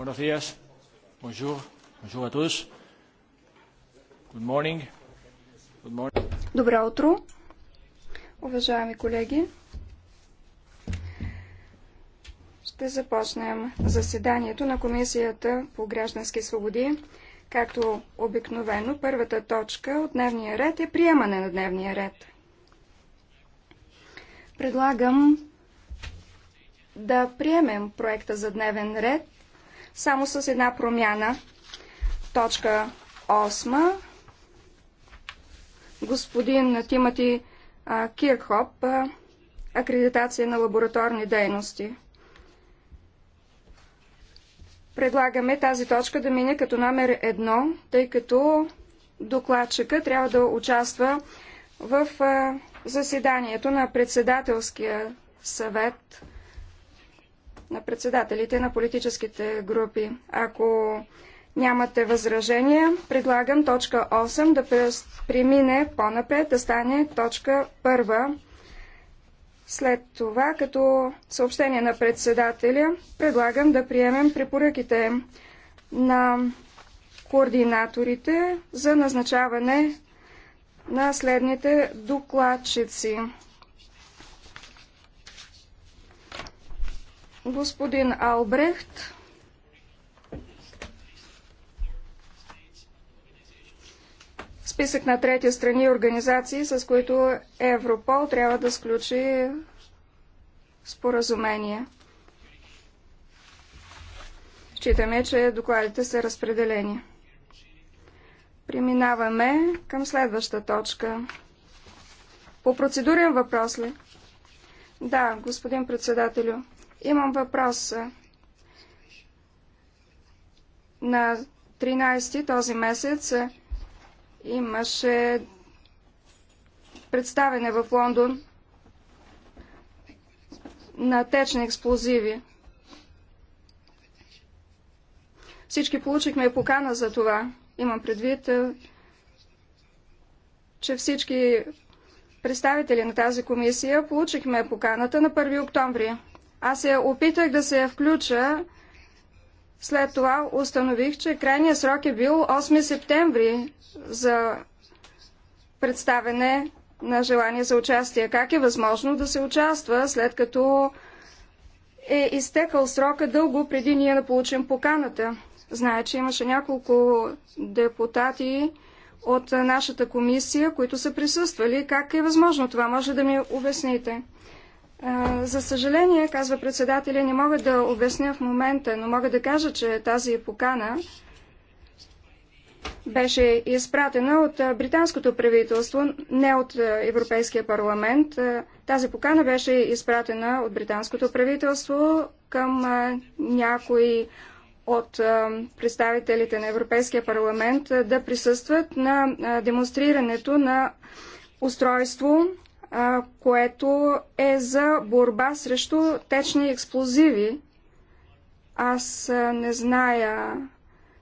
Buenos días. Bonjour. Bonjour à tous. Good morning. Good morning. Добро утро, уважаеми колеги. Ще започнем заседанието на Комисията по граждански свободи. Както обикновено, първата точка от дневния ред е приемане на дневния ред. Предлагам да приемем проекта за дневен ред само с една промяна. Точка 8. Господин Тимати Кирхоп, акредитация на лабораторни дейности. Предлагаме тази точка да мине като номер едно, тъй като докладчика трябва да участва в заседанието на председателския съвет на председателите на политическите групи. Ако нямате възражения, предлагам точка 8 да премине по-напред, да стане точка 1. След това, като съобщение на председателя, предлагам да приемем препоръките на координаторите за назначаване на следните докладчици. Господин Албрехт, списък на трети страни и организации, с които Европол трябва да сключи споразумение. Считаме, че докладите са разпределени. Преминаваме към следваща точка. По процедурен въпрос ли? Да, господин председателю. Имам въпрос. На 13 този месец имаше представене в Лондон на течни експлозиви. Всички получихме покана за това. Имам предвид, че всички представители на тази комисия получихме поканата на 1 октомври. Аз се опитах да се включа, след това установих, че крайният срок е бил 8 септември за представене на желание за участие. Как е възможно да се участва, след като е изтекал срока дълго преди ние да получим поканата? Знае, че имаше няколко депутати от нашата комисия, които са присъствали. Как е възможно това? Може да ми обясните. За съжаление, казва председателя, не мога да обясня в момента, но мога да кажа, че тази покана беше изпратена от британското правителство, не от Европейския парламент. Тази покана беше изпратена от британското правителство към някои от представителите на Европейския парламент да присъстват на демонстрирането на устройство, което е за борба срещу течни експлозиви. Аз не зная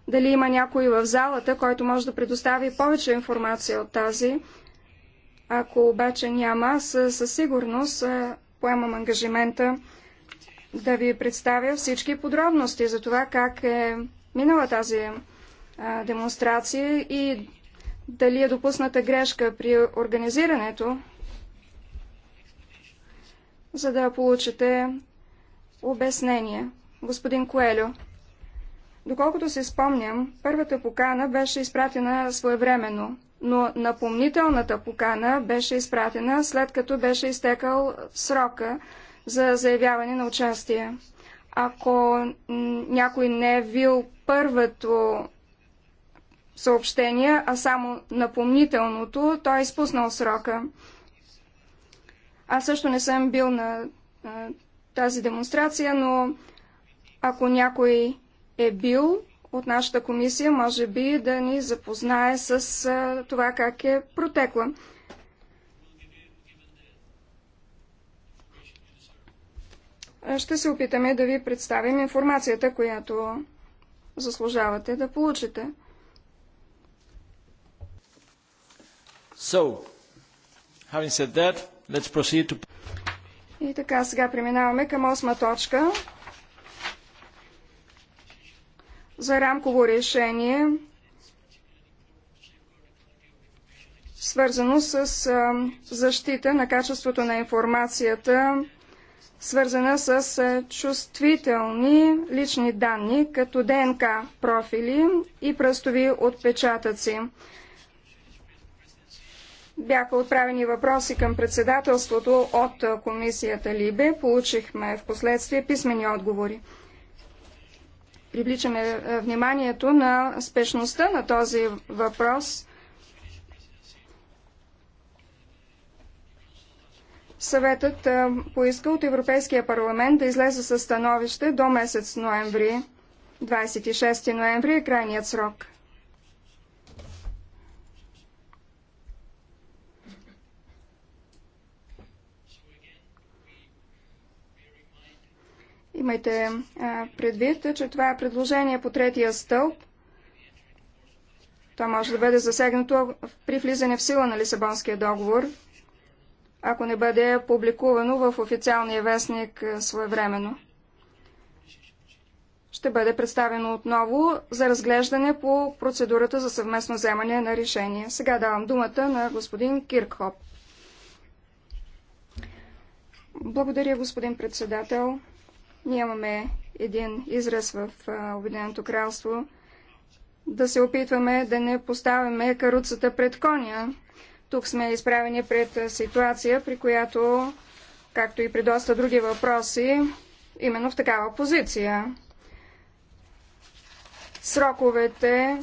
дали има някой в залата, който може да предостави повече информация от тази. Ако обаче няма, със сигурност поемам ангажимента да ви представя всички подробности за това как е минала тази а, демонстрация и дали е допусната грешка при организирането за да получите обяснение. Господин Коелю, доколкото се спомням, първата покана беше изпратена своевременно, но напомнителната покана беше изпратена след като беше изтекал срока за заявяване на участие. Ако някой не е вил първото съобщение, а само напомнителното, той е изпуснал срока. Аз също не съм бил на а, тази демонстрация, но ако някой е бил от нашата комисия, може би да ни запознае с а, това как е протекла. Ще се опитаме да ви представим информацията, която заслужавате да получите. So, having said that, Let's proceed to... И така, сега преминаваме към осма точка за рамково решение, свързано с защита на качеството на информацията, свързана с чувствителни лични данни, като ДНК профили и пръстови отпечатъци. Бяха отправени въпроси към председателството от комисията Либе. Получихме в последствие писмени отговори. Привличаме е, вниманието на спешността на този въпрос. Съветът е, поиска от Европейския парламент да излезе със становище до месец ноември. 26 ноември е крайният срок. Имайте предвид, че това е предложение по третия стълб. То може да бъде засегнато при влизане в сила на Лисабонския договор, ако не бъде публикувано в официалния вестник своевременно. Ще бъде представено отново за разглеждане по процедурата за съвместно вземане на решение. Сега давам думата на господин Киркхоп. Благодаря, господин председател. Ние имаме един израз в Обединеното кралство да се опитваме да не поставяме каруцата пред коня. Тук сме изправени пред ситуация, при която, както и при доста други въпроси, именно в такава позиция. Сроковете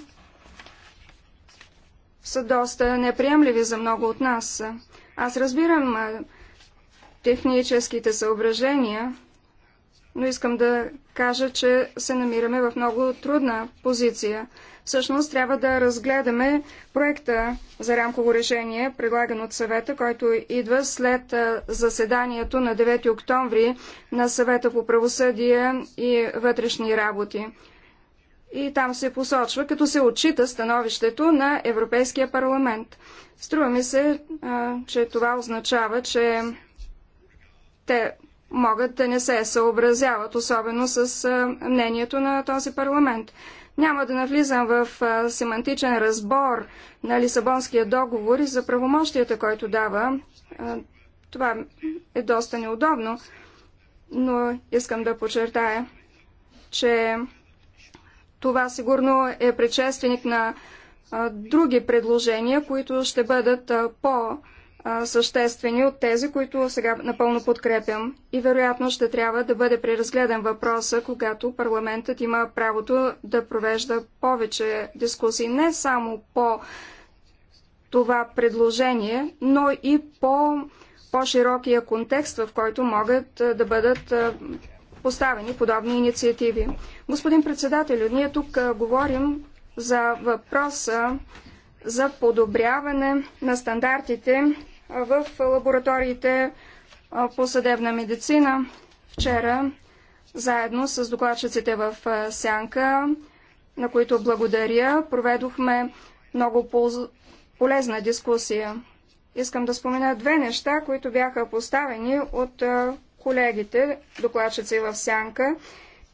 са доста неприемливи за много от нас. Аз разбирам техническите съображения, но искам да кажа, че се намираме в много трудна позиция. Всъщност трябва да разгледаме проекта за рамково решение, предлаган от съвета, който идва след заседанието на 9 октомври на съвета по правосъдие и вътрешни работи. И там се посочва, като се отчита становището на Европейския парламент. Струва ми се, че това означава, че те могат да не се съобразяват, особено с мнението на този парламент. Няма да навлизам в семантичен разбор на Лисабонския договор и за правомощията, който дава. Това е доста неудобно, но искам да подчертая, че това сигурно е предшественик на други предложения, които ще бъдат по- съществени от тези, които сега напълно подкрепям. И вероятно ще трябва да бъде преразгледан въпроса, когато парламентът има правото да провежда повече дискусии, не само по това предложение, но и по по-широкия контекст, в който могат да бъдат поставени подобни инициативи. Господин председател, ние тук говорим за въпроса за подобряване на стандартите в лабораториите по съдебна медицина. Вчера, заедно с докладчиците в Сянка, на които благодаря, проведохме много полз... полезна дискусия. Искам да спомена две неща, които бяха поставени от колегите, докладчици в Сянка,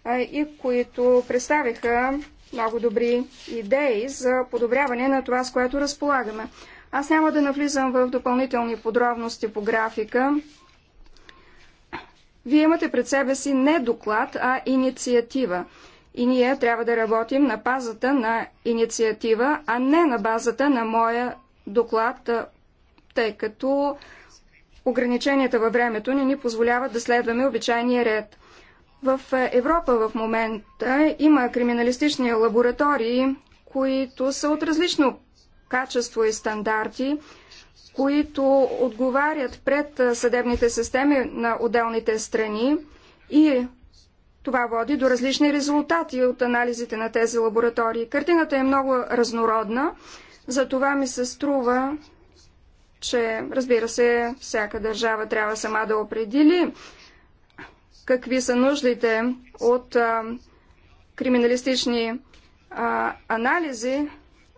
и които представиха много добри идеи за подобряване на това, с което разполагаме. Аз няма да навлизам в допълнителни подробности по графика. Вие имате пред себе си не доклад, а инициатива. И ние трябва да работим на базата на инициатива, а не на базата на моя доклад, тъй като ограниченията във времето не ни позволяват да следваме обичайния ред. В Европа в момента има криминалистични лаборатории, които са от различно качество и стандарти, които отговарят пред съдебните системи на отделните страни и това води до различни резултати от анализите на тези лаборатории. Картината е много разнородна, затова ми се струва, че разбира се, всяка държава трябва сама да определи какви са нуждите от а, криминалистични а, анализи,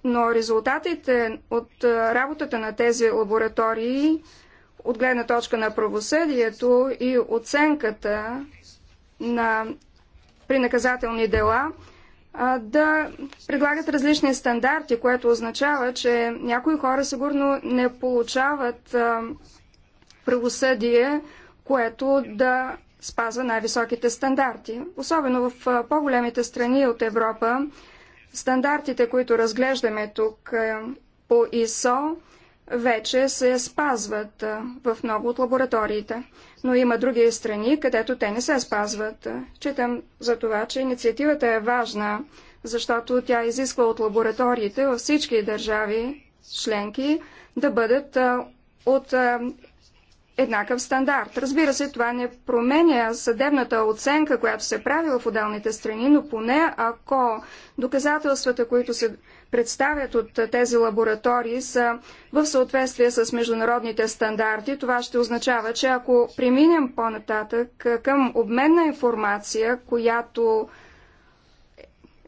но резултатите от работата на тези лаборатории от гледна точка на правосъдието и оценката на при наказателни дела да предлагат различни стандарти, което означава, че някои хора сигурно не получават правосъдие, което да спазва най-високите стандарти. Особено в по-големите страни от Европа Стандартите, които разглеждаме тук е, по ИСО, вече се спазват е, в много от лабораториите, но има други страни, където те не се спазват. Читам за това, че инициативата е важна, защото тя изисква от лабораториите във всички държави членки да бъдат е, от еднакъв стандарт. Разбира се, това не променя съдебната оценка, която се прави в отделните страни, но поне ако доказателствата, които се представят от тези лаборатории са в съответствие с международните стандарти, това ще означава, че ако преминем по-нататък към обменна информация, която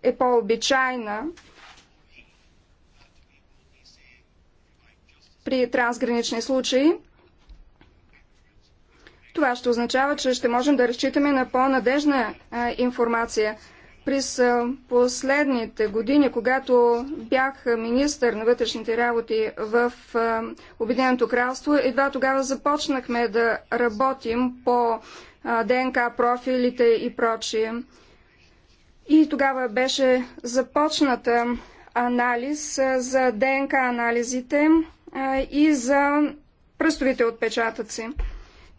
е по-обичайна, при трансгранични случаи, това ще означава, че ще можем да разчитаме на по-надежна информация. През последните години, когато бях министър на вътрешните работи в Обединеното кралство, едва тогава започнахме да работим по ДНК профилите и прочие. И тогава беше започната анализ за ДНК анализите и за пръстовите отпечатъци.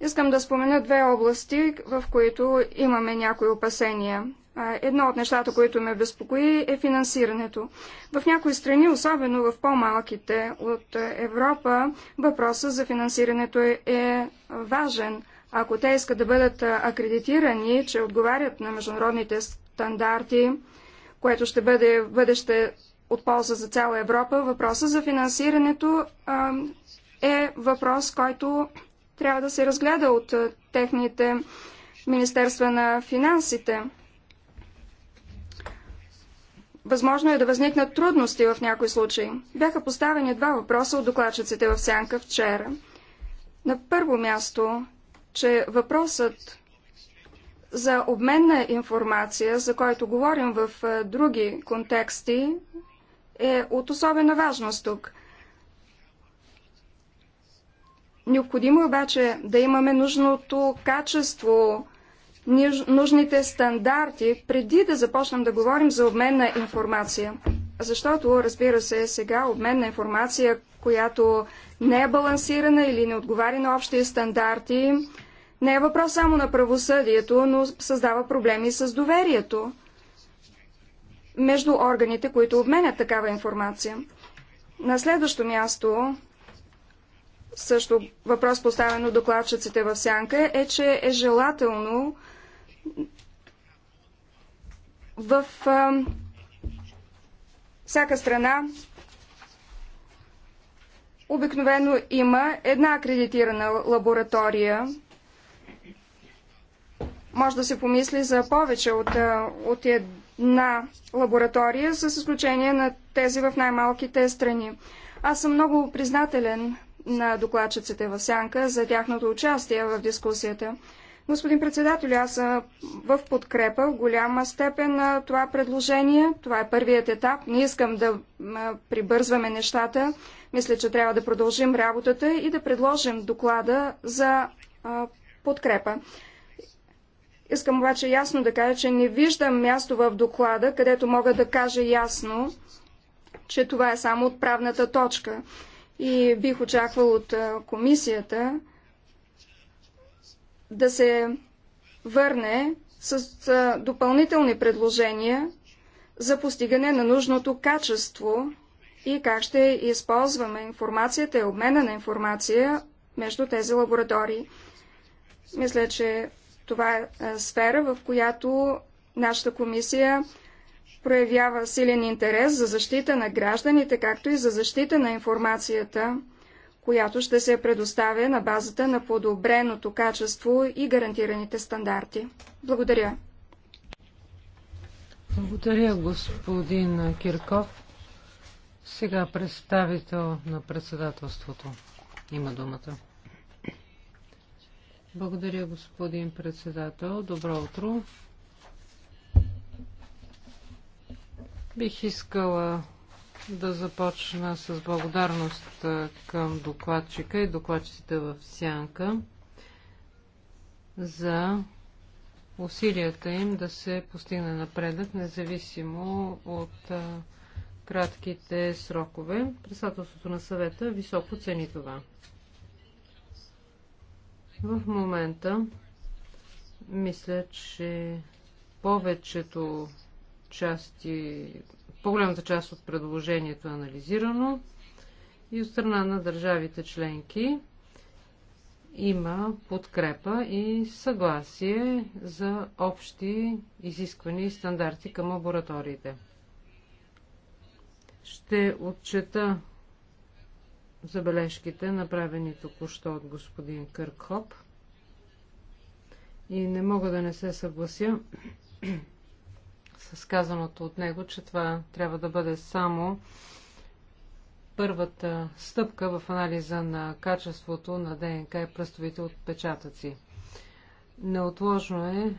Искам да спомена две области, в които имаме някои опасения. Едно от нещата, които ме безпокои, е финансирането. В някои страни, особено в по-малките от Европа, въпросът за финансирането е, е важен. Ако те искат да бъдат акредитирани, че отговарят на международните стандарти, което ще бъде в бъдеще от полза за цяла Европа, въпросът за финансирането е въпрос, който трябва да се разгледа от техните Министерства на финансите. Възможно е да възникнат трудности в някои случаи. Бяха поставени два въпроса от докладчиците в Сянка вчера. На първо място, че въпросът за обмен на информация, за който говорим в други контексти, е от особена важност тук – Необходимо е обаче да имаме нужното качество, нужните стандарти, преди да започнем да говорим за обмен на информация. Защото, разбира се, сега обмен на информация, която не е балансирана или не отговаря на общи стандарти, не е въпрос само на правосъдието, но създава проблеми с доверието между органите, които обменят такава информация. На следващо място също въпрос поставен от докладчиците в Сянка, е, че е желателно в а, всяка страна обикновено има една акредитирана лаборатория. Може да се помисли за повече от, от една лаборатория, с изключение на тези в най-малките страни. Аз съм много признателен на докладчиците в Сянка за тяхното участие в дискусията. Господин председател, аз съм в подкрепа в голяма степен на това предложение. Това е първият етап. Не искам да прибързваме нещата. Мисля, че трябва да продължим работата и да предложим доклада за подкрепа. Искам обаче ясно да кажа, че не виждам място в доклада, където мога да кажа ясно, че това е само отправната точка и бих очаквал от комисията да се върне с допълнителни предложения за постигане на нужното качество и как ще използваме информацията и обмена на информация между тези лаборатории. Мисля, че това е сфера, в която нашата комисия проявява силен интерес за защита на гражданите, както и за защита на информацията, която ще се предоставя на базата на подобреното качество и гарантираните стандарти. Благодаря. Благодаря, господин Кирков. Сега представител на председателството има думата. Благодаря, господин председател. Добро утро. Бих искала да започна с благодарност към докладчика и докладчиците в Сянка за усилията им да се постигне напредък, независимо от кратките срокове. Председателството на съвета високо цени това. В момента мисля, че повечето части, по-голямата част от предложението е анализирано и от страна на държавите членки има подкрепа и съгласие за общи изисквани стандарти към лабораториите. Ще отчета забележките, направени току-що от господин Къркхоп. И не мога да не се съглася с казаното от него, че това трябва да бъде само първата стъпка в анализа на качеството на ДНК и пръстовите отпечатъци. Неотложно е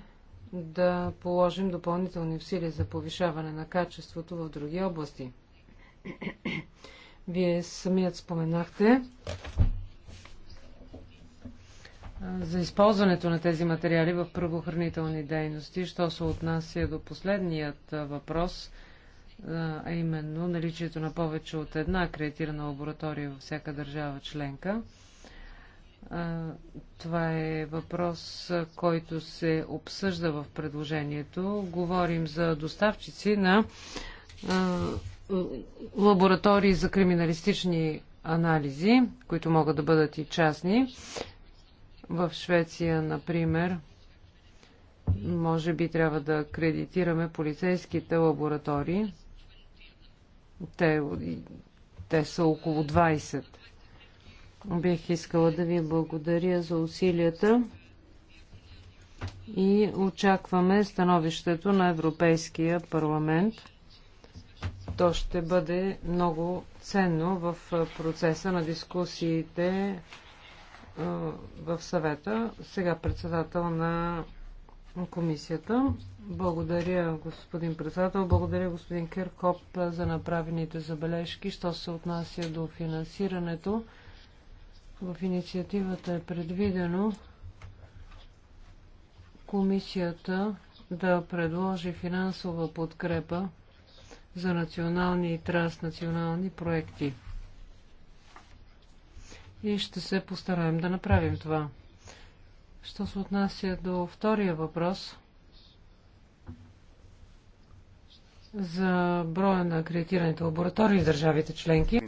да положим допълнителни усилия за повишаване на качеството в други области. Вие самият споменахте за използването на тези материали в правоохранителни дейности, що се отнася до последният въпрос, а именно наличието на повече от една акредитирана лаборатория във всяка държава членка. Това е въпрос, който се обсъжда в предложението. Говорим за доставчици на лаборатории за криминалистични анализи, които могат да бъдат и частни. В Швеция, например, може би трябва да кредитираме полицейските лаборатории. Те, те са около 20. Бих искала да ви благодаря за усилията и очакваме становището на Европейския парламент. То ще бъде много ценно в процеса на дискусиите в съвета, сега председател на комисията. Благодаря, господин председател. Благодаря, господин Киркоп, за направените забележки. Що се отнася до финансирането, в инициативата е предвидено комисията да предложи финансова подкрепа за национални и транснационални проекти и ще се постараем да направим това. Що се отнася до втория въпрос за броя на акредитираните лаборатории в държавите членки,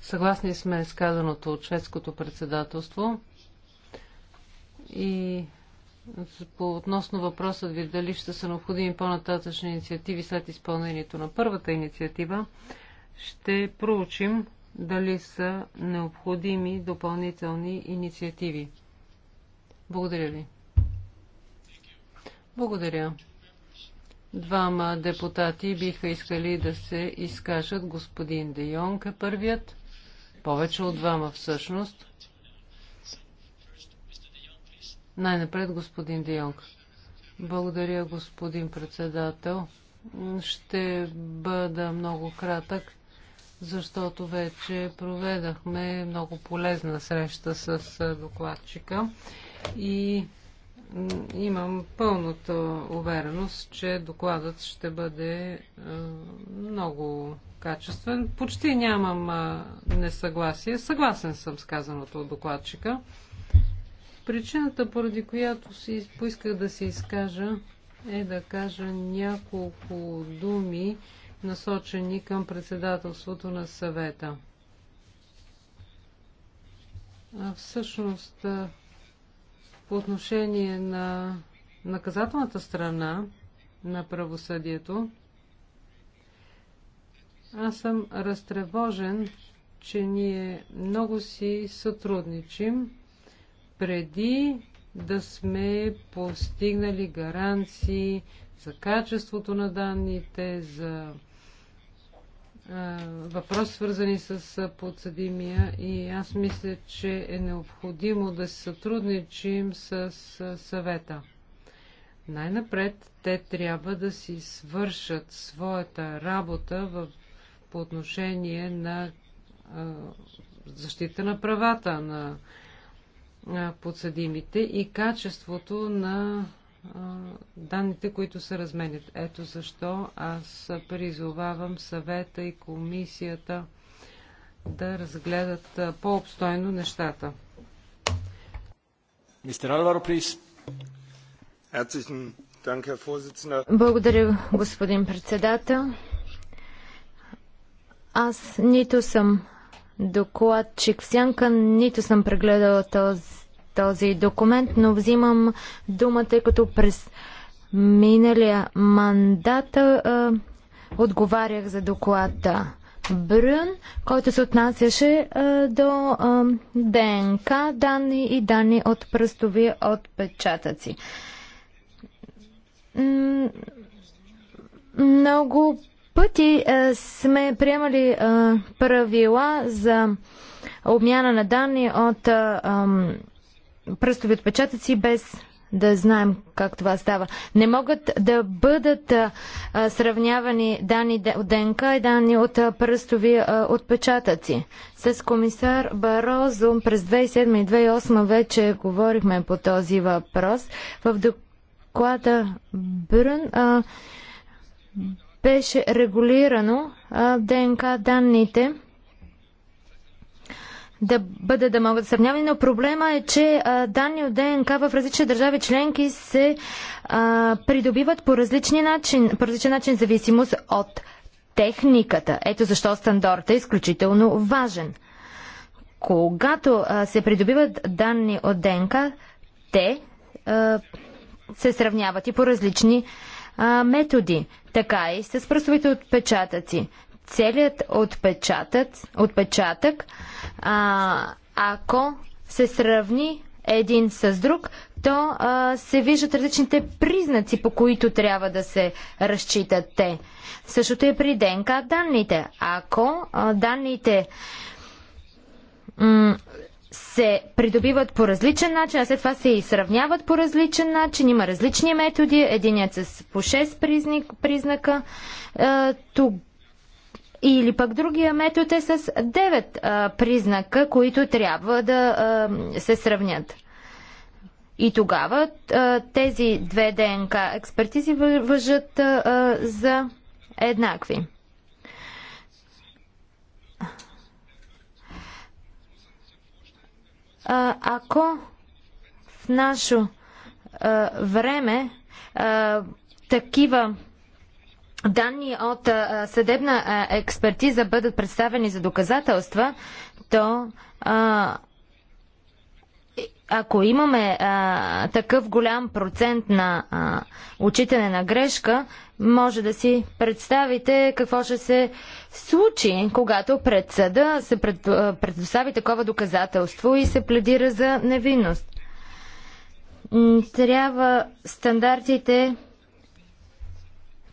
съгласни сме с казаното от шведското председателство и по относно въпросът ви дали ще са необходими по-нататъчни инициативи след изпълнението на първата инициатива, ще проучим дали са необходими допълнителни инициативи. Благодаря ви. Благодаря. Двама депутати биха искали да се изкажат. Господин Де Йонг е първият. Повече от двама всъщност. Най-напред господин Де Йонг. Благодаря, господин председател. Ще бъда много кратък защото вече проведахме много полезна среща с докладчика и имам пълната увереност, че докладът ще бъде много качествен. Почти нямам несъгласие. Съгласен съм с казаното от докладчика. Причината, поради която си поисках да се изкажа, е да кажа няколко думи насочени към председателството на съвета. Всъщност, по отношение на наказателната страна на правосъдието, аз съм разтревожен, че ние много си сътрудничим преди да сме постигнали гаранции за качеството на данните, за въпрос, свързани с подсъдимия и аз мисля, че е необходимо да се сътрудничим с съвета. Най-напред те трябва да си свършат своята работа в, по отношение на а, защита на правата на а, подсъдимите и качеството на данните, които се разменят. Ето защо аз призовавам съвета и комисията да разгледат по-обстойно нещата. Мистер Алваро, плиз. Благодаря, господин председател. Аз нито съм докладчик в сянка, нито съм прегледала този този документ, но взимам думата, като през миналия мандат а, отговарях за доклада Брюн, който се отнасяше а, до а, ДНК данни и данни от пръстови отпечатъци. Много пъти а, сме приемали а, правила за обмяна на данни от а, а, пръстови отпечатъци без да знаем как това става. Не могат да бъдат а, сравнявани данни от ДНК и данни от а, пръстови а, отпечатъци. С комисар Барозо през 2007 и 2008 вече говорихме по този въпрос. В доклада Брън а, беше регулирано а, ДНК данните да бъдат да могат да сравнявани, но проблема е, че а, данни от ДНК в различни държави членки се а, придобиват по, различни начин, по различен начин, зависимост от техниката. Ето защо стандартът е изключително важен. Когато а, се придобиват данни от ДНК, те а, се сравняват и по различни а, методи. Така е и с пръстовите отпечатъци целият отпечатък, отпечатък а, ако се сравни един с друг, то а, се виждат различните признаци, по които трябва да се разчитат те. Същото е при ДНК данните. Ако а, данните се придобиват по различен начин, а след това се и сравняват по различен начин. Има различни методи. Единият с по 6 признак, признака. а, тук или пък другия метод е с 9 а, признака, които трябва да а, се сравнят. И тогава а, тези две ДНК експертизи въжат а, за еднакви. А, ако в наше а, време а, такива данни от съдебна експертиза бъдат представени за доказателства, то ако имаме такъв голям процент на учителя на грешка, може да си представите какво ще се случи, когато пред съда се предостави такова доказателство и се пледира за невинност. Трябва стандартите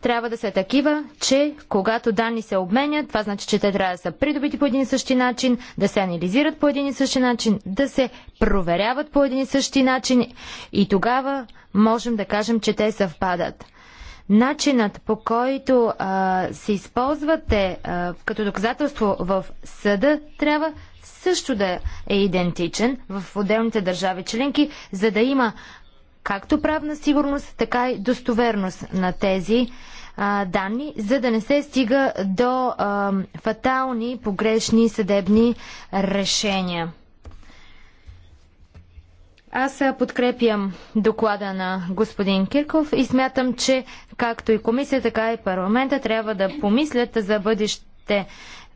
трябва да са такива, че когато данни се обменят, това значи, че те трябва да са придобити по един и същи начин, да се анализират по един и същи начин, да се проверяват по един и същи начин и тогава можем да кажем, че те съвпадат. Начинът по който а, се използвате а, като доказателство в съда трябва също да е идентичен в отделните държави членки, за да има както правна сигурност, така и достоверност на тези а, данни, за да не се стига до а, фатални погрешни съдебни решения. Аз подкрепям доклада на господин Кирков и смятам, че както и комисията, така и парламента трябва да помислят за бъдещите,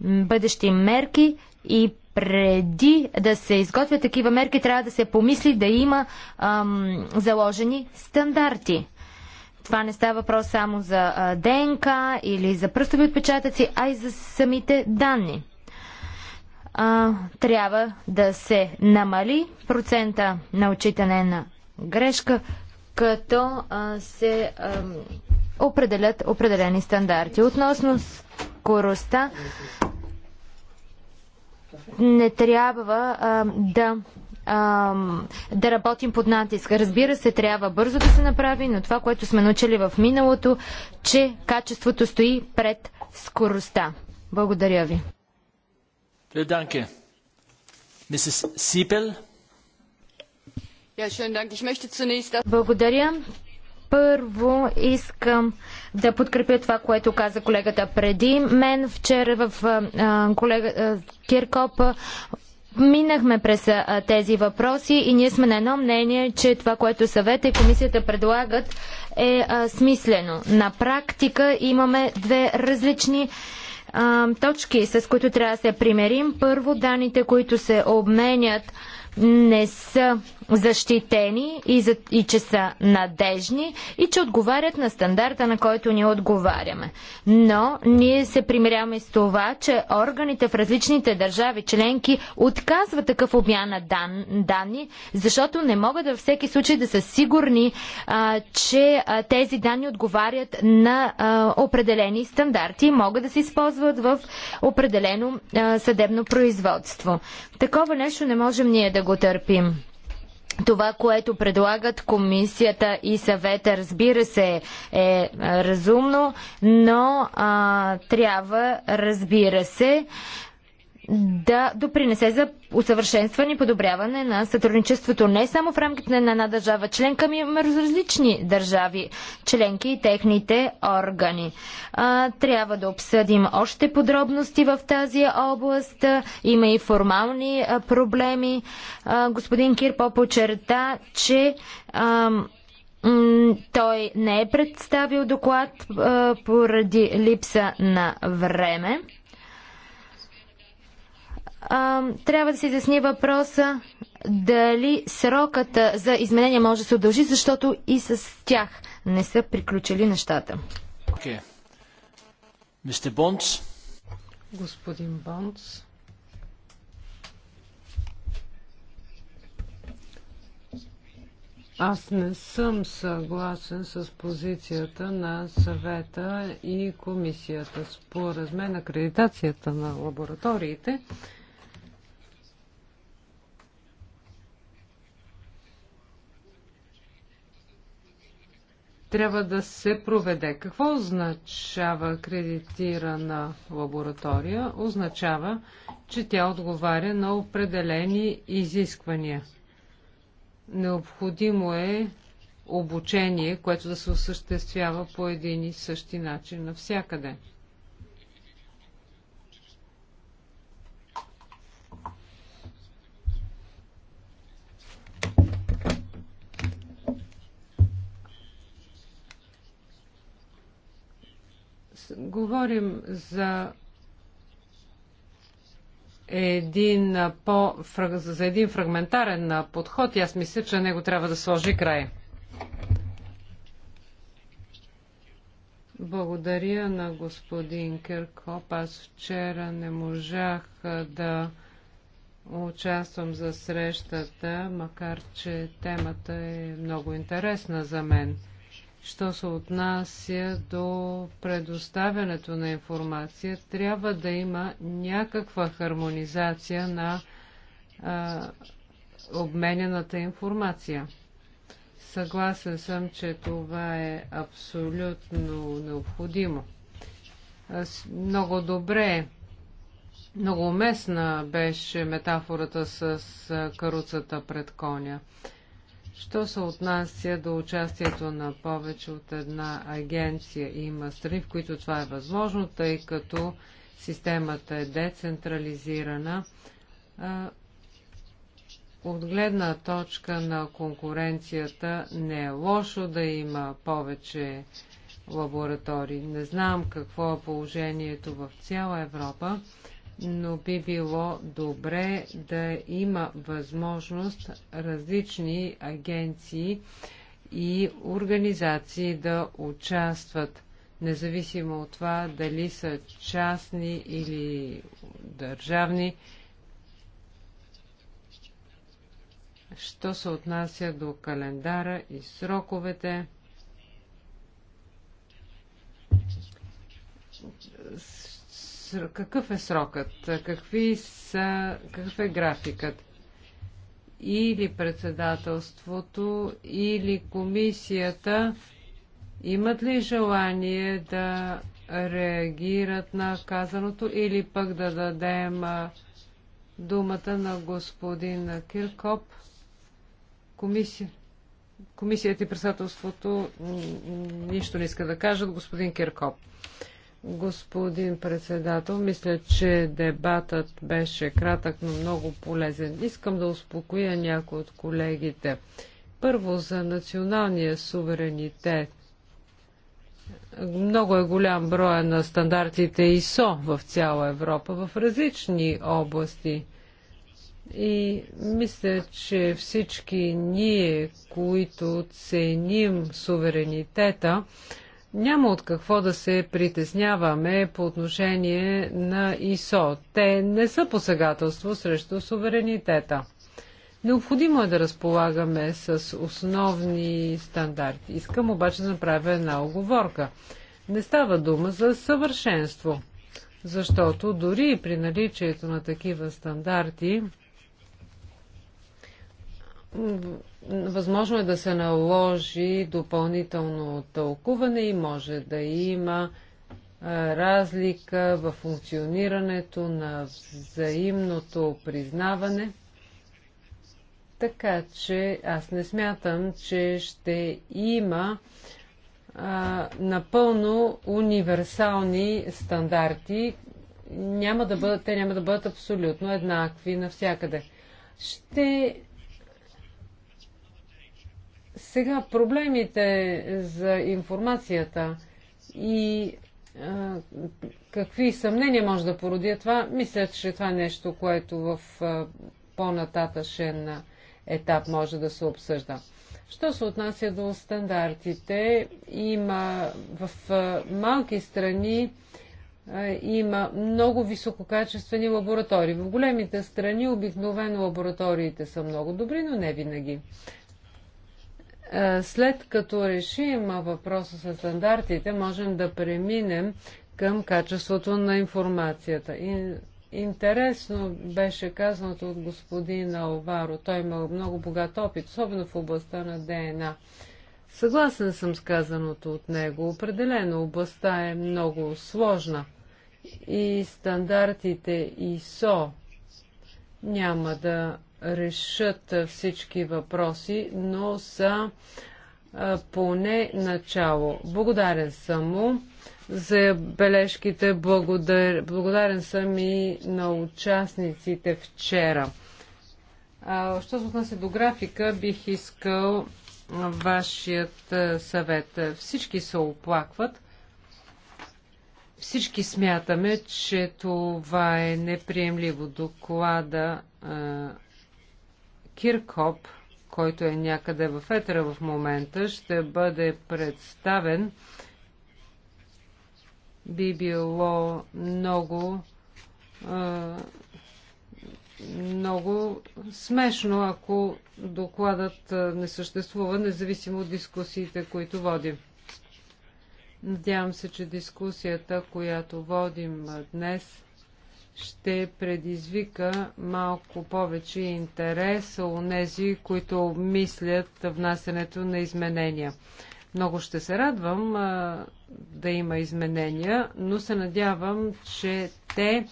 бъдещи мерки и преди да се изготвят такива мерки, трябва да се помисли да има ам, заложени стандарти. Това не става въпрос само за а, ДНК или за пръстови отпечатъци, а и за самите данни. А, трябва да се намали процента на отчитане на грешка, като а, се а, определят определени стандарти. Относно скоростта, не трябва а, да да работим под натиск. Разбира се, трябва бързо да се направи, но това, което сме научили в миналото, че качеството стои пред скоростта. Благодаря ви. Е, Благодаря. Първо искам да подкрепя това, което каза колегата преди мен. Вчера в а, колега а, Киркоп Минахме през а, тези въпроси и ние сме на едно мнение, че това, което съвета и комисията предлагат е а, смислено. На практика имаме две различни а, точки, с които трябва да се примерим. Първо, данните, които се обменят, не са защитени и, за, и че са надежни и че отговарят на стандарта, на който ние отговаряме. Но ние се примиряваме с това, че органите в различните държави членки отказват такъв обмян на дан, данни, защото не могат във всеки случай да са сигурни, а, че а, тези данни отговарят на а, определени стандарти и могат да се използват в определено а, съдебно производство. Такова нещо не можем ние да го търпим това, което предлагат комисията и съвета, разбира се, е, е разумно, но а, трябва, разбира се, да допринесе за усъвършенстване и подобряване на сътрудничеството не само в рамките на една държава членка, ами между различни държави членки и техните органи. А, трябва да обсъдим още подробности в тази област. Има и формални а, проблеми. А, господин Кирпо почерта, че а, той не е представил доклад а, поради липса на време. А, трябва да се изясни въпроса дали срокът за изменение може да се удължи, защото и с тях не са приключили нещата. Okay. Мистер Бонц. Господин Бонц. Аз не съм съгласен с позицията на съвета и комисията. Според мен акредитацията на лабораториите трябва да се проведе. Какво означава кредитирана лаборатория? Означава, че тя отговаря на определени изисквания. Необходимо е обучение, което да се осъществява по един и същи начин навсякъде. говорим за един по, за един фрагментарен подход и аз мисля, че него трябва да сложи край. Благодаря на господин Киркоп. Аз вчера не можах да участвам за срещата, макар че темата е много интересна за мен що се отнася до предоставянето на информация, трябва да има някаква хармонизация на а, обменената информация. Съгласен съм, че това е абсолютно необходимо. Аз много добре, много уместна беше метафората с каруцата пред коня. Що се отнася до участието на повече от една агенция, има страни, в които това е възможно, тъй като системата е децентрализирана. От гледна точка на конкуренцията не е лошо да има повече лаборатории. Не знам какво е положението в цяла Европа, но би било добре да има възможност различни агенции и организации да участват, независимо от това дали са частни или държавни. Що се отнася до календара и сроковете, какъв е срокът, какви са, какъв е графикът. Или председателството, или комисията имат ли желание да реагират на казаното или пък да дадем думата на господин Киркоп. Комисия. Комисията и председателството нищо не иска да кажат. Господин Киркоп. Господин председател, мисля, че дебатът беше кратък, но много полезен. Искам да успокоя някои от колегите. Първо за националния суверенитет. Много е голям броя на стандартите ИСО в цяла Европа, в различни области. И мисля, че всички ние, които ценим суверенитета, няма от какво да се притесняваме по отношение на ИСО. Те не са посегателство срещу суверенитета. Необходимо е да разполагаме с основни стандарти. Искам обаче да направя една оговорка. Не става дума за съвършенство, защото дори при наличието на такива стандарти, Възможно е да се наложи допълнително тълкуване и може да има разлика в функционирането на взаимното признаване. Така че аз не смятам, че ще има а, напълно универсални стандарти. Няма да бъдат, те няма да бъдат абсолютно еднакви навсякъде. Ще сега проблемите за информацията и а, какви съмнения може да породя това, мисля, че това е нещо, което в по нататъшен етап може да се обсъжда. Що се отнася до стандартите, има в малки страни има много висококачествени лаборатории. В големите страни обикновено лабораториите са много добри, но не винаги. Е, след като решим въпроса с стандартите, можем да преминем към качеството на информацията. Интересно беше казаното от господина Оваро. Той има много богат опит, особено в областта на ДНА. Съгласен съм с казаното от него. Определено областта е много сложна и стандартите ИСО няма да решат всички въпроси, но са поне начало. Благодарен съм му за бележките. Благодар... Благодарен съм и на участниците вчера. А, що се отнася до графика, бих искал вашият съвет. Всички се оплакват. Всички смятаме, че това е неприемливо. Доклада Киркоп, който е някъде в етера в момента, ще бъде представен. Би било много много смешно, ако докладът не съществува, независимо от дискусиите, които водим. Надявам се, че дискусията, която водим днес, ще предизвика малко повече интерес у нези, които мислят внасянето на изменения. Много ще се радвам а, да има изменения, но се надявам, че те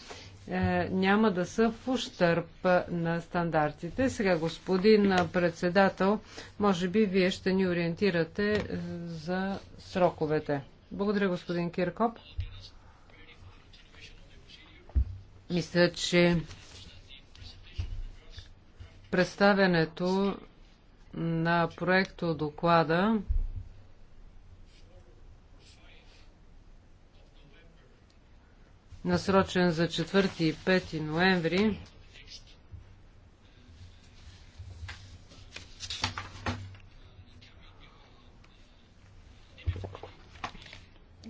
е, няма да са в ущърп на стандартите. Сега, господин председател, може би вие ще ни ориентирате за сроковете. Благодаря, господин Киркоп. Мисля, че представянето на проекто доклада насрочен за 4 и 5 ноември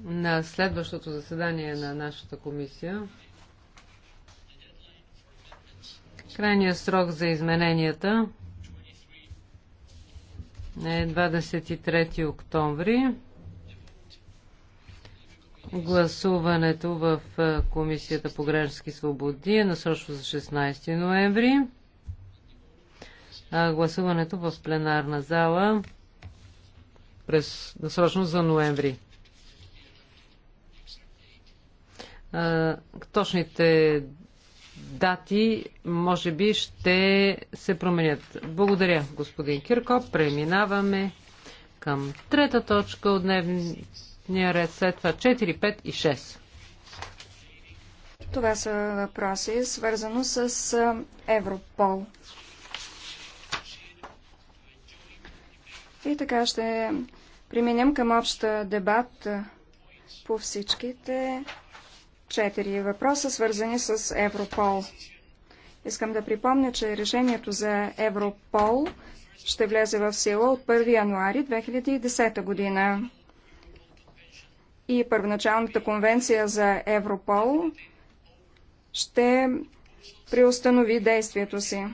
на следващото заседание на нашата комисия Крайният срок за измененията е 23 октомври. Гласуването в Комисията по граждански свободи е насрочно за 16 ноември. А гласуването в пленарна зала през насрочно за ноември. А, точните дати може би ще се променят. Благодаря, господин Кирко. Преминаваме към трета точка от дневния ред, след това 4, 5 и 6. Това са въпроси, свързано с Европол. И така ще преминем към общ дебат по всичките четири въпроса, свързани с Европол. Искам да припомня, че решението за Европол ще влезе в сила от 1 януари 2010 година. И първоначалната конвенция за Европол ще приустанови действието си.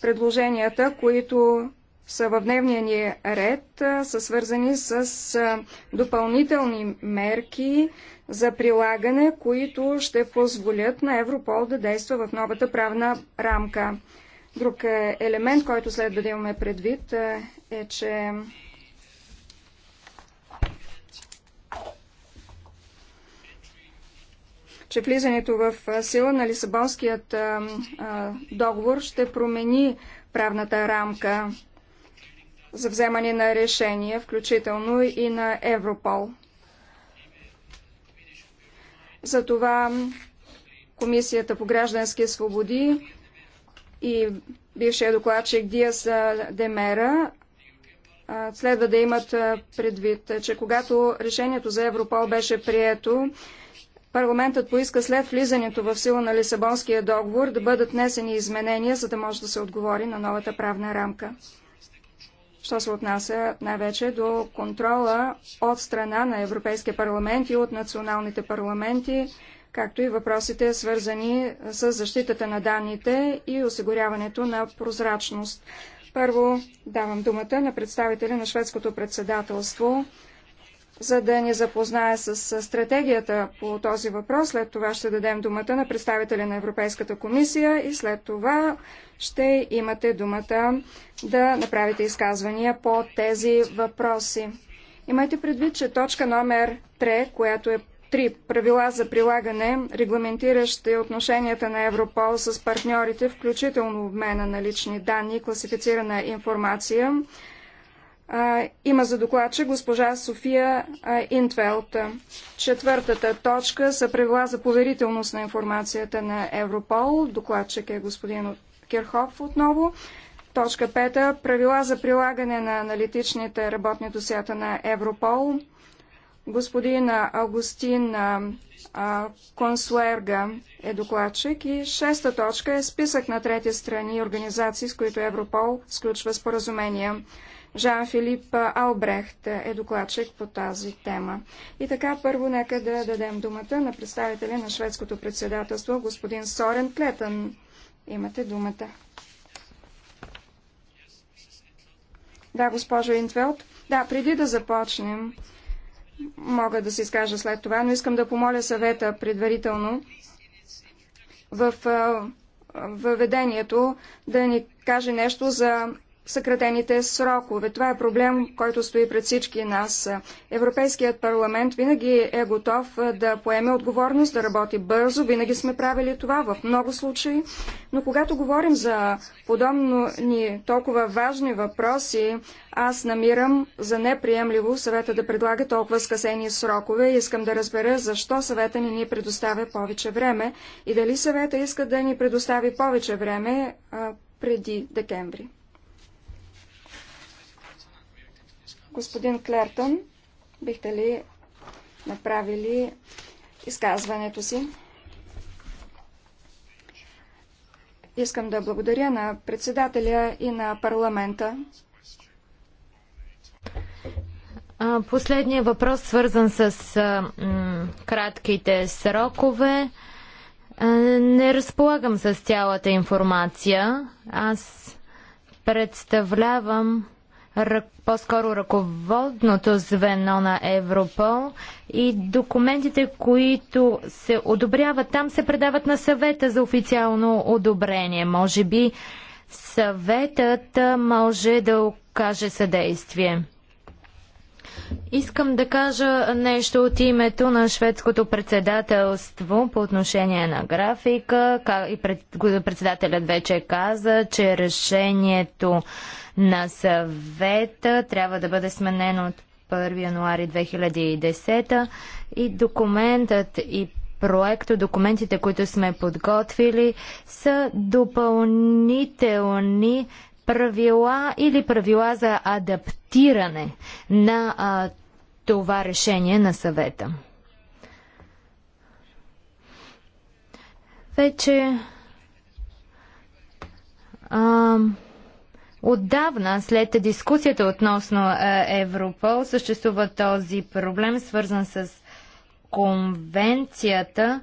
Предложенията, които са в дневния ни ред, са свързани с допълнителни мерки за прилагане, които ще позволят на Европол да действа в новата правна рамка. Друг е, елемент, който следва да имаме предвид е, е, че че влизането в сила на Лисабонският е, договор ще промени правната рамка за вземане на решения, включително и на Европол. Затова Комисията по граждански свободи и бившия докладчик Диас Демера следва да имат предвид, че когато решението за Европол беше прието, парламентът поиска след влизането в сила на Лисабонския договор да бъдат несени изменения, за да може да се отговори на новата правна рамка що се отнася най-вече до контрола от страна на Европейския парламент и от националните парламенти, както и въпросите свързани с защитата на данните и осигуряването на прозрачност. Първо давам думата на представителя на шведското председателство за да ни запознае с стратегията по този въпрос. След това ще дадем думата на представителя на Европейската комисия и след това ще имате думата да направите изказвания по тези въпроси. Имайте предвид, че точка номер 3, която е три: Правила за прилагане, регламентиращи отношенията на Европол с партньорите, включително обмена на лични данни и класифицирана информация, има за докладче госпожа София Интвелт. Четвъртата точка са правила за поверителност на информацията на Европол. Докладчик е господин Кирхов отново. Точка пета Правила за прилагане на аналитичните работни досията на Европол. Господин Августин Консуерга е докладчик. И шеста точка е списък на трети страни и организации, с които Европол сключва споразумения. Жан-Филип Албрехт е докладчик по тази тема. И така, първо нека да дадем думата на представителя на шведското председателство, господин Сорен Клетън. Имате думата. Да, госпожо Интвелт. Да, преди да започнем, мога да се изкажа след това, но искам да помоля съвета предварително в въведението да ни каже нещо за съкратените срокове. Това е проблем, който стои пред всички нас. Европейският парламент винаги е готов да поеме отговорност, да работи бързо. Винаги сме правили това в много случаи. Но когато говорим за подобно ни толкова важни въпроси, аз намирам за неприемливо съвета да предлага толкова скъсени срокове искам да разбера защо съвета не ни предоставя повече време и дали съвета иска да ни предостави повече време преди декември. Господин Клертън, бихте ли направили изказването си? Искам да благодаря на председателя и на парламента. Последният въпрос, свързан с кратките срокове. Не разполагам с цялата информация. Аз представлявам по-скоро ръководното звено на Европол и документите, които се одобряват там, се предават на съвета за официално одобрение. Може би съветът може да окаже съдействие. Искам да кажа нещо от името на шведското председателство по отношение на графика. И председателят вече каза, че решението на съвета трябва да бъде сменено от 1 януари 2010 и документът и проекто, документите, които сме подготвили, са допълнителни правила или правила за адаптиране на а, това решение на съвета. Вече а, Отдавна, след дискусията относно Европол, съществува този проблем, свързан с конвенцията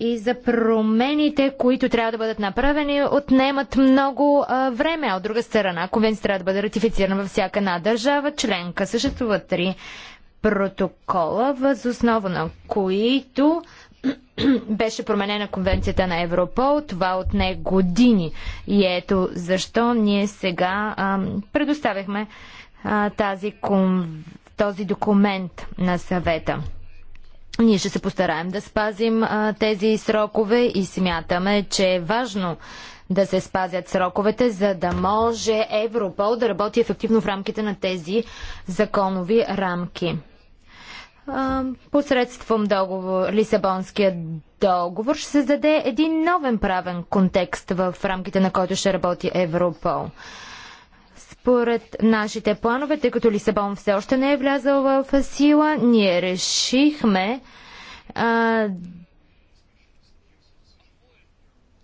и за промените, които трябва да бъдат направени, отнемат много а, време. От друга страна, конвенцията трябва да бъде ратифицирана във всяка една държава членка. Съществуват три протокола, възоснова на които беше променена конвенцията на Европол. Това отне години. И ето защо ние сега а, предоставяхме а, тази, кон... този документ на съвета. Ние ще се постараем да спазим а, тези срокове и смятаме, че е важно да се спазят сроковете, за да може Европол да работи ефективно в рамките на тези законови рамки. А, посредством договор, Лисабонския договор ще създаде един новен правен контекст в рамките на който ще работи Европол. Според нашите планове, тъй като Лисабон все още не е влязъл в сила, ние решихме а,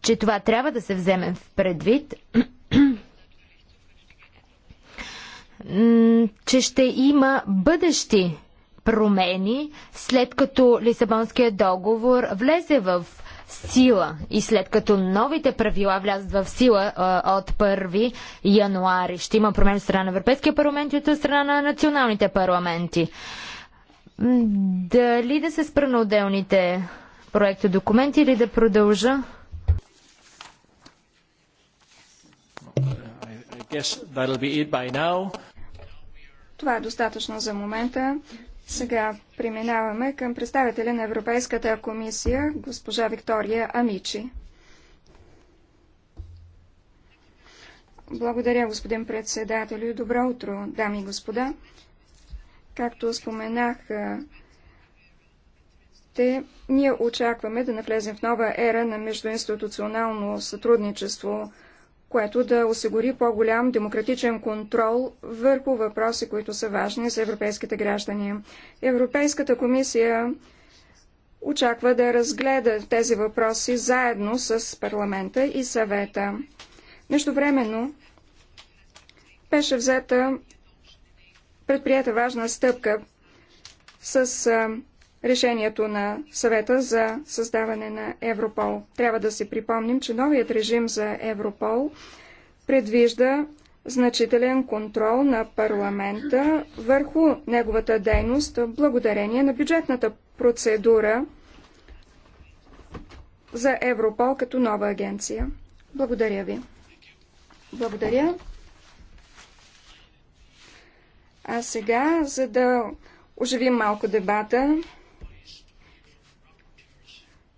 че това трябва да се вземе в предвид, че ще има бъдещи промени, след като Лисабонският договор влезе в сила и след като новите правила влязат в сила а, от 1 януари, ще има промени от страна на Европейския парламент и от страна на националните парламенти. Дали да се спра на отделните проекти документи или да продължа? Това е достатъчно за момента. Сега преминаваме към представителя на Европейската комисия, госпожа Виктория Амичи. Благодаря, господин председател, и добро утро, дами и господа. Както споменах, те, ние очакваме да навлезем в нова ера на междуинституционално сътрудничество – което да осигури по-голям демократичен контрол върху въпроси, които са важни за европейските граждани. Европейската комисия очаква да разгледа тези въпроси заедно с парламента и съвета. Междувременно беше взета предприята важна стъпка с решението на съвета за създаване на Европол. Трябва да си припомним, че новият режим за Европол предвижда значителен контрол на парламента върху неговата дейност благодарение на бюджетната процедура за Европол като нова агенция. Благодаря ви. Благодаря. А сега, за да оживим малко дебата,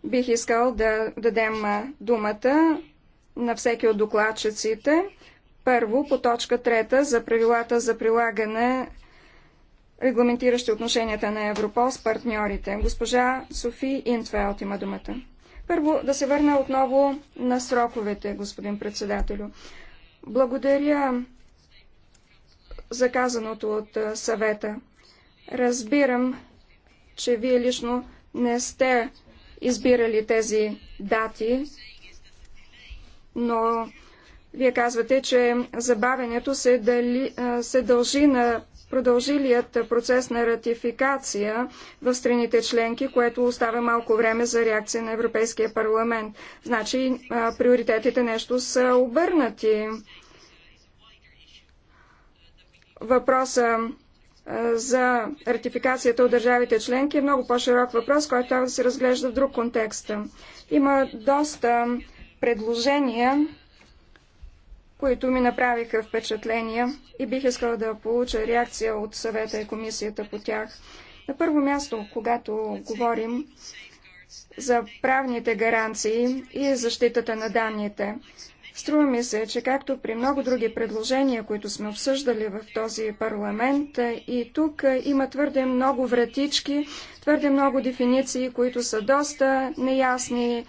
Бих искал да дадем думата на всеки от докладчиците. Първо по точка трета за правилата за прилагане, регламентиращи отношенията на Европол с партньорите. Госпожа Софи Интфелт има думата. Първо да се върна отново на сроковете, господин председателю. Благодаря за казаното от съвета. Разбирам, че вие лично не сте избирали тези дати, но вие казвате, че забавянето се, дали, се дължи на продължилият процес на ратификация в страните членки, което остава малко време за реакция на Европейския парламент. Значи приоритетите нещо са обърнати. Въпроса за ратификацията от държавите членки е много по-широк въпрос, който трябва да се разглежда в друг контекст. Има доста предложения, които ми направиха впечатления и бих искала да получа реакция от съвета и комисията по тях. На първо място, когато говорим за правните гаранции и защитата на данните. Струва ми се, че както при много други предложения, които сме обсъждали в този парламент, е, и тук е, има твърде много вратички, твърде много дефиниции, които са доста неясни, е,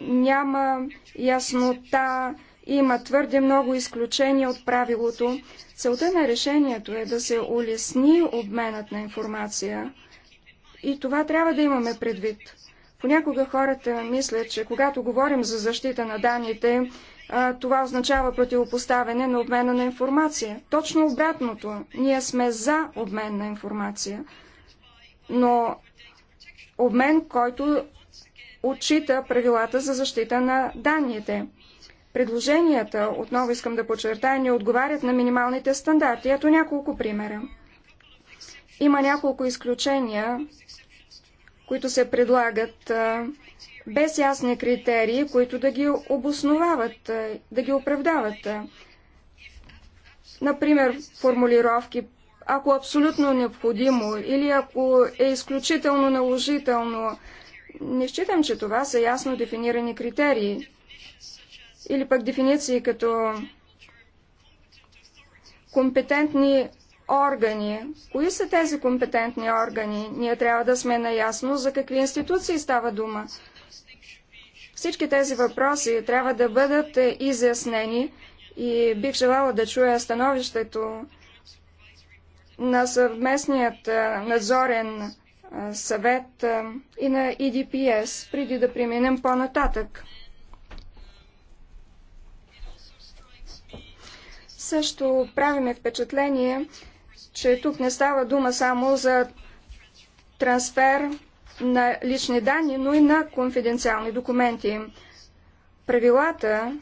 няма яснота, има твърде много изключения от правилото. Целта на решението е да се улесни обменът на информация. И това трябва да имаме предвид. Понякога хората мислят, че когато говорим за защита на данните, това означава противопоставяне на обмена на информация. Точно обратното. Ние сме за обмен на информация, но обмен, който отчита правилата за защита на данните. Предложенията, отново искам да подчертая, не отговарят на минималните стандарти. Ето няколко примера. Има няколко изключения, които се предлагат без ясни критерии, които да ги обосновават, е, да ги оправдават. Е, например, формулировки, ако абсолютно необходимо или ако е изключително наложително. Не считам, че това са ясно дефинирани критерии. Или пък дефиниции като компетентни органи. Кои са тези компетентни органи? Ние трябва да сме наясно за какви институции става дума. Всички тези въпроси трябва да бъдат е, изяснени и бих желала да чуя становището на съвместният е, надзорен е, съвет и на EDPS, преди да преминем по-нататък. Също правиме впечатление, че тук не става дума само за трансфер на лични данни, но и на конфиденциални документи. Правилата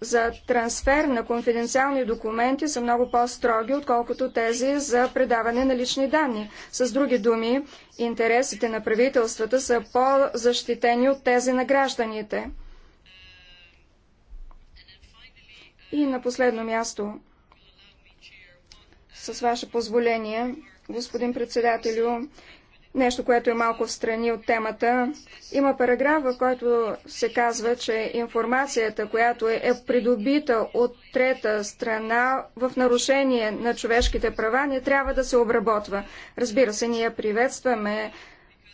за трансфер на конфиденциални документи са много по-строги, отколкото тези за предаване на лични данни. С други думи, интересите на правителствата са по-защитени от тези на гражданите. И на последно място – с ваше позволение, господин председателю, нещо, което е малко в страни от темата. Има параграф, в който се казва, че информацията, която е придобита от трета страна в нарушение на човешките права, не трябва да се обработва. Разбира се, ние приветстваме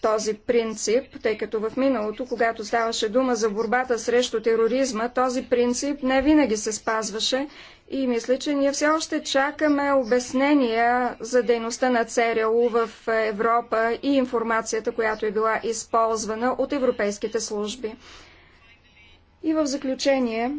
този принцип, тъй като в миналото, когато ставаше дума за борбата срещу тероризма, този принцип не винаги се спазваше и мисля, че ние все още чакаме обяснения за дейността на ЦРУ в Европа и информацията, която е била използвана от европейските служби. И в заключение,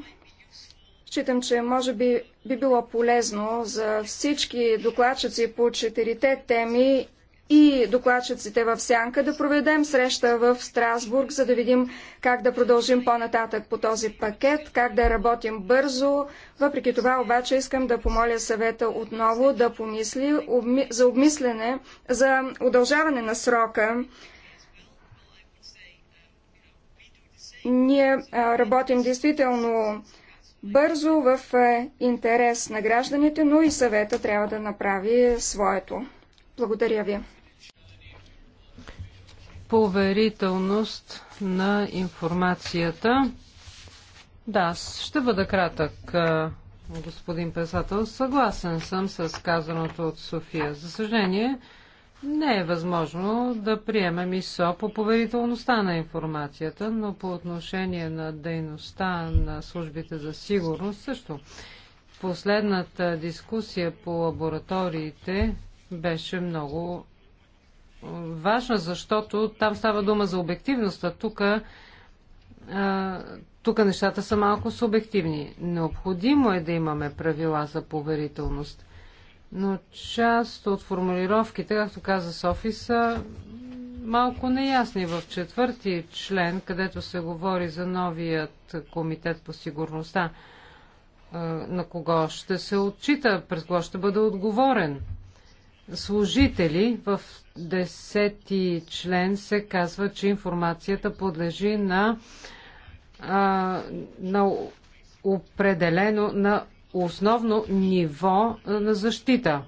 считам, че може би би било полезно за всички докладчици по четирите теми и докладчиците в Сянка да проведем среща в Страсбург, за да видим как да продължим по-нататък по този пакет, как да работим бързо. Въпреки това обаче искам да помоля съвета отново да помисли за обмислене, за удължаване на срока. Ние работим действително бързо в интерес на гражданите, но и съвета трябва да направи своето. Благодаря ви поверителност на информацията. Да, ще бъда кратък, господин председател. Съгласен съм с казаното от София. За съжаление, не е възможно да приемем ИСО по поверителността на информацията, но по отношение на дейността на службите за сигурност също. Последната дискусия по лабораториите беше много важна, защото там става дума за обективност, а тук тук нещата са малко субективни. Необходимо е да имаме правила за поверителност. Но част от формулировките, както каза Софи, са малко неясни. В четвърти член, където се говори за новият комитет по сигурността, на кого ще се отчита, през кого ще бъде отговорен. Служители в Десети член се казва, че информацията подлежи на, а, на определено на основно ниво на защита.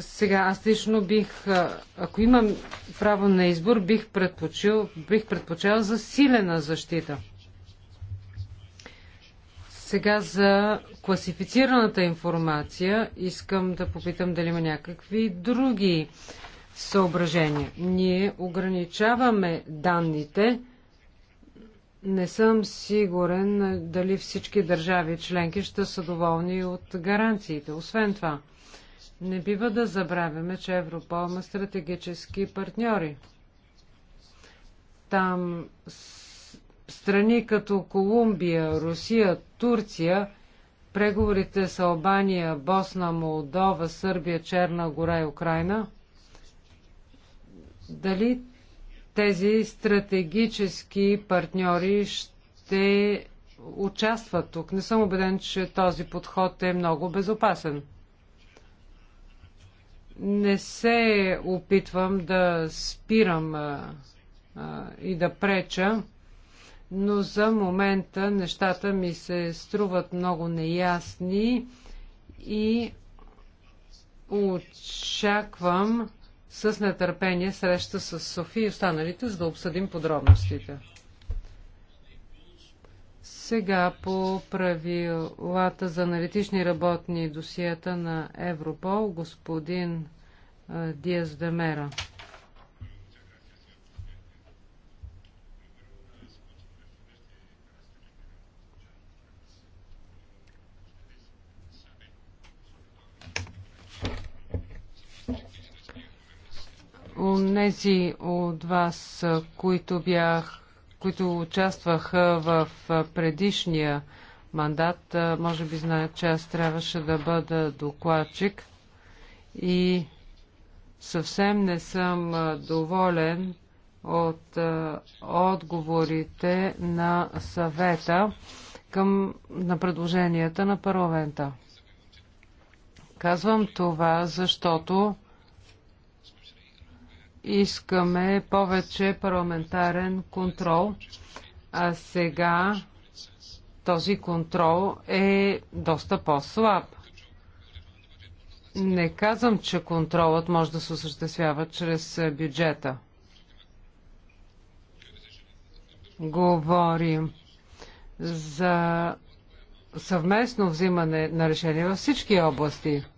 Сега аз лично бих, ако имам право на избор, бих предпочел, бих предпочел засилена защита – сега за класифицираната информация искам да попитам дали има някакви други съображения. Ние ограничаваме данните. Не съм сигурен дали всички държави членки ще са доволни от гаранциите. Освен това, не бива да забравяме, че Европол има стратегически партньори. Там страни като Колумбия, Русия, Турция, преговорите с Албания, Босна, Молдова, Сърбия, Черна гора и Украина, дали тези стратегически партньори ще участват тук? Не съм убеден, че този подход е много безопасен. Не се опитвам да спирам а, а, и да преча но за момента нещата ми се струват много неясни и очаквам с нетърпение среща с Софи и останалите, за да обсъдим подробностите. Сега по правилата за аналитични работни досията на Европол, господин Диас Демера. Онези от вас, които, бях, които участваха в предишния мандат, може би знаят, че аз трябваше да бъда докладчик и съвсем не съм доволен от отговорите на съвета към, на предложенията на парламента. Казвам това, защото искаме повече парламентарен контрол, а сега този контрол е доста по-слаб. Не казвам, че контролът може да се осъществява чрез е, бюджета. Говорим за съвместно взимане на решения във всички области –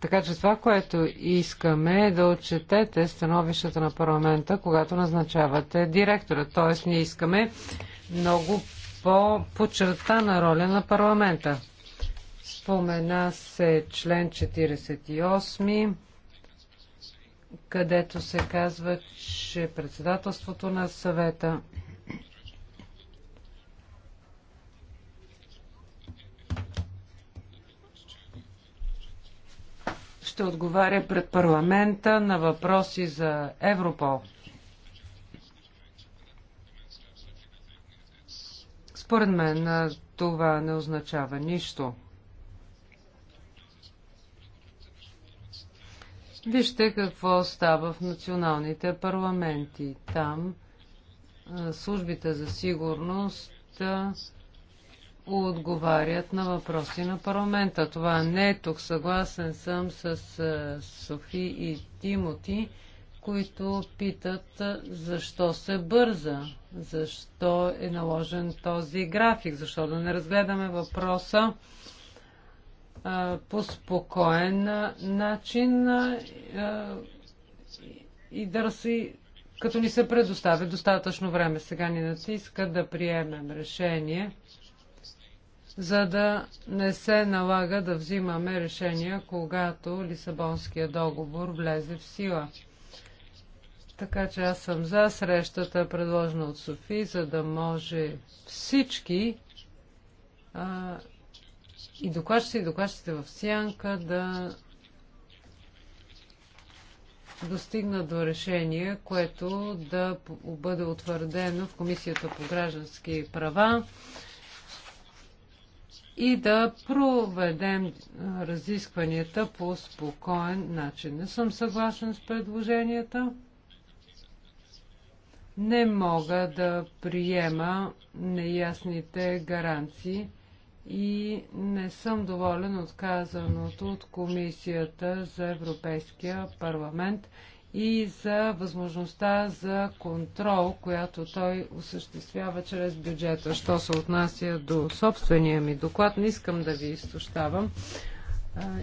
така че това, което искаме е да отчетете становищата на парламента, когато назначавате директора. Тоест, ние искаме много по почертана роля на парламента. Спомена се член 48, където се казва, че председателството на съвета ще отговаря пред парламента на въпроси за Европол. Според мен това не означава нищо. Вижте какво става в националните парламенти. Там службите за сигурност отговарят на въпроси на парламента. Това не е тук. Съгласен съм с е, Софи и Тимоти, които питат е, защо се бърза, защо е наложен този график, защо да не разгледаме въпроса е, по спокоен начин и да се като ни се предоставя достатъчно време. Сега ни натиска да приемем решение за да не се налага да взимаме решения, когато Лисабонския договор влезе в сила. Така че аз съм за срещата, предложена от Софи, за да може всички а, и докладчите и докладчите в сянка да достигнат до решение, което да бъде утвърдено в Комисията по граждански права и да проведем разискванията по спокоен начин. Не съм съгласен с предложенията. Не мога да приема неясните гаранции и не съм доволен от казаното от Комисията за Европейския парламент и за възможността за контрол, която той осъществява чрез бюджета. Що се отнася до собствения ми доклад, не искам да ви изтощавам.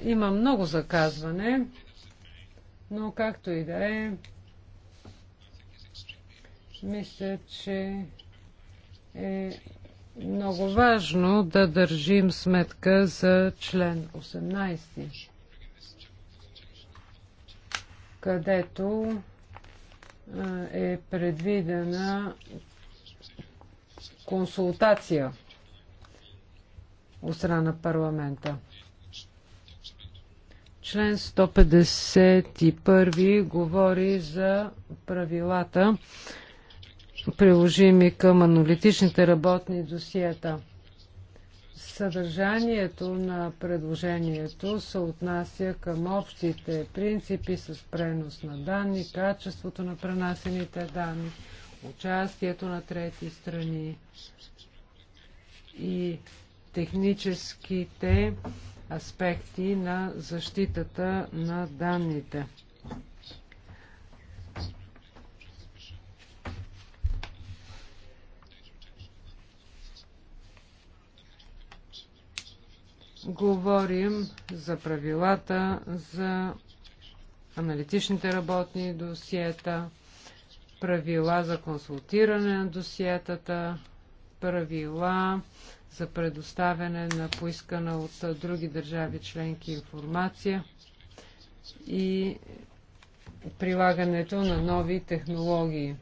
Има много заказване, но както и да е, мисля, че е много важно да държим сметка за член 18 където е предвидена консултация от страна на парламента. Член 151 говори за правилата, приложими към аналитичните работни досиета – Съдържанието на предложението се отнася към общите принципи с пренос на данни, качеството на пренасените данни, участието на трети страни и техническите аспекти на защитата на данните. Говорим за правилата, за аналитичните работни досиета, правила за консултиране на досиетата, правила за предоставяне на поискана от други държави членки информация и прилагането на нови технологии.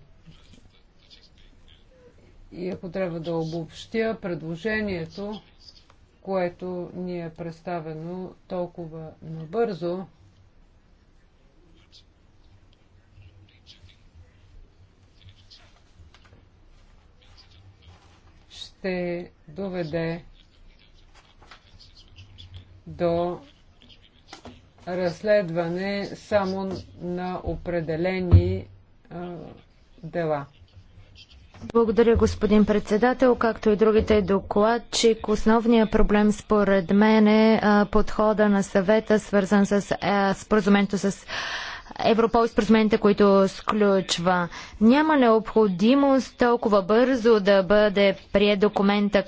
И ако трябва да обобщя, предложението което ни е представено толкова набързо. Ще доведе до разследване само на определени а, дела. Благодаря, господин председател. Както и другите докладчик, основният проблем според мен е подхода на съвета, свързан с споразумението с Европол и споразумените, които сключва. Няма необходимост толкова бързо да бъде прият документа,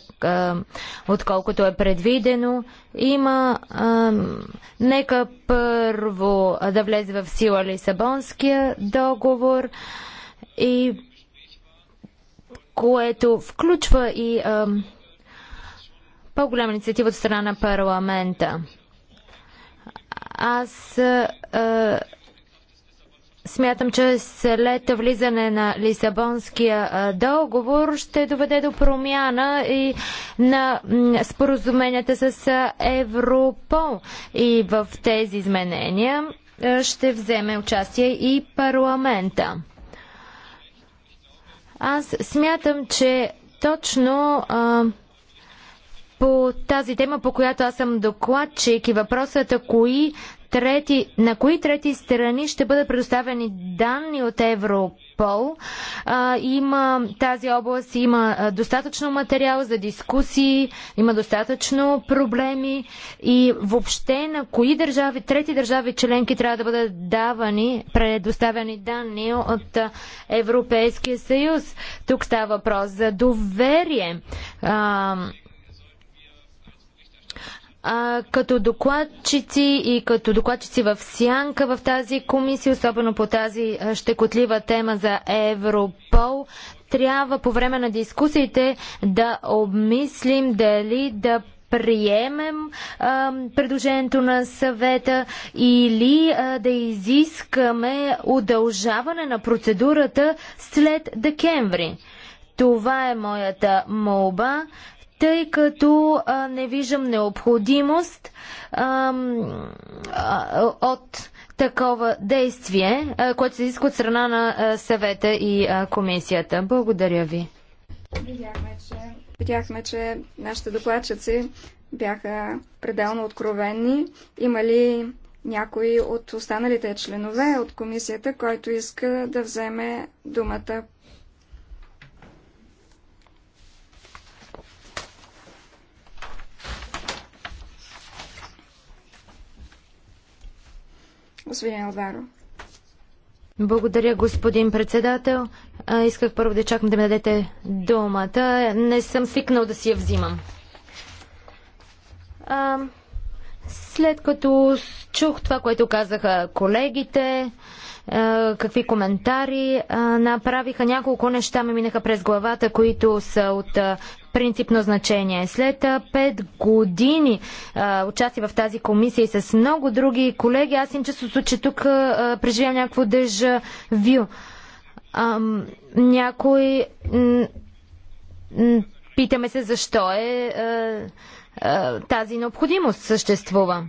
отколкото е предвидено. Има, нека първо да влезе в сила Лисабонския договор и което включва и по-голяма инициатива от страна на парламента. Аз а, смятам, че след влизане на Лисабонския а, договор ще доведе до промяна и на споразуменията с Европол. И в тези изменения ще вземе участие и парламента. Аз смятам, че точно а, по тази тема, по която аз съм докладчик и въпросата, е кои трети, на кои трети страни ще бъдат предоставени данни от Европол. А, има тази област, има а, достатъчно материал за дискусии, има достатъчно проблеми и въобще на кои държави, трети държави членки трябва да бъдат давани, предоставени данни от а, Европейския съюз. Тук става въпрос за доверие. А, а, като докладчици и като докладчици в сянка в тази комисия, особено по тази щекотлива тема за Европол, трябва по време на дискусиите да обмислим дали да приемем а, предложението на съвета или а, да изискаме удължаване на процедурата след декември. Това е моята молба тъй като а, не виждам необходимост а, от такова действие, а, което се изисква от страна на а, съвета и а, комисията. Благодаря ви. Видяхме че, видяхме, че нашите докладчици бяха пределно откровенни. Има ли някой от останалите членове от комисията, който иска да вземе думата Господин Алваро. Благодаря, господин председател. исках първо да чакам да ми дадете думата. Не съм свикнал да си я взимам. след като Чух това, което казаха колегите, е, какви коментари е, направиха. Няколко неща ми минаха през главата, които са от е, принципно значение. След 5 години участие в тази комисия и с много други колеги, аз им чувството, че тук преживявам някакво дежавю. вю. някой питаме се защо е, е тази необходимост съществува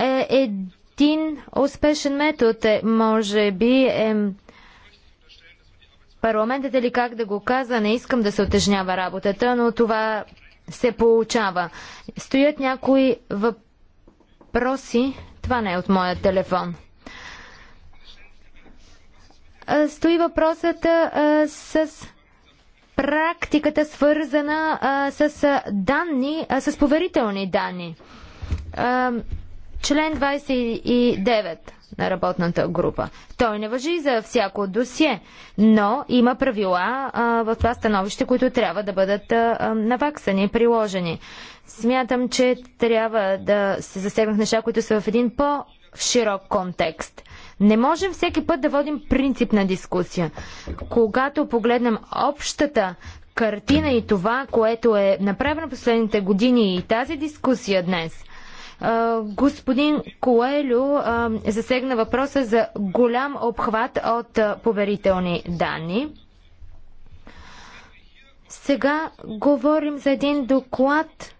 е един успешен метод. Е, може би е парламентът или как да го каза, не искам да се отежнява работата, но това се получава. Стоят някои въпроси. Това не е от моя телефон. Стои въпросът а, с практиката, свързана а, с данни, а, с поверителни данни. Член 29 на работната група. Той не въжи за всяко досие, но има правила а, в това становище, които трябва да бъдат а, наваксани приложени. Смятам, че трябва да се засегнат неща, които са в един по-широк контекст. Не можем всеки път да водим принципна дискусия. Когато погледнем общата картина и това, което е направено последните години и тази дискусия днес – Господин Коелю засегна въпроса за голям обхват от поверителни данни. Сега говорим за един доклад.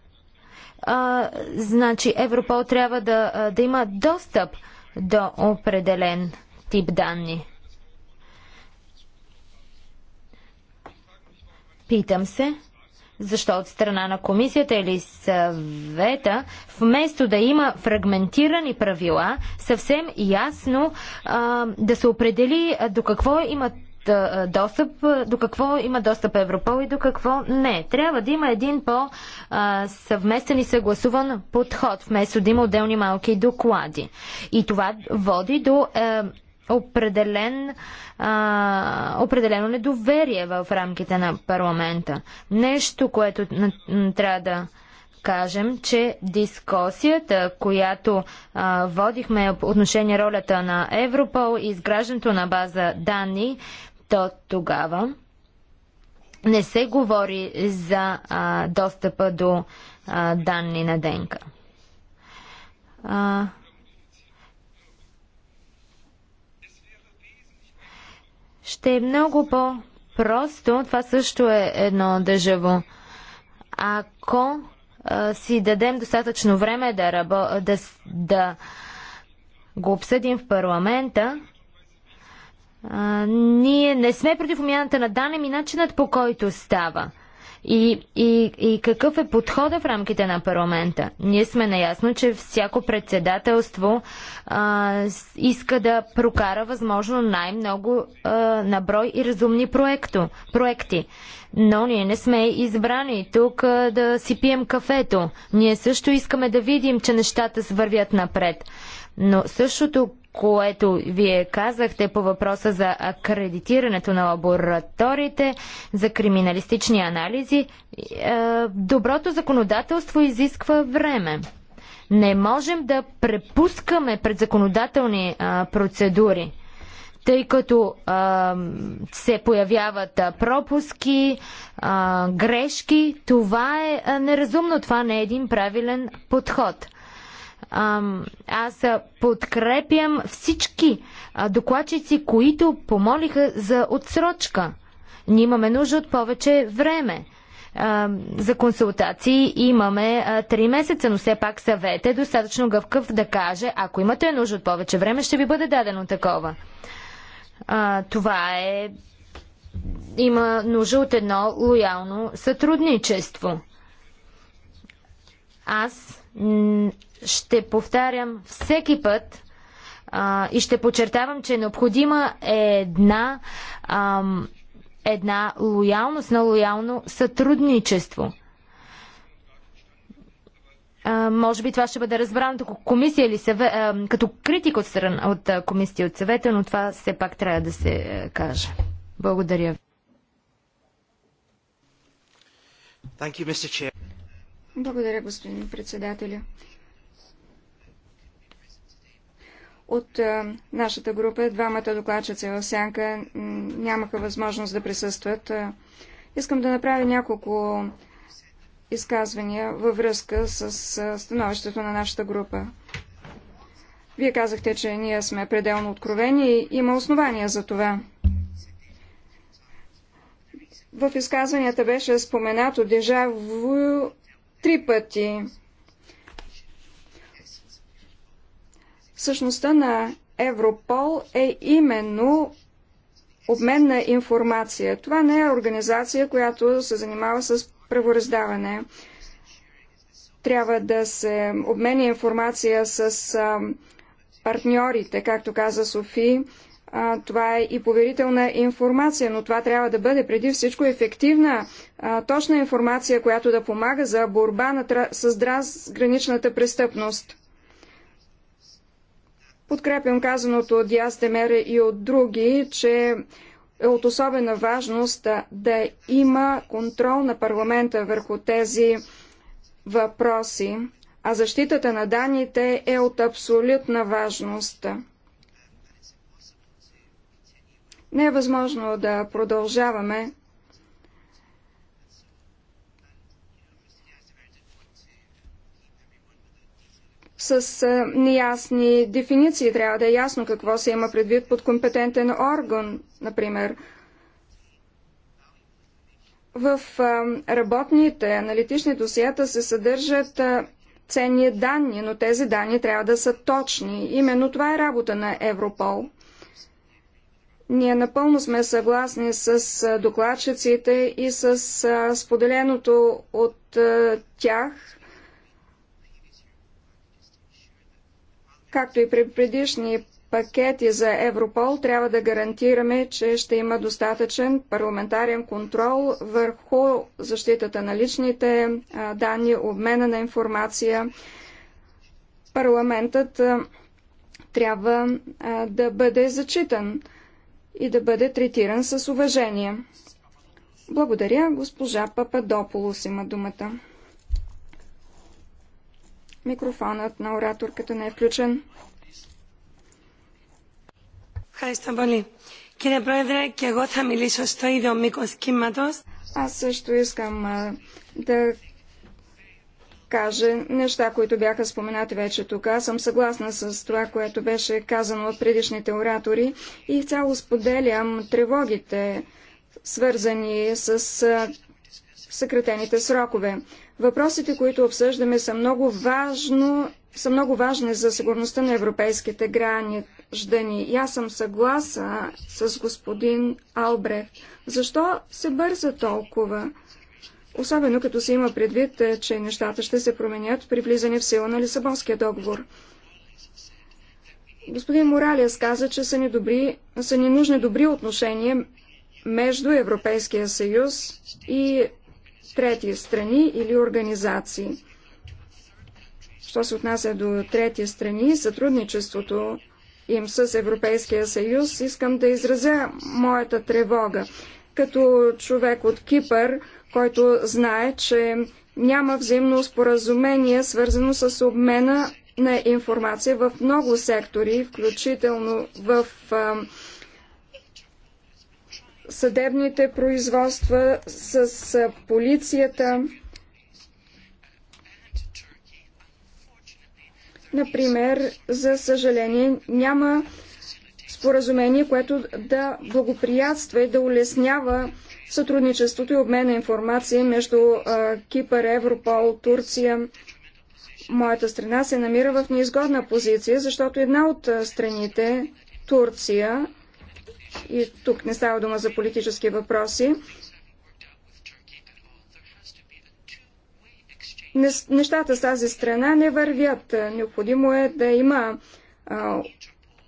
А, значи Европол трябва да, да има достъп до определен тип данни. Питам се, защо от страна на комисията или съвета, вместо да има фрагментирани правила, съвсем ясно а, да се определи до какво имат достъп, до какво има достъп Европол и до какво не. Трябва да има един по-съвместен и съгласуван подход, вместо да има отделни малки доклади. И това води до определен, а, определено недоверие в рамките на парламента. Нещо, което трябва да кажем, че дискусията, която а, водихме по отношение ролята на Европол и изграждането на база данни, то тогава не се говори за а, достъпа до а, данни на ДНК. А, ще е много по-просто. Това също е едно дежаво. Ако а, си дадем достатъчно време да, рабо, да, да го обсъдим в парламента, а, ние не сме против умяната на данем и начинът по който става. И, и, и какъв е подхода в рамките на парламента? Ние сме наясно, че всяко председателство а, иска да прокара възможно най-много наброй и разумни проекто, проекти. Но ние не сме избрани тук а, да си пием кафето. Ние също искаме да видим, че нещата свървят напред. Но същото, което вие казахте по въпроса за акредитирането на лабораториите, за криминалистични анализи. Е, доброто законодателство изисква време. Не можем да препускаме пред законодателни е, процедури тъй като е, се появяват пропуски, грешки. Това е неразумно, това не е един правилен подход. Аз подкрепям всички докладчици, които помолиха за отсрочка. Ние имаме нужда от повече време. За консултации имаме 3 месеца, но все пак съвет е достатъчно гъвкав да каже, ако имате нужда от повече време, ще ви бъде дадено такова. Това е. Има нужда от едно лоялно сътрудничество. Аз ще повтарям всеки път а, и ще подчертавам, че е необходима е една, а, една лоялност на лоялно сътрудничество. А, може би това ще бъде разбрано като комисия или съве, а, като критик от, страна, от комисия от съвета, но това все пак трябва да се а, каже. Благодаря ви. Благодаря, господин председателя. От е, нашата група двамата докладчица в Сянка нямаха възможност да присъстват. Е, искам да направя няколко изказвания във връзка с е, становището на нашата група. Вие казахте, че ние сме пределно откровени и има основания за това. В изказванията беше споменато дежаву три пъти. Същността на Европол е именно обмен на информация. Това не е организация, която се занимава с правораздаване. Трябва да се обменя информация с партньорите, както каза Софи. Това е и поверителна информация, но това трябва да бъде преди всичко ефективна, точна информация, която да помага за борба с граничната престъпност. Подкрепям казаното от Ястемере и от други, че е от особена важност да има контрол на парламента върху тези въпроси, а защитата на данните е от абсолютна важност. Не е възможно да продължаваме с е, неясни дефиниции. Трябва да е ясно какво се има предвид под компетентен орган, например. В е, работните аналитични досията се съдържат е, ценни данни, но тези данни трябва да са точни. Именно това е работа на Европол. Ние напълно сме съгласни с докладчиците и с споделеното от тях Както и при предишни пакети за Европол, трябва да гарантираме, че ще има достатъчен парламентарен контрол върху защитата на личните данни, обмена на информация. Парламентът трябва да бъде зачитан и да бъде третиран с уважение. Благодаря, госпожа Пападополос има думата. Микрофонът на ораторката не е включен. Аз също искам а, да кажа неща, които бяха споменати вече тук. Аз съм съгласна с това, което беше казано от предишните оратори и цяло споделям тревогите, свързани с съкратените срокове. Въпросите, които обсъждаме, са много, важно, са много важни за сигурността на европейските граждани. И аз съм съгласа с господин Албрех. Защо се бърза толкова? Особено като се има предвид, е, че нещата ще се променят при влизане в сила на Лисабонския договор. Господин Моралес каза, че са ни, добри, са ни нужни добри отношения между Европейския съюз и трети страни или организации. Що се отнася до трети страни, сътрудничеството им с Европейския съюз, искам да изразя моята тревога. Като човек от Кипър, който знае, че няма взаимно споразумение, свързано с обмена на информация в много сектори, включително в а, съдебните производства с полицията. Например, за съжаление, няма споразумение, което да благоприятства и да улеснява сътрудничеството и обмен на информация между Кипър, Европол, Турция. Моята страна се намира в неизгодна позиция, защото една от страните, Турция, и тук не става дума за политически въпроси. Нещата с тази страна не вървят. Необходимо е да има а,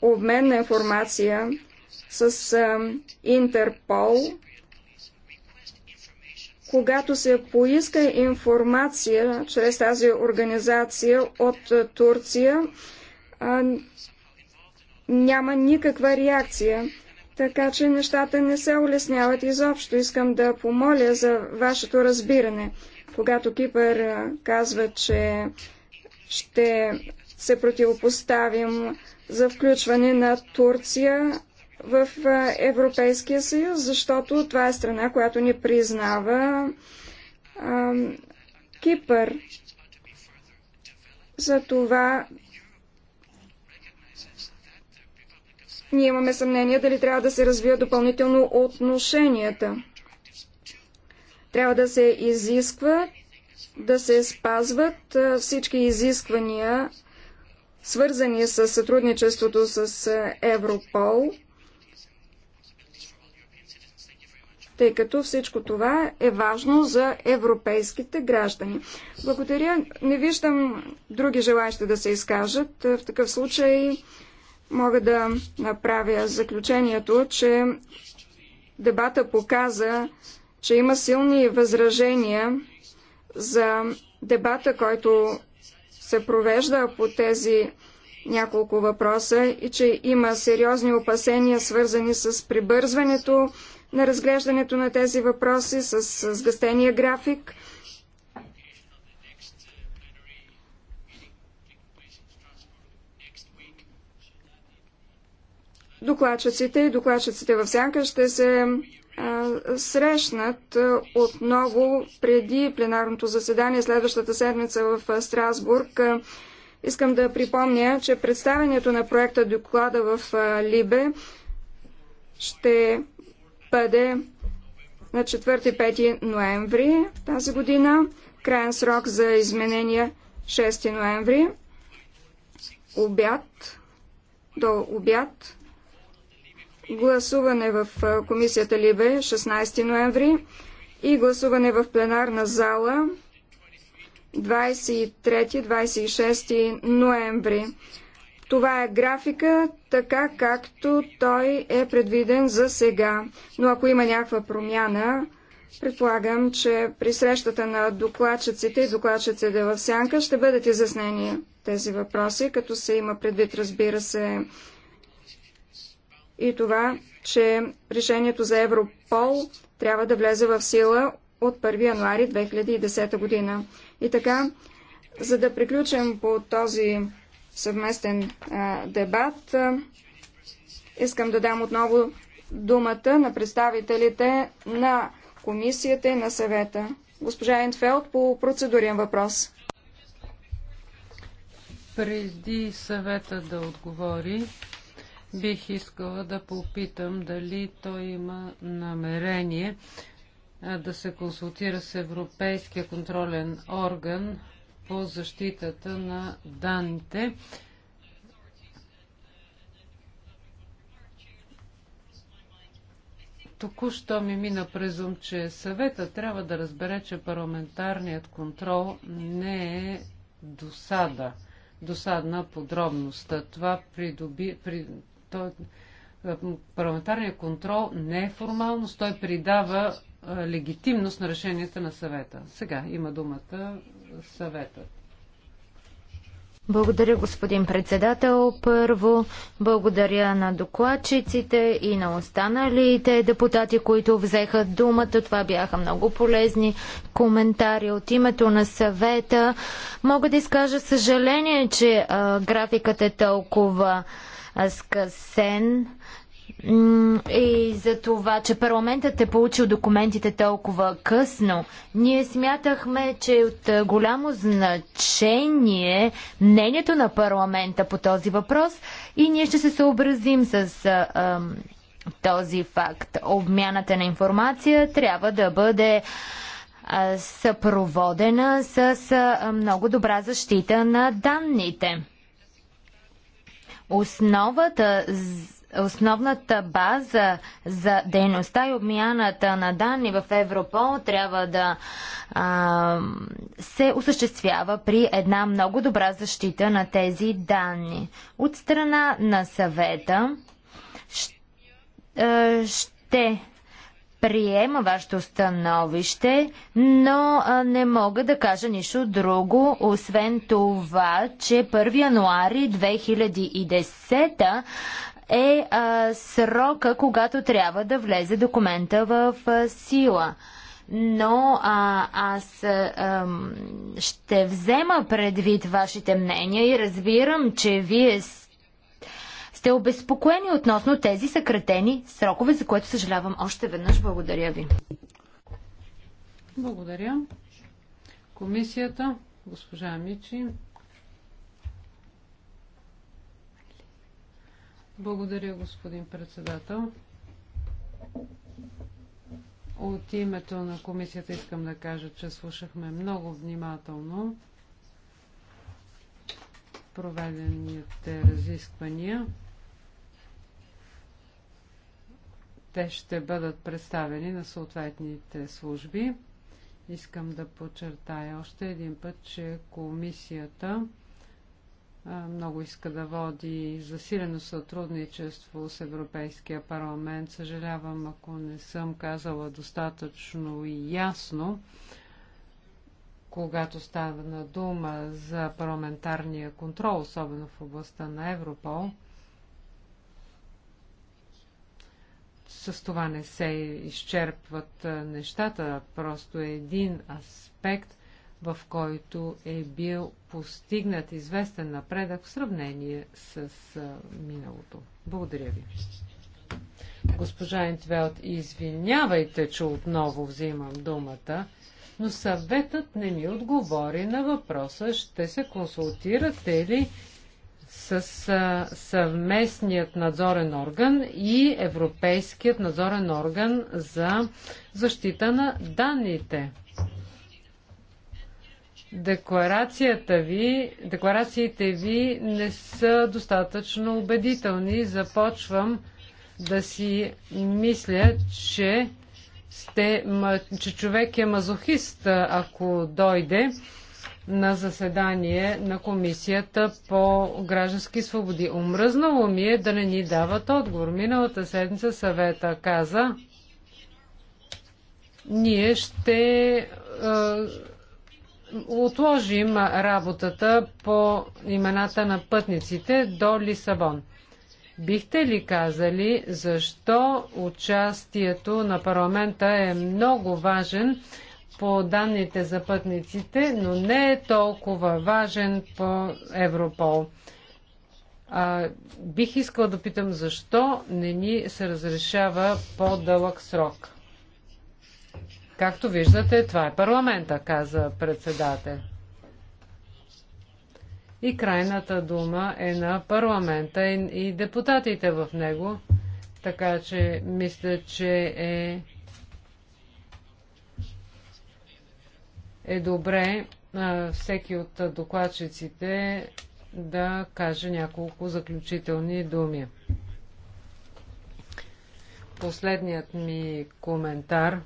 обмен на информация с а, Интерпол, когато се поиска информация чрез тази организация от Турция, а, няма никаква реакция така че нещата не се улесняват изобщо. Искам да помоля за вашето разбиране. Когато Кипър казва, че ще се противопоставим за включване на Турция в Европейския съюз, защото това е страна, която ни признава а, Кипър. За това Ние имаме съмнение дали трябва да се развият допълнително отношенията. Трябва да се изисква да се спазват всички изисквания, свързани с сътрудничеството с Европол, тъй като всичко това е важно за европейските граждани. Благодаря. Не виждам други желаящи да се изкажат. В такъв случай мога да направя заключението, че дебата показа, че има силни възражения за дебата, който се провежда по тези няколко въпроса и че има сериозни опасения, свързани с прибързването на разглеждането на тези въпроси, с сгъстения график – докладчиците и докладчиците в сянка ще се срещнат отново преди пленарното заседание следващата седмица в Страсбург. Искам да припомня, че представянето на проекта доклада в Либе ще бъде на 4-5 ноември тази година. Крайен срок за изменения 6 ноември. Обяд до обяд гласуване в комисията Либе 16 ноември и гласуване в пленарна зала 23-26 ноември. Това е графика, така както той е предвиден за сега. Но ако има някаква промяна, предполагам, че при срещата на докладчиците и докладчиците в сянка ще бъдат изяснени тези въпроси, като се има предвид, разбира се, и това, че решението за Европол трябва да влезе в сила от 1 януари 2010 година. И така, за да приключим по този съвместен а, дебат, а, искам да дам отново думата на представителите на комисията и на съвета. Госпожа Енфелд по процедурен въпрос. Преди съвета да отговори, Бих искала да попитам дали той има намерение да се консултира с Европейския контролен орган по защитата на данните. Току-що ми мина през ум, че съвета трябва да разбере, че парламентарният контрол не е досада, досадна подробност. Това придоби, при, той, е, парламентарния контрол не е формалност, той придава е, легитимност на решенията на съвета. Сега има думата съветът. Благодаря, господин председател. Първо, благодаря на докладчиците и на останалите депутати, които взеха думата. Това бяха много полезни коментари от името на съвета. Мога да изкажа съжаление, че а, графикът е толкова скъсен и за това, че парламентът е получил документите толкова късно. Ние смятахме, че е от голямо значение мнението на парламента по този въпрос и ние ще се съобразим с а, а, този факт. Обмяната на информация трябва да бъде а, съпроводена с а, много добра защита на данните. Основата Основната база за дейността и обмяната на данни в Европол трябва да а, се осъществява при една много добра защита на тези данни. От страна на съвета ще, ще приема вашето становище, но не мога да кажа нищо друго, освен това, че 1 януари 2010 е а, срока, когато трябва да влезе документа в а, сила. Но а, аз а, ще взема предвид вашите мнения и разбирам, че вие сте обезпокоени относно тези съкратени срокове, за което съжалявам още веднъж. Благодаря ви. Благодаря. Комисията, госпожа Амичи. Благодаря, господин председател. От името на комисията искам да кажа, че слушахме много внимателно проведените разисквания. Те ще бъдат представени на съответните служби. Искам да подчертая още един път, че комисията много иска да води засилено сътрудничество с Европейския парламент. Съжалявам, ако не съм казала достатъчно и ясно, когато става на дума за парламентарния контрол, особено в областта на Европол – С това не се изчерпват нещата, просто е един аспект, в който е бил постигнат известен напредък в сравнение с миналото. Благодаря ви. Госпожа Интвелт, извинявайте, че отново взимам думата, но съветът не ми отговори на въпроса. Ще се консултирате ли с съвместният надзорен орган и Европейският надзорен орган за защита на данните. Декларацията ви, декларациите ви не са достатъчно убедителни. Започвам да си мисля, че, сте, че човек е мазохист, ако дойде на заседание на комисията по граждански свободи. Умръзнало ми е да не ни дават отговор. Миналата седмица съвета каза, ние ще е, отложим работата по имената на пътниците до Лисабон. Бихте ли казали защо участието на парламента е много важен по данните за пътниците, но не е толкова важен по Европол. А, бих искал да питам защо не ни се разрешава по-дълъг срок. Както виждате, това е парламента, каза председател. И крайната дума е на парламента и, и депутатите в него. Така че мисля, че е е добре всеки от докладчиците да каже няколко заключителни думи. Последният ми коментар.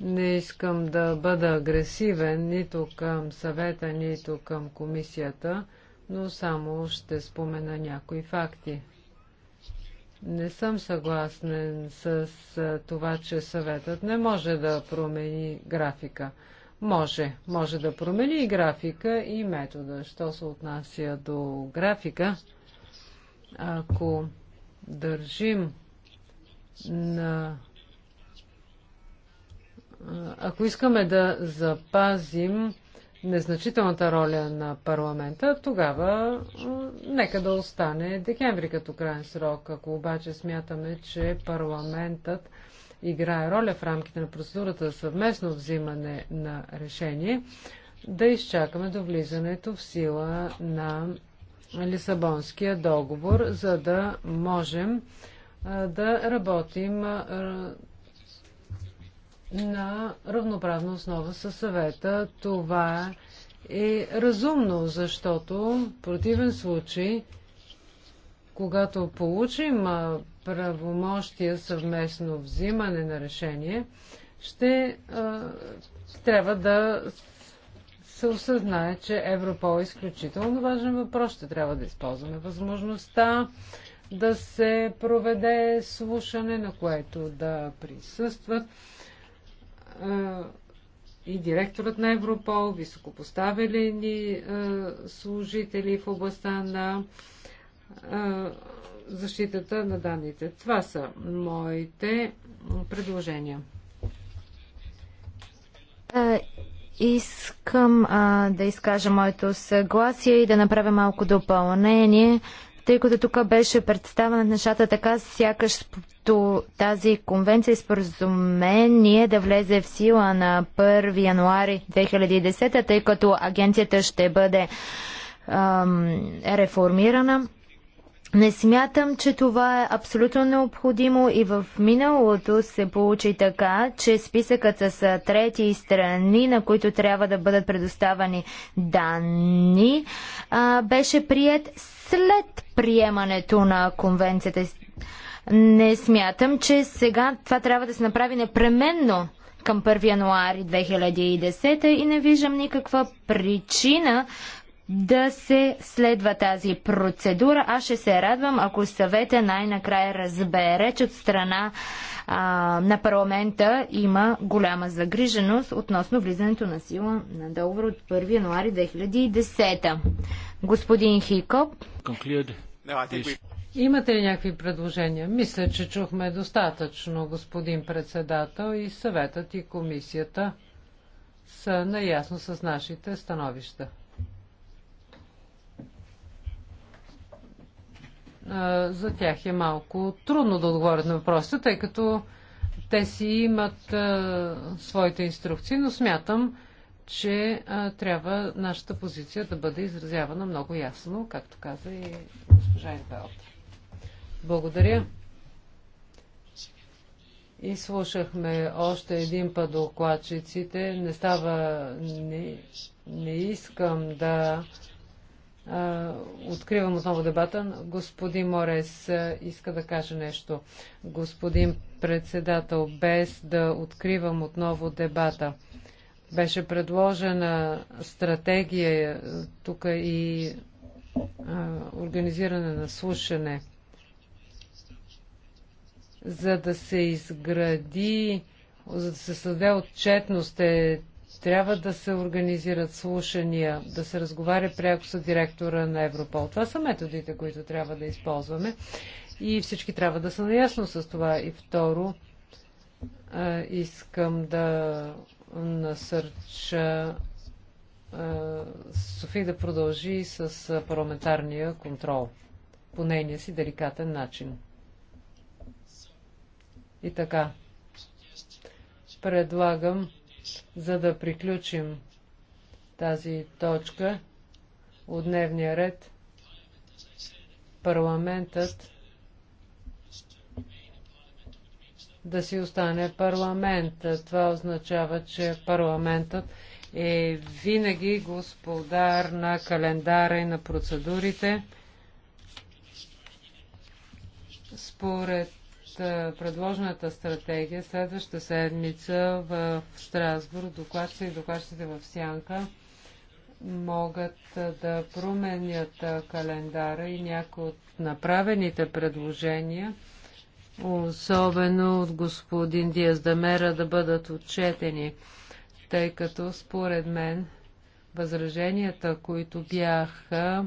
Не искам да бъда агресивен нито към съвета, нито към комисията, но само ще спомена някои факти. Не съм съгласен с това, че съветът не може да промени графика. Може. Може да промени и графика, и метода. Що се отнася до графика, ако държим на ако искаме да запазим незначителната роля на парламента, тогава нека да остане декември като крайен срок. Ако обаче смятаме, че парламентът играе роля в рамките на процедурата за съвместно взимане на решение, да изчакаме до влизането в сила на Лисабонския договор, за да можем да работим на равноправна основа със съвета. Това е разумно, защото в противен случай, когато получим правомощия съвместно взимане на решение, ще а, трябва да се осъзнае, че Европол е изключително важен въпрос. Ще трябва да използваме възможността да се проведе слушане, на което да присъстват е, и директорът на Европол, високопоставени е, служители в областта на е, защитата на данните. Това са моите предложения. Искам а, да изкажа моето съгласие и да направя малко допълнение тъй като тук беше представена нещата така, сякаш тази конвенция и споразумение да влезе в сила на 1 януари 2010, тъй като агенцията ще бъде ам, реформирана. Не смятам, че това е абсолютно необходимо и в миналото се получи така, че списъкът с трети страни, на които трябва да бъдат предоставани данни, беше прият след приемането на конвенцията. Не смятам, че сега това трябва да се направи непременно към 1 януари 2010 и не виждам никаква причина да се следва тази процедура. Аз ще се радвам, ако съвета най-накрая разбере, че от страна а, на парламента има голяма загриженост относно влизането на сила на договор от 1 януари 2010. Господин Хикоп. Имате ли някакви предложения? Мисля, че чухме достатъчно, господин председател, и съветът и комисията са наясно с нашите становища. За тях е малко трудно да отговорят на въпроса, тъй като те си имат своите инструкции, но смятам, че а, трябва нашата позиция да бъде изразявана много ясно, както каза и госпожа Интелт. Благодаря. И слушахме още един път докладчиците. Не става, не, не искам да а, откривам отново дебата. Господин Морес а, иска да каже нещо. Господин председател, без да откривам отново дебата. Беше предложена стратегия е, тук и а, организиране на слушане, за да се изгради, за да се създаде отчетност, е, трябва да се организират слушания, да се разговаря пряко с директора на Европол. Това са методите, които трябва да използваме и всички трябва да са наясно с това. И второ, а, искам да насърча Софи да продължи с парламентарния контрол по нейния си деликатен начин. И така, предлагам, за да приключим тази точка от дневния ред, парламентът да си остане парламент. Това означава, че парламентът е винаги господар на календара и на процедурите. Според предложената стратегия, следващата седмица в Страсбург докладчите и докладчите в Сянка могат да променят календара и някои от направените предложения – особено от господин Диас Дамера, да бъдат отчетени, тъй като според мен възраженията, които бяха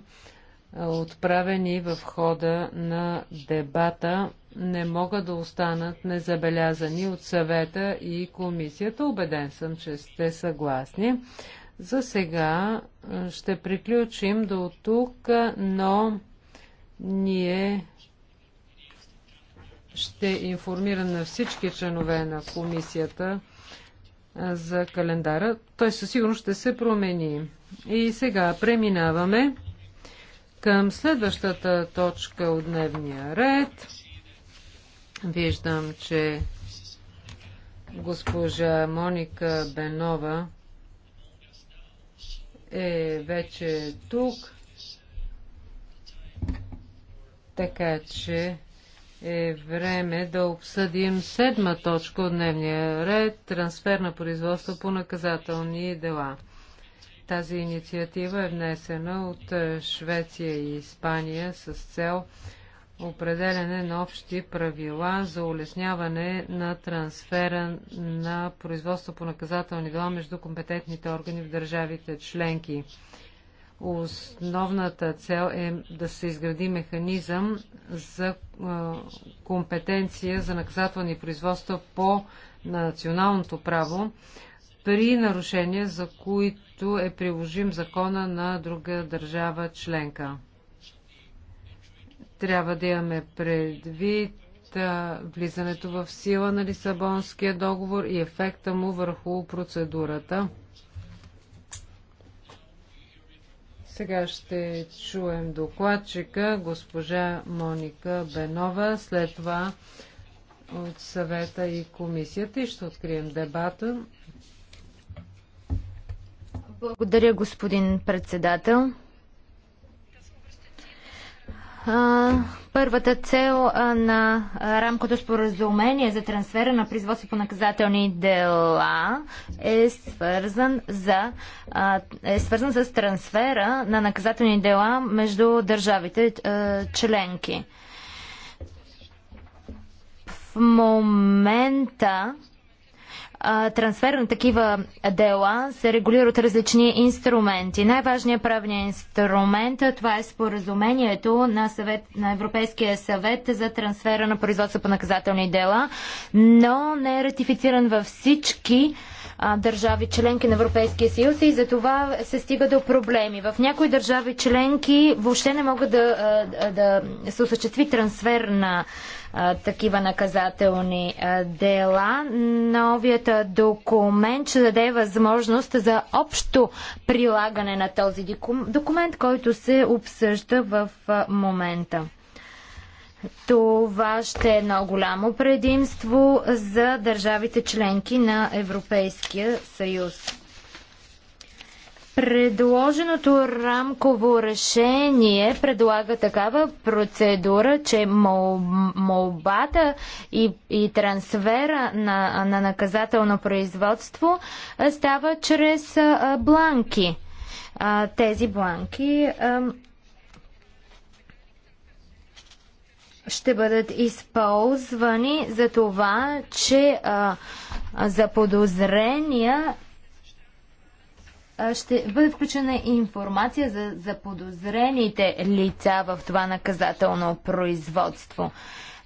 отправени в хода на дебата, не могат да останат незабелязани от съвета и комисията. Обеден съм, че сте съгласни. За сега ще приключим до тук, но ние ще информира на всички членове на комисията за календара. Той със сигурност ще се промени. И сега преминаваме към следващата точка от дневния ред. Виждам, че госпожа Моника Бенова е вече тук. Така че е време да обсъдим седма точка от дневния ред – трансфер на производство по наказателни дела. Тази инициатива е внесена от Швеция и Испания с цел определене на общи правила за улесняване на трансфера на производство по наказателни дела между компетентните органи в държавите членки. Основната цел е да се изгради механизъм за компетенция за наказателни производства по националното право при нарушения, за които е приложим закона на друга държава членка. Трябва да имаме предвид влизането в сила на Лисабонския договор и ефекта му върху процедурата. Сега ще чуем докладчика, госпожа Моника Бенова, след това от съвета и комисията и ще открием дебата. Благодаря, господин председател. Първата цел на рамкото споразумение за трансфера на производство по наказателни дела е свързан, за, е свързан с трансфера на наказателни дела между държавите членки. В момента трансфер на такива дела се регулира от различни инструменти. Най-важният правният инструмент това е споразумението на, съвет, на Европейския съвет за трансфера на производство по наказателни дела, но не е ратифициран във всички държави членки на Европейския съюз и за това се стига до проблеми. В някои държави членки въобще не могат да, да, да се осъществи трансфер на такива наказателни дела. Новият документ ще даде възможност за общо прилагане на този документ, който се обсъжда в момента. Това ще е едно голямо предимство за държавите членки на Европейския съюз. Предложеното рамково решение предлага такава процедура, че мол, молбата и, и трансфера на, на наказателно производство става чрез а, бланки. А, тези бланки а, ще бъдат използвани за това, че за подозрения ще бъде включена информация за, за подозрените лица в това наказателно производство.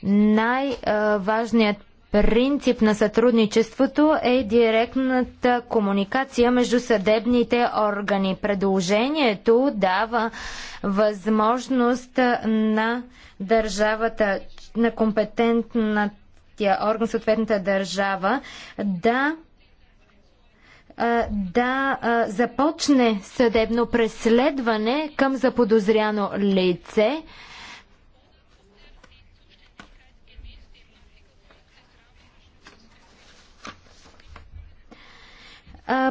Най-важният принцип на сътрудничеството е директната комуникация между съдебните органи. Предложението дава възможност на държавата, на компетентната орган, съответната държава, да да започне съдебно преследване към заподозряно лице.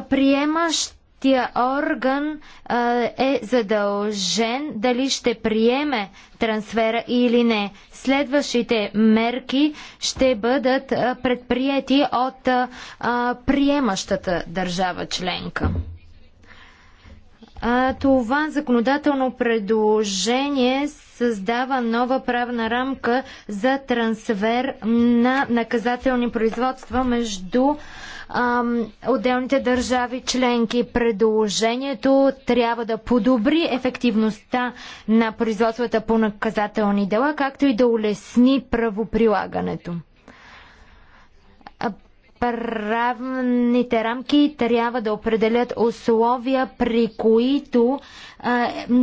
приемащ тия орган а, е задължен дали ще приеме трансфера или не. Следващите мерки ще бъдат предприяти от а, приемащата държава членка. А, това законодателно предложение създава нова правна рамка за трансфер на наказателни производства между ам, отделните държави членки. Предложението трябва да подобри ефективността на производствата по наказателни дела, както и да улесни правоприлагането правните рамки трябва да определят условия, при които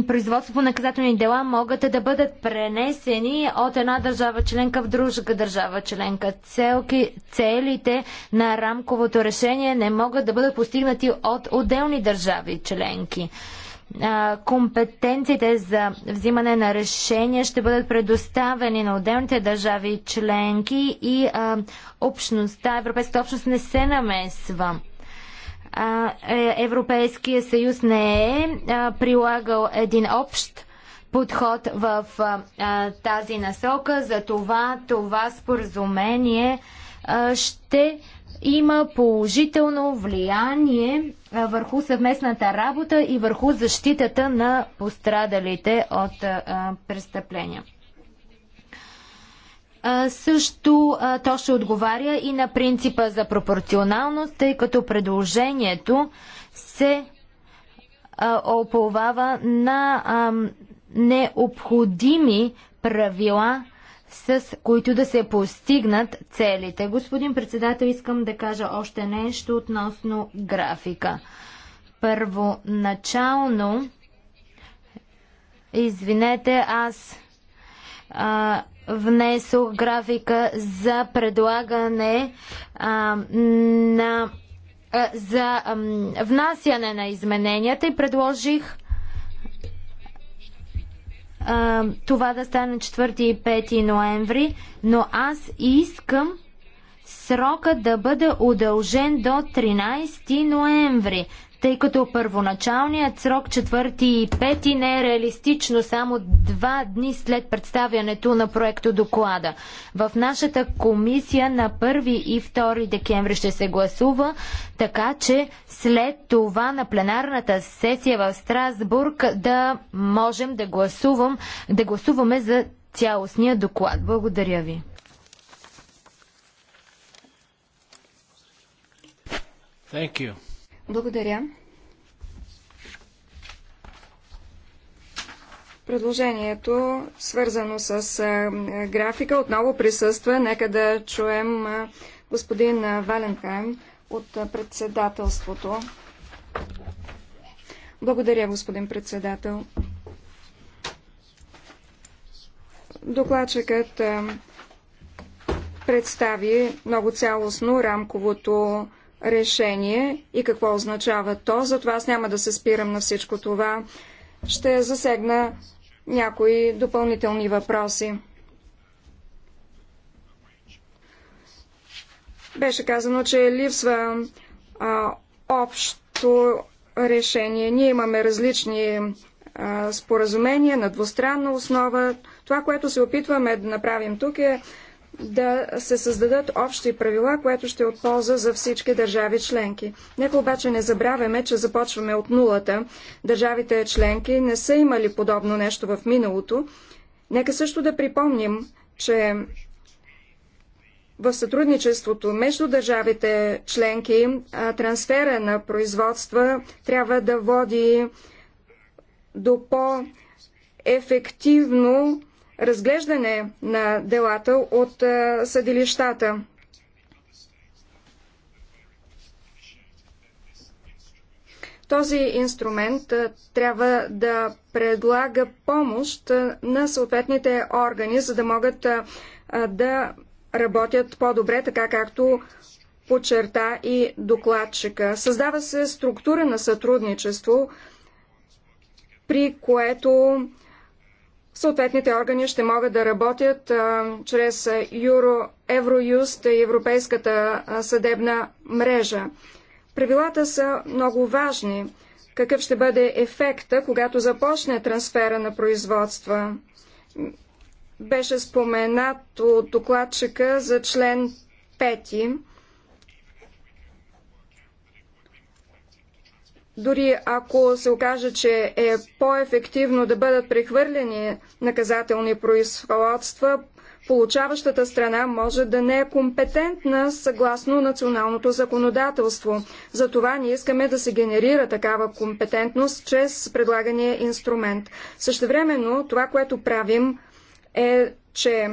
производство по наказателни дела могат да бъдат пренесени от една държава членка в друга държава членка. Целки, целите на рамковото решение не могат да бъдат постигнати от отделни държави членки компетенциите за взимане на решения ще бъдат предоставени на отделните държави членки и а, общността, Европейската общност не се намесва. А, е, Европейския съюз не е а, прилагал един общ подход в а, тази насока, за това това споразумение а, ще има положително влияние върху съвместната работа и върху защитата на пострадалите от престъпления. Също то ще отговаря и на принципа за пропорционалност, тъй като предложението се оповава на необходими правила, с които да се постигнат целите. Господин председател, искам да кажа още нещо относно графика. Първоначално, извинете, аз а, внесох графика за предлагане а, на а, за а, внасяне на измененията и предложих това да стане 4 и 5 ноември, но аз искам срока да бъде удължен до 13 ноември, тъй като първоначалният срок 4 и 5 не е реалистично само два дни след представянето на проекто доклада. В нашата комисия на 1 и 2 декември ще се гласува, така че след това на пленарната сесия в Страсбург да можем да, гласувам, да гласуваме за цялостния доклад. Благодаря ви. Thank you. Благодаря. Предложението, свързано с графика, отново присъства. Нека да чуем господин Валенхайм от председателството. Благодаря, господин председател. Докладчикът представи много цялостно рамковото решение и какво означава то. Затова аз няма да се спирам на всичко това. Ще засегна някои допълнителни въпроси. Беше казано, че липсва а, общо решение. Ние имаме различни а, споразумения на двустранна основа. Това, което се опитваме да направим тук е да се създадат общи правила, което ще е от полза за всички държави членки. Нека обаче не забравяме, че започваме от нулата. Държавите членки не са имали подобно нещо в миналото. Нека също да припомним, че в сътрудничеството между държавите членки трансфера на производства трябва да води до по-ефективно разглеждане на делата от съдилищата. Този инструмент трябва да предлага помощ на съответните органи, за да могат да работят по-добре, така както подчерта и докладчика. Създава се структура на сътрудничество, при което Съответните органи ще могат да работят а, чрез Евроюст и Европейската съдебна мрежа. Правилата са много важни. Какъв ще бъде ефекта, когато започне трансфера на производства? Беше споменат от докладчика за член Дори ако се окаже, че е по-ефективно да бъдат прехвърлени наказателни производства, получаващата страна може да не е компетентна съгласно националното законодателство. Затова ние искаме да се генерира такава компетентност чрез предлагания инструмент. Същевременно това, което правим е, че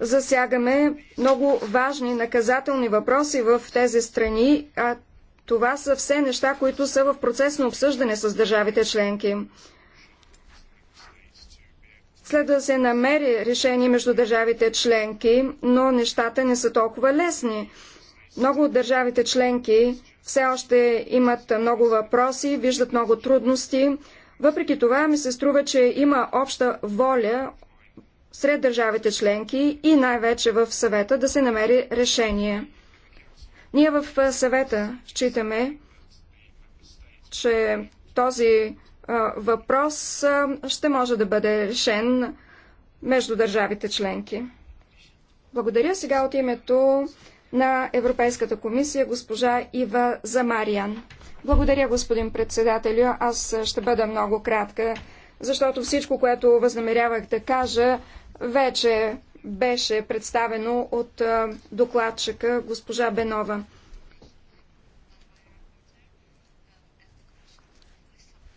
засягаме много важни наказателни въпроси в тези страни, а това са все неща, които са в процес на обсъждане с държавите членки. Следва да се намери решение между държавите членки, но нещата не са толкова лесни. Много от държавите членки все още имат много въпроси, виждат много трудности. Въпреки това ми се струва, че има обща воля сред държавите членки и най-вече в съвета да се намери решение. Ние в съвета считаме, че този въпрос ще може да бъде решен между държавите членки. Благодаря сега от името на Европейската комисия госпожа Ива Замариан. Благодаря, господин председателю. Аз ще бъда много кратка, защото всичко, което възнамерявах да кажа, вече беше представено от докладчика госпожа Бенова.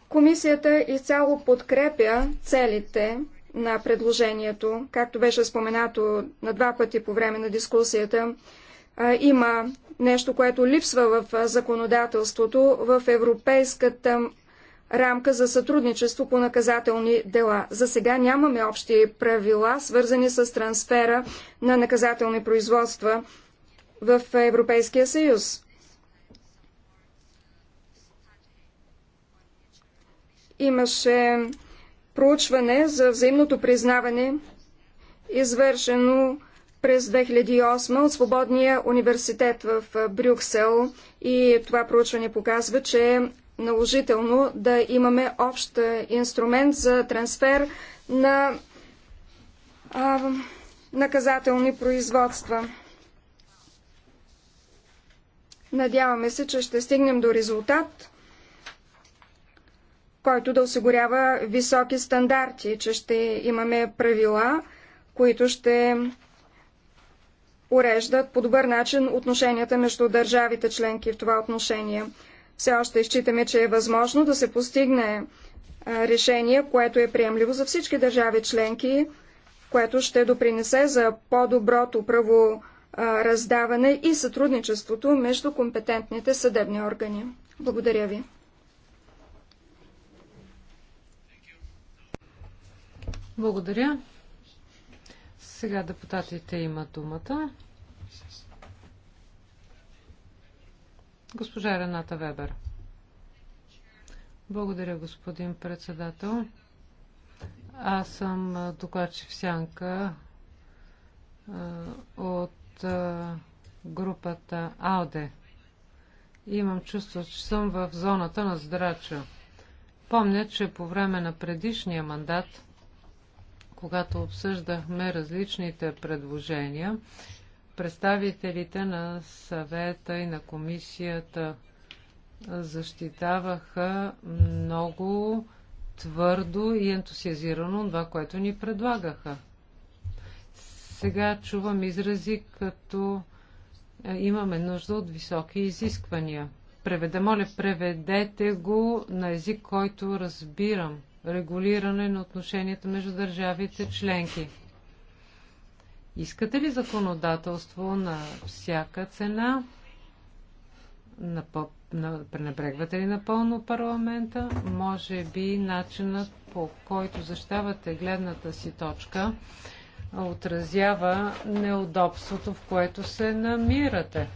Комисията изцяло подкрепя целите на предложението, както беше споменато на два пъти по време на дискусията. Има нещо, което липсва в законодателството в европейската рамка за сътрудничество по наказателни дела. За сега нямаме общи правила, свързани с трансфера на наказателни производства в Европейския съюз. Имаше проучване за взаимното признаване, извършено през 2008 от Свободния университет в Брюксел и това проучване показва, че наложително да имаме общ е, инструмент за трансфер на а, наказателни производства. Надяваме се, че ще стигнем до резултат, който да осигурява високи стандарти, че ще имаме правила, които ще уреждат по добър начин отношенията между държавите членки в това отношение. Все още считаме, че е възможно да се постигне решение, което е приемливо за всички държави членки, което ще допринесе за по-доброто право раздаване и сътрудничеството между компетентните съдебни органи. Благодаря ви. Благодаря. Сега депутатите имат думата. Госпожа Рената Вебер. Благодаря, господин председател. Аз съм докладчик Сянка от групата АОДЕ. Имам чувство, че съм в зоната на здрача. Помня, че по време на предишния мандат, когато обсъждахме различните предложения Представителите на съвета и на комисията защитаваха много твърдо и ентусиазирано това, което ни предлагаха. Сега чувам изрази като е, имаме нужда от високи изисквания. Преведе, моля, преведете го на език, който разбирам. Регулиране на отношенията между държавите членки. Искате ли законодателство на всяка цена? Напъл... Пренебрегвате ли напълно парламента? Може би начинът по който защавате гледната си точка отразява неудобството, в което се намирате.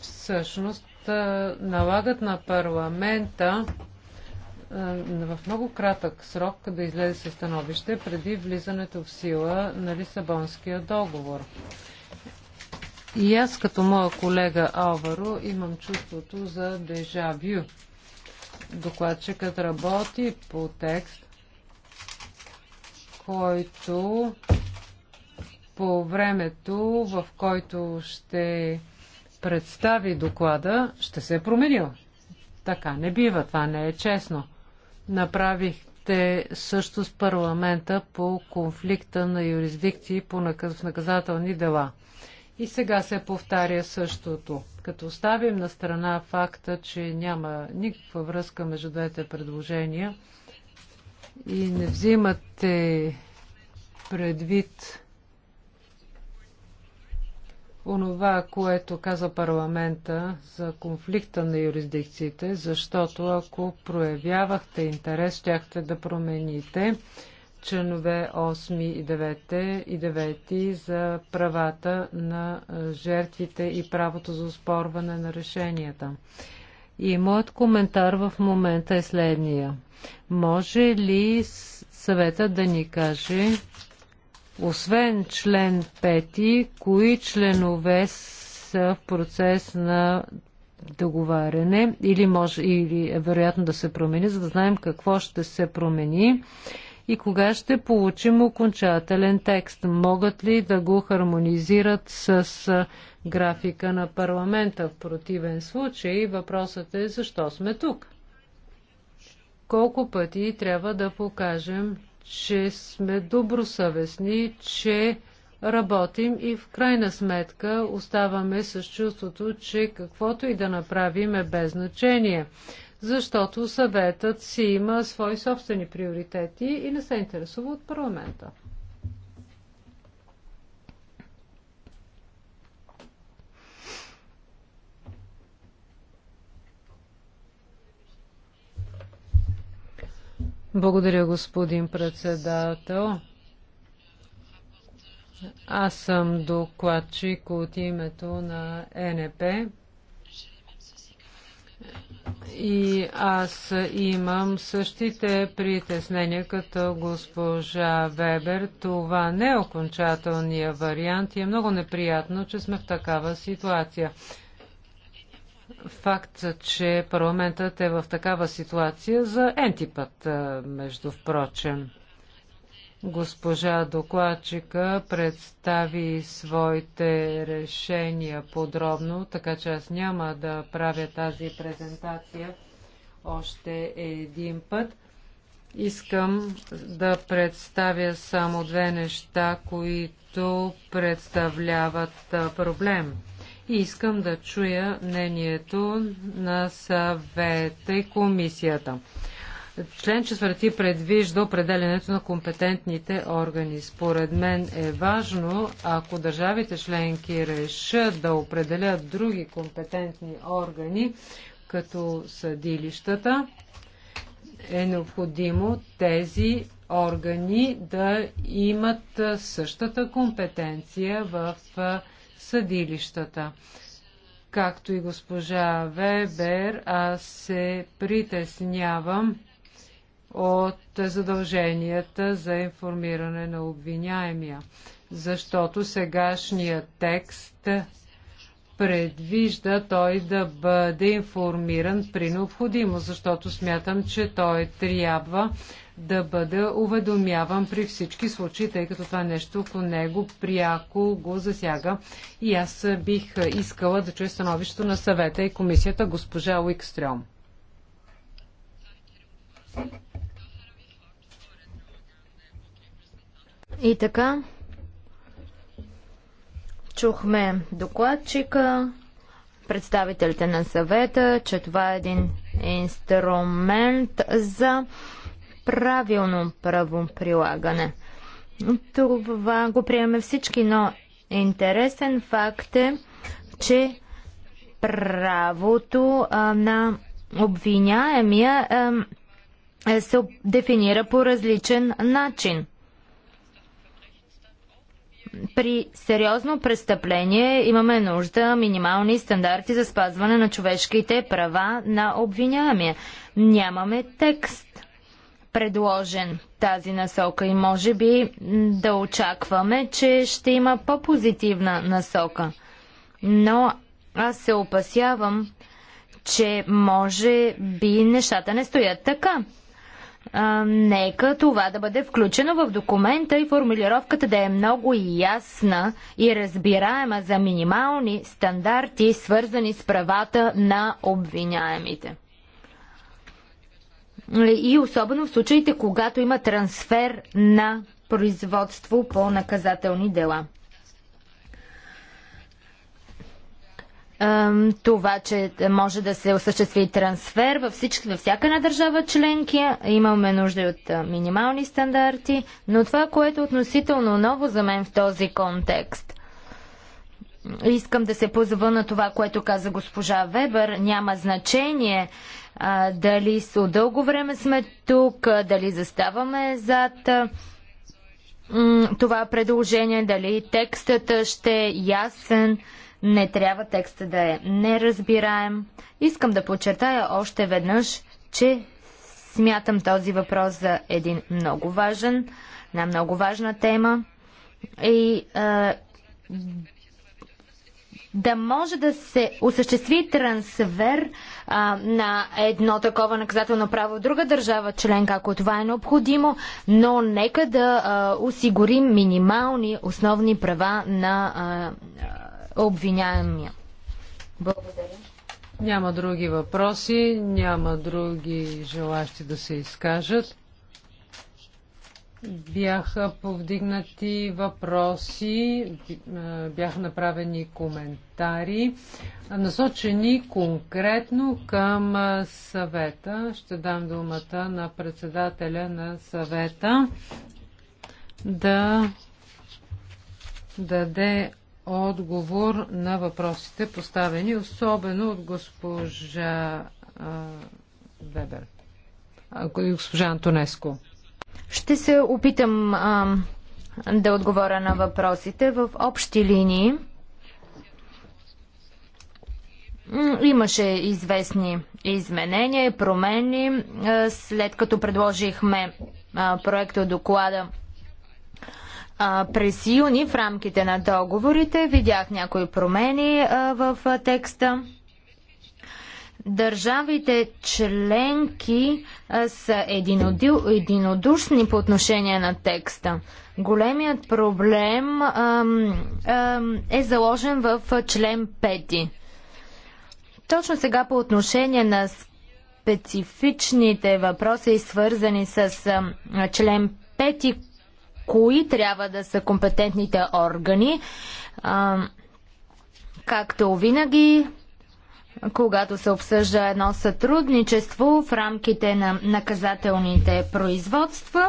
Всъщност налагат на парламента е, в много кратък срок да излезе със становище преди влизането в сила на Лисабонския договор. И аз като моя колега Алваро имам чувството за дежавю. Докладчикът работи по текст, който по времето, в който ще представи доклада, ще се е променил. Така не бива, това не е честно направихте също с парламента по конфликта на юрисдикции по наказ... наказателни дела. И сега се повтаря същото. Като оставим на страна факта, че няма никаква връзка между двете предложения и не взимате предвид онова, което каза парламента за конфликта на юрисдикциите, защото ако проявявахте интерес, щяхте да промените членове 8 и 9 и 9 за правата на жертвите и правото за успорване на решенията. И моят коментар в момента е следния. Може ли съвета да ни каже освен член 5, кои членове са в процес на договаряне или, може, или е вероятно да се промени, за да знаем какво ще се промени и кога ще получим окончателен текст. Могат ли да го хармонизират с графика на парламента? В противен случай въпросът е защо сме тук. Колко пъти трябва да покажем, че сме добросъвестни, че работим и в крайна сметка оставаме с чувството, че каквото и да направим е без значение, защото съветът си има свои собствени приоритети и не се интересува от парламента. Благодаря, господин председател. Аз съм докладчик от името на НП. И аз имам същите притеснения като госпожа Вебер. Това не е окончателния вариант и е много неприятно, че сме в такава ситуация факт, че парламентът е в такава ситуация за ентипът, е, между впрочем. Госпожа докладчика представи своите решения подробно, така че аз няма да правя тази презентация още един път. Искам да представя само две неща, които представляват е, проблем и искам да чуя мнението на съвета и комисията. Член четвърти предвижда определенето на компетентните органи. Според мен е важно, ако държавите членки решат да определят други компетентни органи, като съдилищата, е необходимо тези органи да имат същата компетенция в съдилищата. Както и госпожа Вебер, аз се притеснявам от задълженията за информиране на обвиняемия, защото сегашният текст предвижда той да бъде информиран при необходимо, защото смятам, че той трябва да бъда уведомяван при всички случаи, тъй като това нещо по него пряко го засяга. И аз бих искала да чуя становището на съвета и комисията госпожа Уикстрем. И така, чухме докладчика, представителите на съвета, че това е един инструмент за правилно право прилагане. Това го приемаме всички, но интересен факт е, че правото а, на обвиняемия а, е, се дефинира по различен начин. При сериозно престъпление имаме нужда минимални стандарти за спазване на човешките права на обвиняемия. Нямаме текст предложен тази насока и може би да очакваме, че ще има по-позитивна насока. Но аз се опасявам, че може би нещата не стоят така. А, нека това да бъде включено в документа и формулировката да е много ясна и разбираема за минимални стандарти, свързани с правата на обвиняемите. Нали, и особено в случаите, когато има трансфер на производство по наказателни дела. това, че може да се осъществи трансфер във, всички, във всяка една държава членки. Имаме нужда от минимални стандарти, но това, което е относително ново за мен в този контекст. Искам да се позова на това, което каза госпожа Вебер. Няма значение а, дали от дълго време сме тук, а, дали заставаме зад а, това предложение, дали текстът ще е ясен. Не трябва текста да е неразбираем. Искам да подчертая още веднъж, че смятам този въпрос за един много важен, на много важна тема. И а, да може да се осъществи трансфер а, на едно такова наказателно право в друга държава членка, ако това е необходимо, но нека да а, осигурим минимални основни права на а, обвиняемия. Благодаря. Няма други въпроси, няма други желащи да се изкажат. Бяха повдигнати въпроси, бяха направени коментари, насочени конкретно към съвета. Ще дам думата на председателя на съвета да даде отговор на въпросите поставени, особено от госпожа Вебер, госпожа Антонеско. Ще се опитам а, да отговоря на въпросите в общи линии. Имаше известни изменения промени, след като предложихме проекта доклада през юни в рамките на договорите. Видях някои промени в текста. Държавите членки са единодушни по отношение на текста. Големият проблем е заложен в член 5. Точно сега по отношение на специфичните въпроси, свързани с член 5, кои трябва да са компетентните органи, както винаги когато се обсъжда едно сътрудничество в рамките на наказателните производства,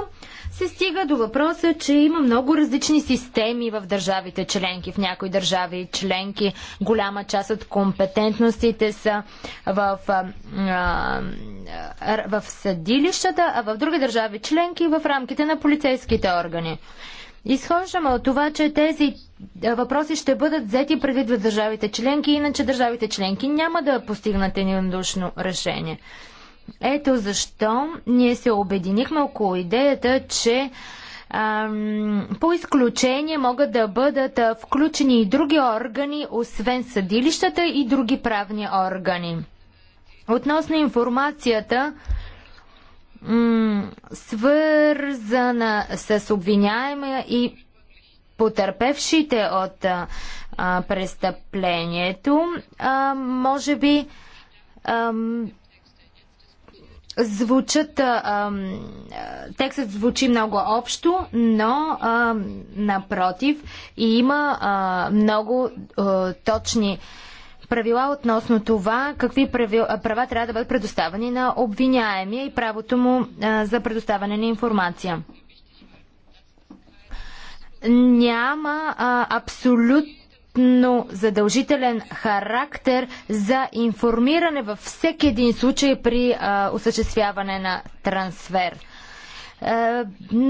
се стига до въпроса, че има много различни системи в държавите членки. В някои държави членки голяма част от компетентностите са в, в съдилищата, а в други държави членки в рамките на полицейските органи. Изхождаме от това, че тези въпроси ще бъдат взети предвид в държавите членки, иначе държавите членки няма да постигнат единодушно решение. Ето защо ние се обединихме около идеята, че по изключение могат да бъдат включени и други органи, освен съдилищата и други правни органи. Относно информацията, свързана с обвиняема и потърпевшите от а, престъплението, а, може би а, звучат, а, текстът звучи много общо, но а, напротив, има а, много а, точни а, правила относно това какви права трябва да бъдат предоставени на обвиняемия и правото му за предоставяне на информация. Няма абсолютно но задължителен характер за информиране във всеки един случай при а, осъществяване на трансфер. Е,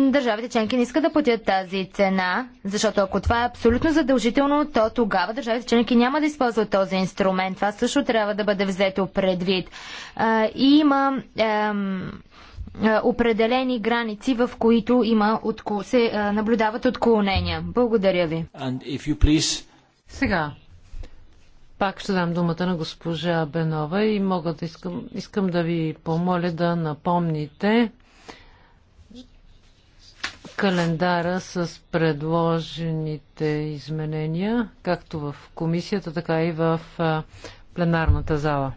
държавите членки не искат да платят тази цена, защото ако това е абсолютно задължително, то тогава държавите членки няма да използват този инструмент. Това също трябва да бъде взето предвид. Е, и има е, определени граници, в които има отко... се наблюдават отклонения. Благодаря ви. Please... Сега, пак ще дам думата на госпожа Бенова и мога да искам, искам да ви помоля да напомните календара с предложените изменения, както в комисията, така и в пленарната зала.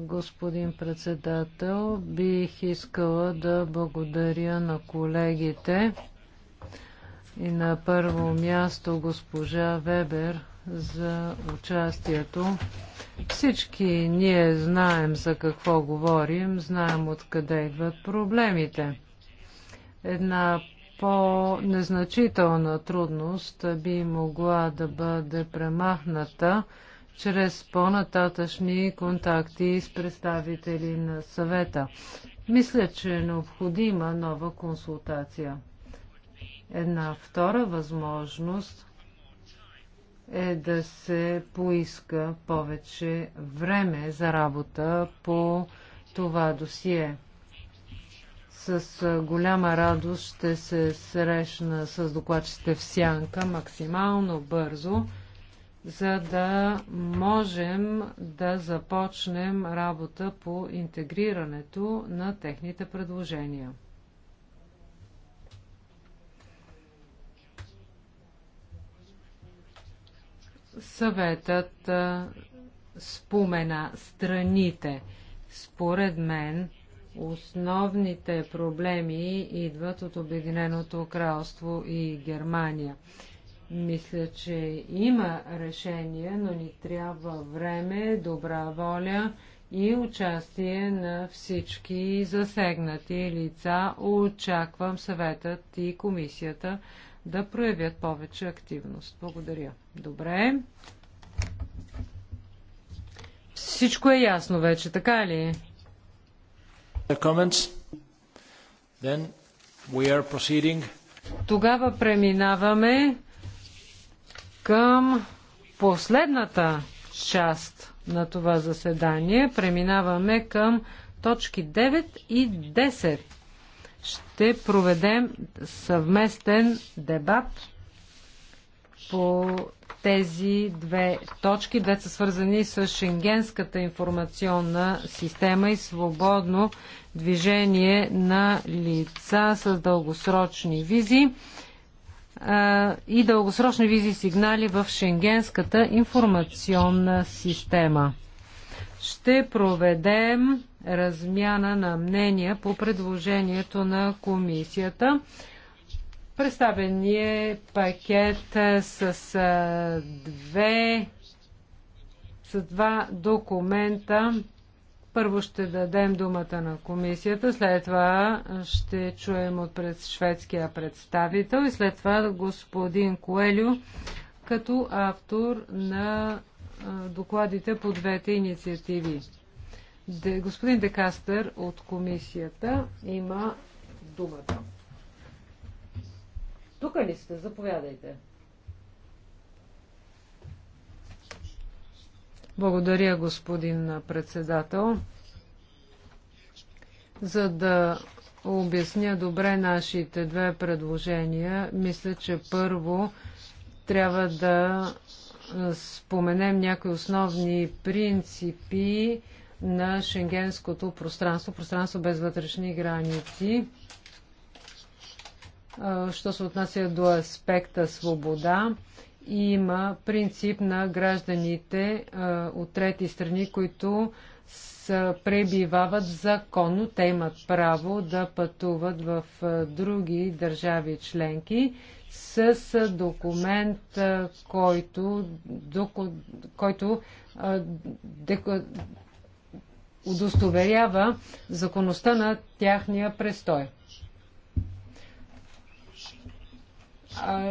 Господин председател, бих искала да благодаря на колегите и на първо място госпожа Вебер за участието. Всички ние знаем за какво говорим, знаем откъде идват проблемите. Една по-незначителна трудност би могла да бъде премахната чрез по-нататъчни контакти с представители на съвета. Мисля, че е необходима нова консултация. Една втора възможност е да се поиска повече време за работа по това досие с голяма радост ще се срещна с докладчите в сянка максимално бързо, за да можем да започнем работа по интегрирането на техните предложения. Съветът спомена страните. Според мен, Основните проблеми идват от Обединеното кралство и Германия. Мисля, че има решение, но ни трябва време, добра воля и участие на всички засегнати лица. Очаквам съветът и комисията да проявят повече активност. Благодаря. Добре. Всичко е ясно вече, така ли? comments? Then we are proceeding. Тогава преминаваме към последната част на това заседание. Преминаваме към точки 9 и 10. Ще проведем съвместен дебат по тези две точки. Две са свързани с Шенгенската информационна система и свободно движение на лица с дългосрочни визи и дългосрочни визи сигнали в Шенгенската информационна система. Ще проведем размяна на мнения по предложението на комисията. Представен е пакет с две с два документа. Първо ще дадем думата на комисията, след това ще чуем от пред шведския представител и след това господин Коелю като автор на докладите по двете инициативи. Господин Декастър от комисията има думата. Тук ли сте? Заповядайте. Благодаря, господин председател. За да обясня добре нашите две предложения, мисля, че първо трябва да споменем някои основни принципи на шенгенското пространство, пространство без вътрешни граници що се отнася до аспекта свобода, има принцип на гражданите от трети страни, които пребивават законно. Те имат право да пътуват в други държави членки с документ, който, доку, който деку, удостоверява законността на тяхния престой.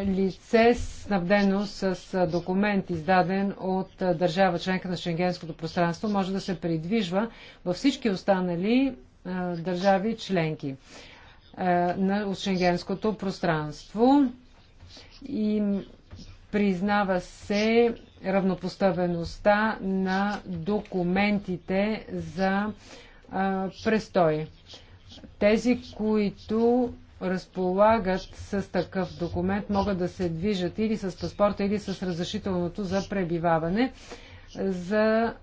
лице, снабдено с документ, издаден от държава членка на Шенгенското пространство, може да се придвижва във всички останали държави членки на Шенгенското пространство и признава се равнопоставеността на документите за престой. Тези, които разполагат с такъв документ, могат да се движат или с паспорта, или с разрешителното за пребиваване за,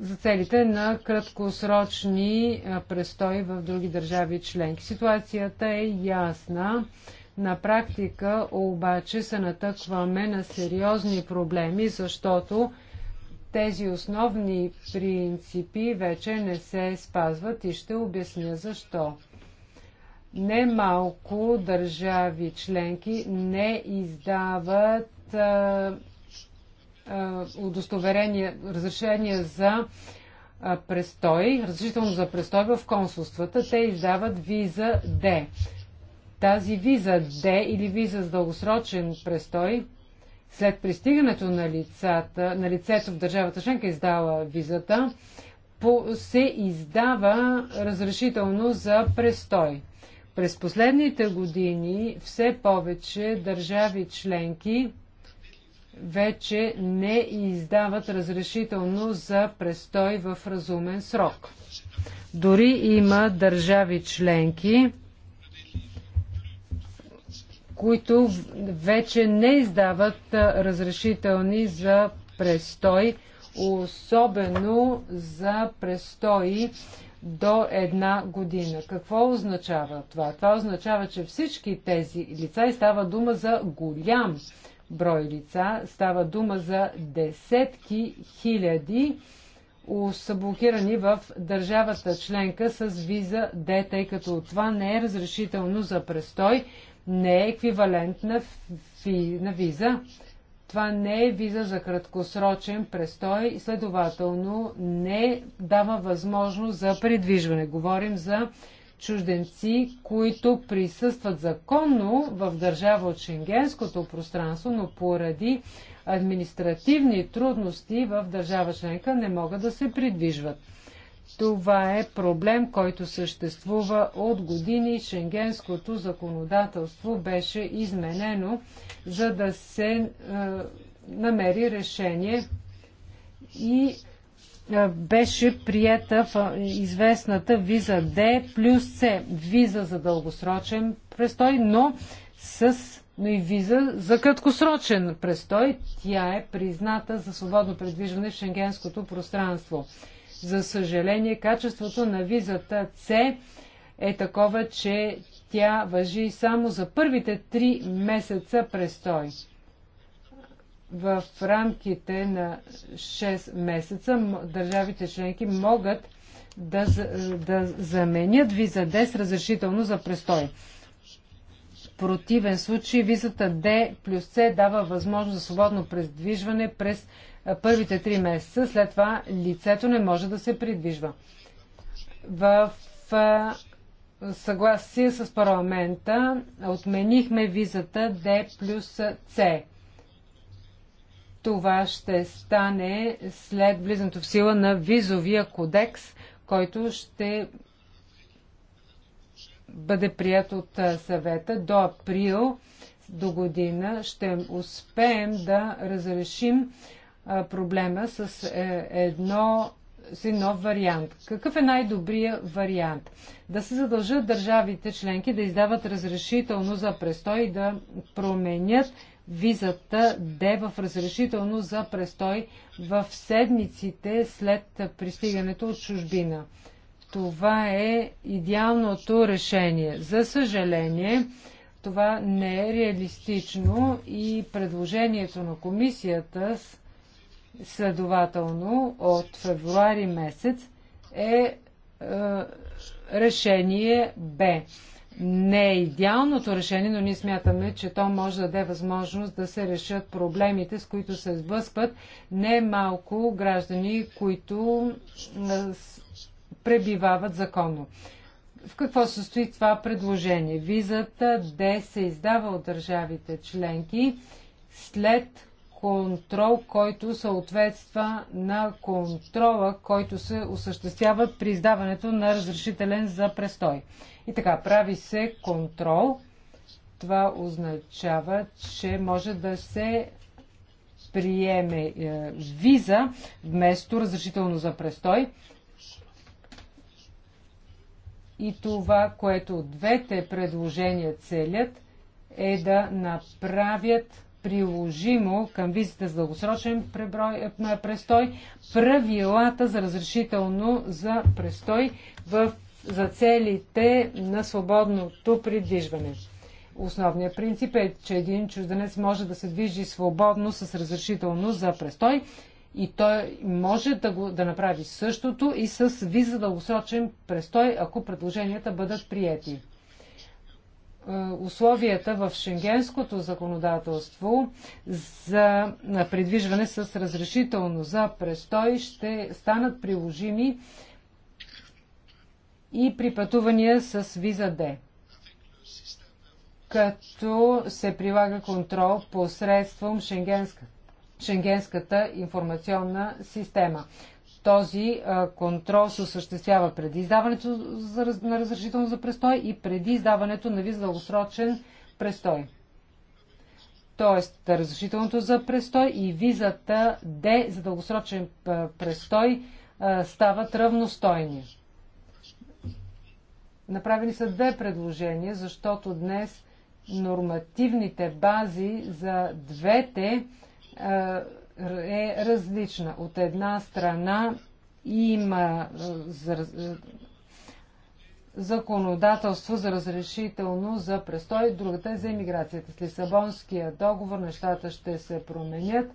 за целите на краткосрочни престои в други държави членки. Ситуацията е ясна. На практика обаче се натъкваме на сериозни проблеми, защото тези основни принципи вече не се спазват и ще обясня защо немалко държави членки не издават а, а, удостоверения, разрешения за а, престой, разрешително за престой в консулствата. Те издават виза Д. Тази виза Д или виза с дългосрочен престой след пристигането на, лицата, на лицето в държавата членка издава визата, по, се издава разрешително за престой. През последните години все повече държави членки вече не издават разрешително за престой в разумен срок. Дори има държави членки, които вече не издават разрешителни за престой, особено за престои до една година. Какво означава това? Това означава, че всички тези лица и става дума за голям брой лица, става дума за десетки хиляди са блокирани в държавата членка с виза Д, тъй като това не е разрешително за престой, не е еквивалент на, фи, на виза. Това не е виза за краткосрочен престой и следователно не дава възможност за придвижване. Говорим за чужденци, които присъстват законно в държава от шенгенското пространство, но поради административни трудности в държава членка не могат да се придвижват. Това е проблем, който съществува от години. Шенгенското законодателство беше изменено за да се намери решение и беше приета в известната виза D плюс C, виза за дългосрочен престой, но с но и виза за краткосрочен престой. Тя е призната за свободно предвижване в шенгенското пространство. За съжаление, качеството на визата C е такова, че тя въжи само за първите три месеца престой. В рамките на 6 месеца държавите членки могат да, да заменят виза Д с разрешително за престой. В противен случай визата D плюс C дава възможност за свободно предвижване през първите 3 месеца. След това лицето не може да се придвижва. В съгласие с парламента отменихме визата D плюс C. Това ще стане след влизането в сила на визовия кодекс, който ще бъде прият от съвета до април до година. Ще успеем да разрешим проблема с е, едно си нов вариант. Какъв е най-добрия вариант? Да се задължат държавите членки да издават разрешително за престой и да променят визата Д в разрешително за престой в седмиците след пристигането от чужбина. Това е идеалното решение. За съжаление, това не е реалистично и предложението на комисията с Следователно, от февруари месец е, е решение Б. Не е идеалното решение, но ние смятаме, че то може да даде възможност да се решат проблемите, с които се сблъскват не малко граждани, които пребивават законно. В какво се състои това предложение? Визата Д се издава от държавите членки след контрол, който съответства на контрола, който се осъществява при издаването на разрешителен за престой. И така, прави се контрол. Това означава, че може да се приеме е, виза вместо разрешително за престой. И това, което двете предложения целят, е да направят приложимо към визите за дългосрочен преброй, е, престой правилата за разрешително за престой в, за целите на свободното придвижване. Основният принцип е, че един чужденец може да се движи свободно с разрешително за престой и той може да, го, да направи същото и с виза дългосрочен престой, ако предложенията бъдат приети. Е, условията в шенгенското законодателство за придвижване с разрешително за престой ще станат приложими и при пътувания с виза Д, като се прилага контрол посредством шенгенска, шенгенската информационна система този контрол се осъществява преди издаването на разрешително за престой и преди издаването на виза дългосрочен престой. Тоест, разрешителното за престой и визата Д за дългосрочен престой стават равностойни. Направени са две предложения, защото днес нормативните бази за двете е различна. От една страна има е, е, законодателство за разрешително за престой, другата е за иммиграцията. С Лисабонския договор нещата ще се променят,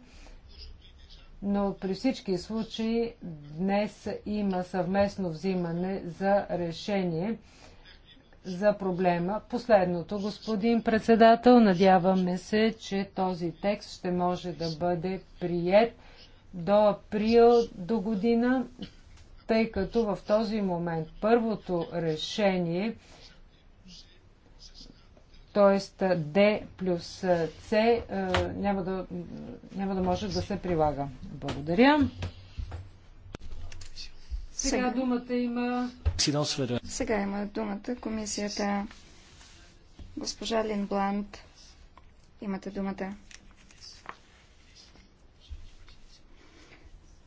но при всички случаи днес има съвместно взимане за решение за проблема. Последното, господин председател, надяваме се, че този текст ще може да бъде прият до април до година, тъй като в този момент първото решение, т.е. D плюс C, е, няма да, няма да може да се прилага. Благодаря. Сега думата има... Сега има думата комисията. Госпожа Лин Блант, имате думата.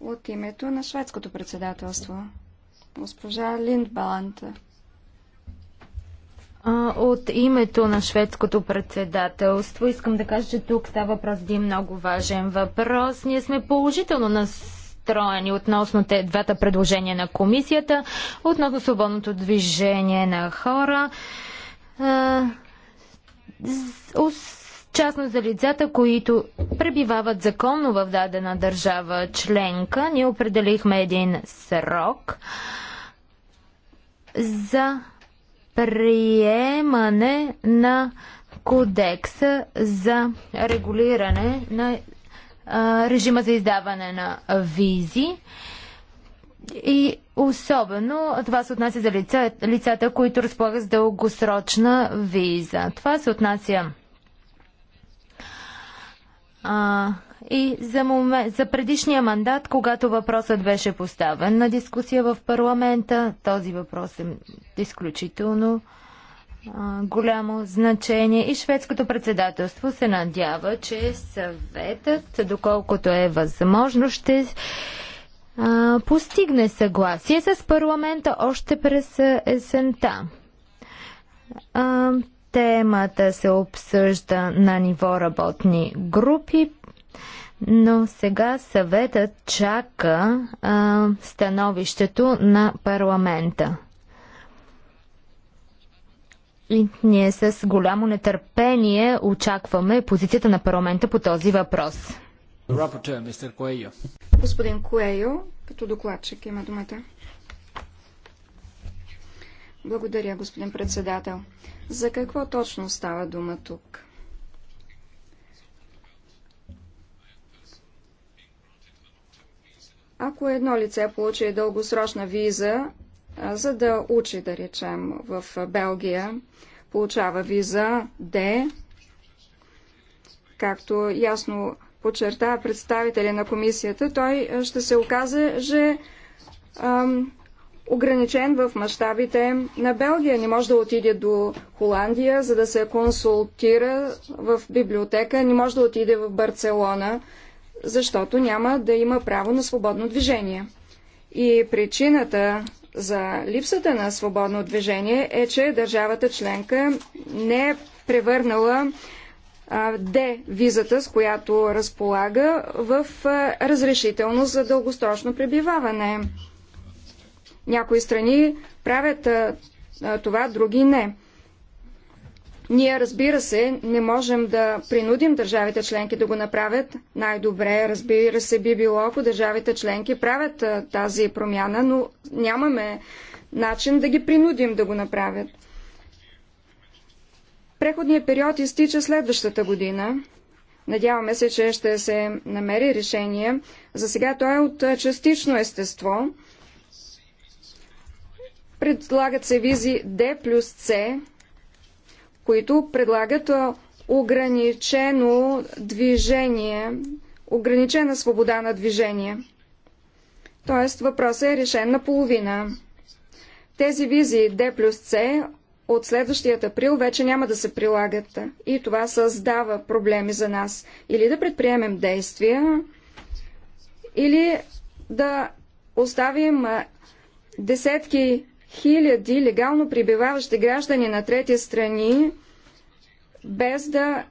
От името на шведското председателство. Госпожа Лин Блант. От името на шведското председателство искам да кажа, че тук става въпрос един много важен въпрос. Ние сме положително нас разстроени относно те, двата предложения на комисията, относно свободното движение на хора, частно за лицата, които пребивават законно в дадена държава членка. Ние определихме един срок за приемане на кодекса за регулиране на режима за издаване на визи. И особено това се отнася за лица, лицата, които разполагат с дългосрочна виза. Това се отнася а, и за, момент, за предишния мандат, когато въпросът беше поставен на дискусия в парламента, този въпрос е изключително голямо значение и шведското председателство се надява, че съветът, доколкото е възможно, ще а, постигне съгласие с парламента още през есента. А, темата се обсъжда на ниво работни групи, но сега съветът чака а, становището на парламента. И ние с голямо нетърпение очакваме позицията на парламента по този въпрос. Господин Куейо, като докладчик има думата. Благодаря, господин председател. За какво точно става дума тук? Ако едно лице получи дългосрочна виза за да учи, да речем, в Белгия, получава виза Д, както ясно подчерта представителя на комисията, той ще се оказа, че ам, ограничен в мащабите на Белгия. Не може да отиде до Холандия, за да се консултира в библиотека, не може да отиде в Барселона, защото няма да има право на свободно движение. И причината за липсата на свободно движение е, че държавата членка не е превърнала Д-визата, с която разполага, в разрешително за дългосрочно пребиваване. Някои страни правят това, други не. Ние, разбира се, не можем да принудим държавите членки да го направят. Най-добре, разбира се, би било, ако държавите членки правят тази промяна, но нямаме начин да ги принудим да го направят. Преходният период изтича следващата година. Надяваме се, че ще се намери решение. За сега то е от частично естество. Предлагат се визи D плюс C които предлагат ограничено движение, ограничена свобода на движение. Тоест въпросът е решен на половина. Тези визии D плюс C от следващият април вече няма да се прилагат и това създава проблеми за нас. Или да предприемем действия, или да оставим десетки хиляди легално прибиваващи граждани на трети страни, без да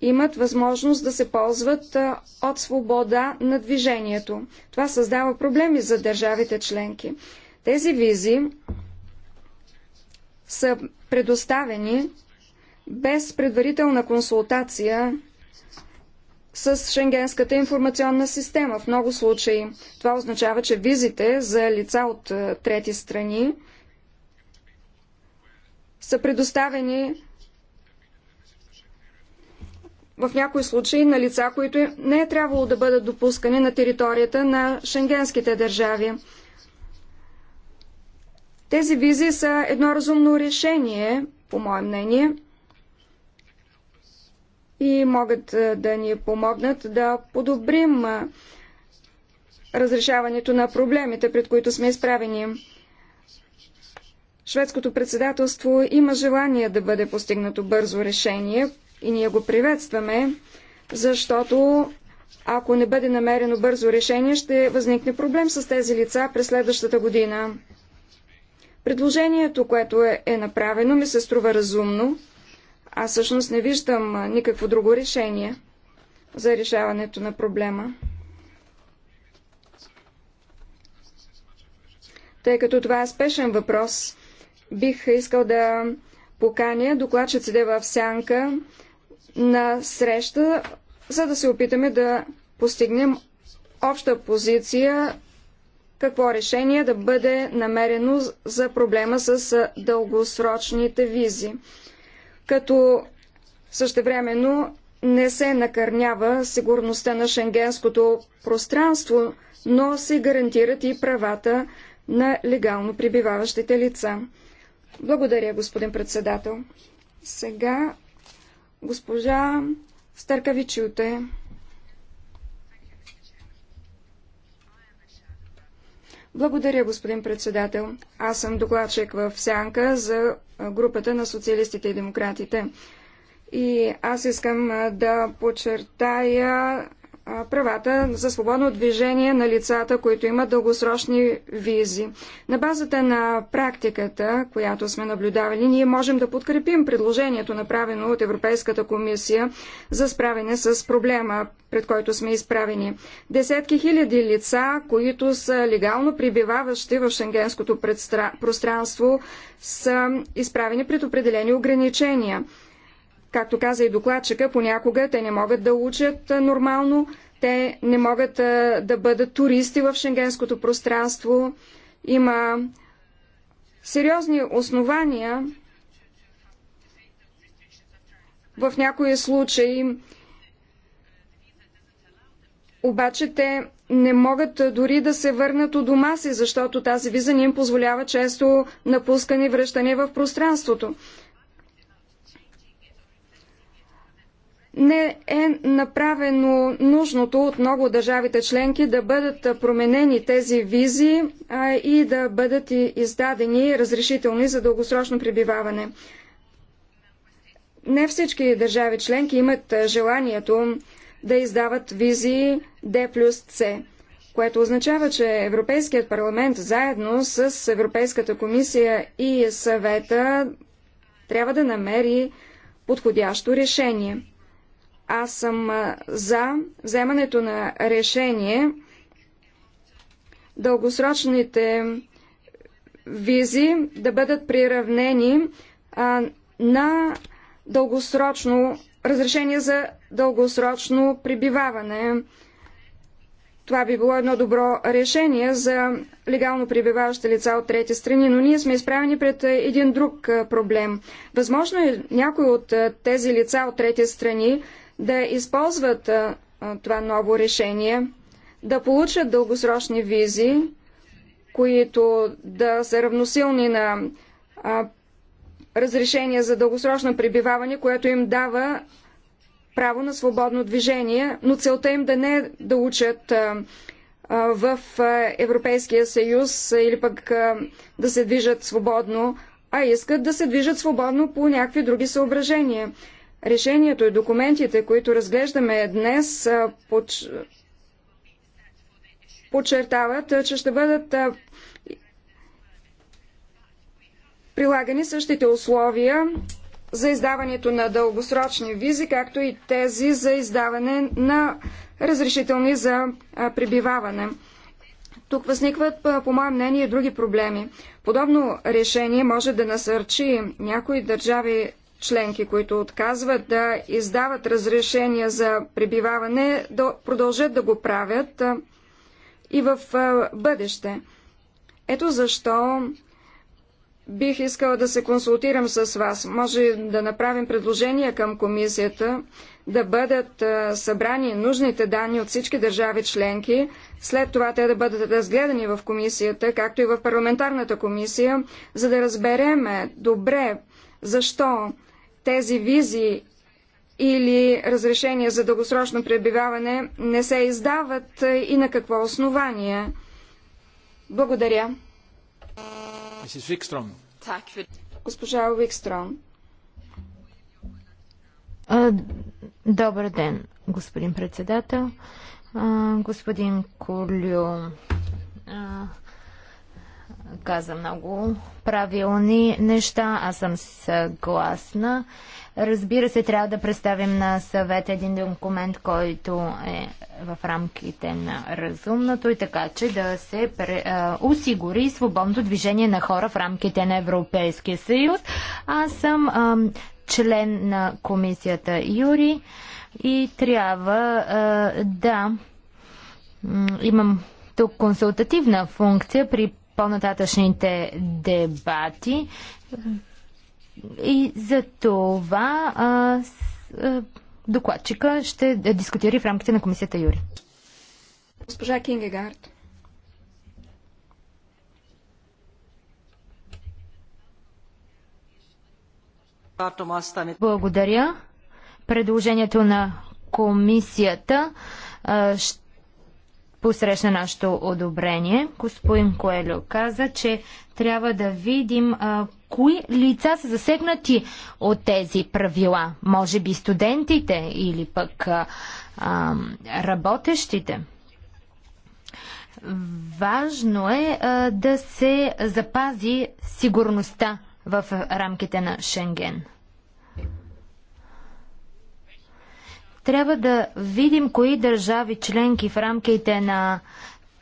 имат възможност да се ползват от свобода на движението. Това създава проблеми за държавите членки. Тези визи са предоставени без предварителна консултация с Шенгенската информационна система. В много случаи това означава, че визите за лица от трети страни са предоставени в някои случаи на лица, които не е трябвало да бъдат допускани на територията на шенгенските държави. Тези визи са едно разумно решение, по мое мнение, и могат да ни помогнат да подобрим разрешаването на проблемите, пред които сме изправени. Шведското председателство има желание да бъде постигнато бързо решение и ние го приветстваме, защото ако не бъде намерено бързо решение, ще възникне проблем с тези лица през следващата година. Предложението, което е, е направено, ми се струва разумно. Аз всъщност не виждам никакво друго решение за решаването на проблема. Тъй като това е спешен въпрос, Бих искал да поканя докладчиците в сянка на среща, за да се опитаме да постигнем обща позиция какво решение да бъде намерено за проблема с дългосрочните визи, като същевременно не се накърнява сигурността на шенгенското пространство, но се гарантират и правата на легално прибиваващите лица. Благодаря, господин председател. Сега госпожа Стъркавичуте. Благодаря, господин председател. Аз съм докладчик в Сянка за групата на социалистите и демократите. И аз искам да подчертая правата за свободно движение на лицата, които имат дългосрочни визи. На базата на практиката, която сме наблюдавали, ние можем да подкрепим предложението, направено от Европейската комисия за справяне с проблема, пред който сме изправени. Десетки хиляди лица, които са легално прибиваващи в шенгенското пространство, са изправени пред определени ограничения – Както каза и докладчика, понякога те не могат да учат нормално, те не могат да бъдат туристи в шенгенското пространство. Има сериозни основания в някои случаи, обаче те не могат дори да се върнат у дома си, защото тази виза не им позволява често напускане и връщане в пространството. не е направено нужното от много държавите членки да бъдат променени тези визи а, и да бъдат издадени разрешителни за дългосрочно пребиваване. Не всички държави членки имат желанието да издават визи D плюс C, което означава, че Европейският парламент заедно с Европейската комисия и съвета трябва да намери подходящо решение. Аз съм за вземането на решение дългосрочните визи да бъдат приравнени на дългосрочно разрешение за дългосрочно прибиваване. Това би било едно добро решение за легално прибиваващи лица от трети страни, но ние сме изправени пред един друг проблем. Възможно е някои от тези лица от трети страни да използват това ново решение, да получат дългосрочни визи, които да са равносилни на разрешение за дългосрочно пребиваване, което им дава право на свободно движение, но целта им да не е да учат в Европейския съюз или пък да се движат свободно, а искат да се движат свободно по някакви други съображения. Решението и документите, които разглеждаме днес, подчертават, че ще бъдат прилагани същите условия за издаването на дългосрочни визи, както и тези за издаване на разрешителни за пребиваване. Тук възникват, по мое мнение, други проблеми. Подобно решение може да насърчи някои държави членки, които отказват да издават разрешения за пребиваване, да продължат да го правят и в бъдеще. Ето защо бих искала да се консултирам с вас. Може да направим предложения към комисията да бъдат събрани нужните данни от всички държави членки, след това те да бъдат разгледани в комисията, както и в парламентарната комисия, за да разбереме добре защо тези визи или разрешения за дългосрочно пребиваване не се издават е, и на какво основание? Благодаря. Госпожа Викстром, Добър ден, господин председател. Господин Колю, каза много правилни неща. Аз съм съгласна. Разбира се, трябва да представим на съвет един документ, който е в рамките на разумното и така, че да се пре, а, осигури свободното движение на хора в рамките на Европейския съюз. Аз съм а, член на комисията Юри и трябва а, да имам тук консултативна функция при по-нататъчните дебати. И за това а, с, а, докладчика ще дискутира в рамките на комисията Юри. Госпожа Кингегард. Благодаря. Предложението на комисията ще посрещна нашето одобрение. Господин Коелю каза, че трябва да видим а, кои лица са засегнати от тези правила. Може би студентите или пък а, а, работещите. Важно е а, да се запази сигурността в рамките на Шенген. Трябва да видим кои държави членки в рамките на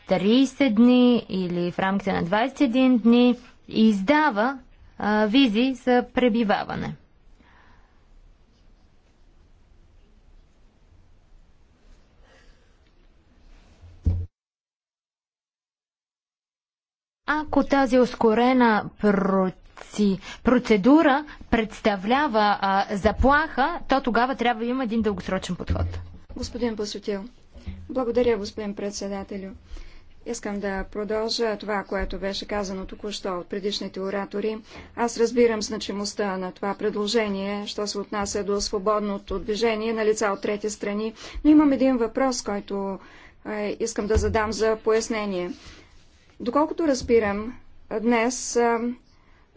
30 дни или в рамките на 21 дни издава а, визи за пребиваване. Ако тази ускорена процедура си процедура представлява а, заплаха, то тогава трябва да има един дългосрочен подход. Господин Пасотил, благодаря, господин председателю. Искам да продължа това, което беше казано току-що от предишните оратори. Аз разбирам значимостта на това предложение, що се отнася до свободното движение на лица от трети страни, но имам един въпрос, който е, искам да задам за пояснение. Доколкото разбирам, днес е,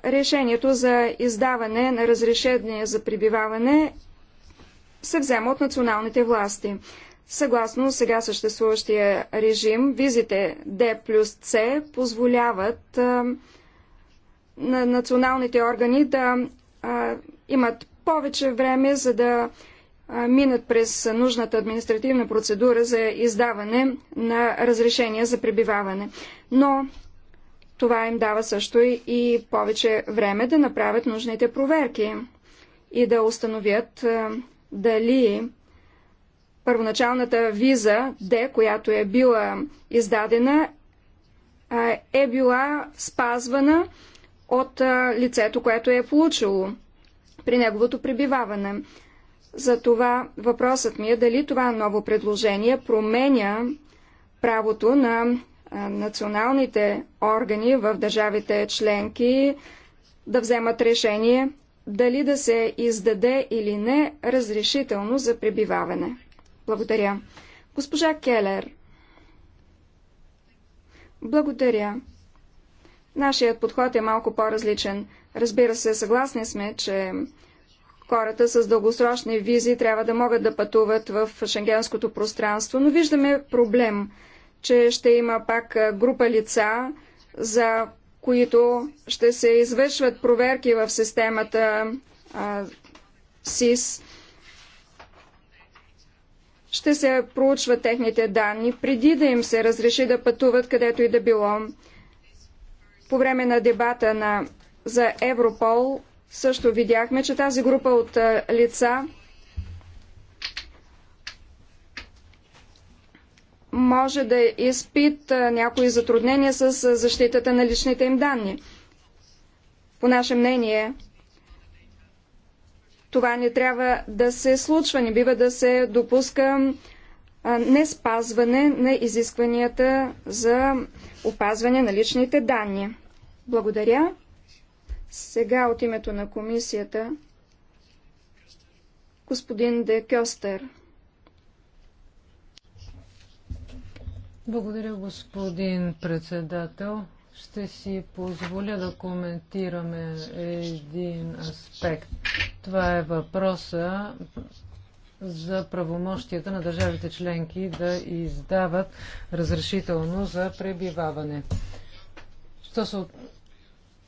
решението за издаване на разрешение за прибиваване се взема от националните власти. Съгласно сега съществуващия режим, визите D плюс C позволяват а, на националните органи да а, имат повече време, за да а, минат през нужната административна процедура за издаване на разрешение за пребиваване. Но това им дава също и повече време да направят нужните проверки и да установят е, дали първоначалната виза Д, която е била издадена, е била спазвана от е, лицето, което е получило при неговото пребиваване. Затова въпросът ми е дали това ново предложение променя правото на националните органи в държавите членки да вземат решение дали да се издаде или не разрешително за пребиваване. Благодаря. Госпожа Келер. Благодаря. Нашият подход е малко по-различен. Разбира се, съгласни сме, че хората с дългосрочни визи трябва да могат да пътуват в шенгенското пространство, но виждаме проблем – че ще има пак група лица, за които ще се извършват проверки в системата а, СИС. Ще се проучват техните данни, преди да им се разреши да пътуват където и да било. По време на дебата на, за Европол също видяхме, че тази група от лица може да изпит някои затруднения с защитата на личните им данни. По наше мнение, това не трябва да се случва, не бива да се допуска не спазване на изискванията за опазване на личните данни. Благодаря. Сега от името на комисията господин Де Кьостер. Благодаря, господин председател. Ще си позволя да коментираме един аспект. Това е въпроса за правомощията на държавите членки да издават разрешително за пребиваване. Що се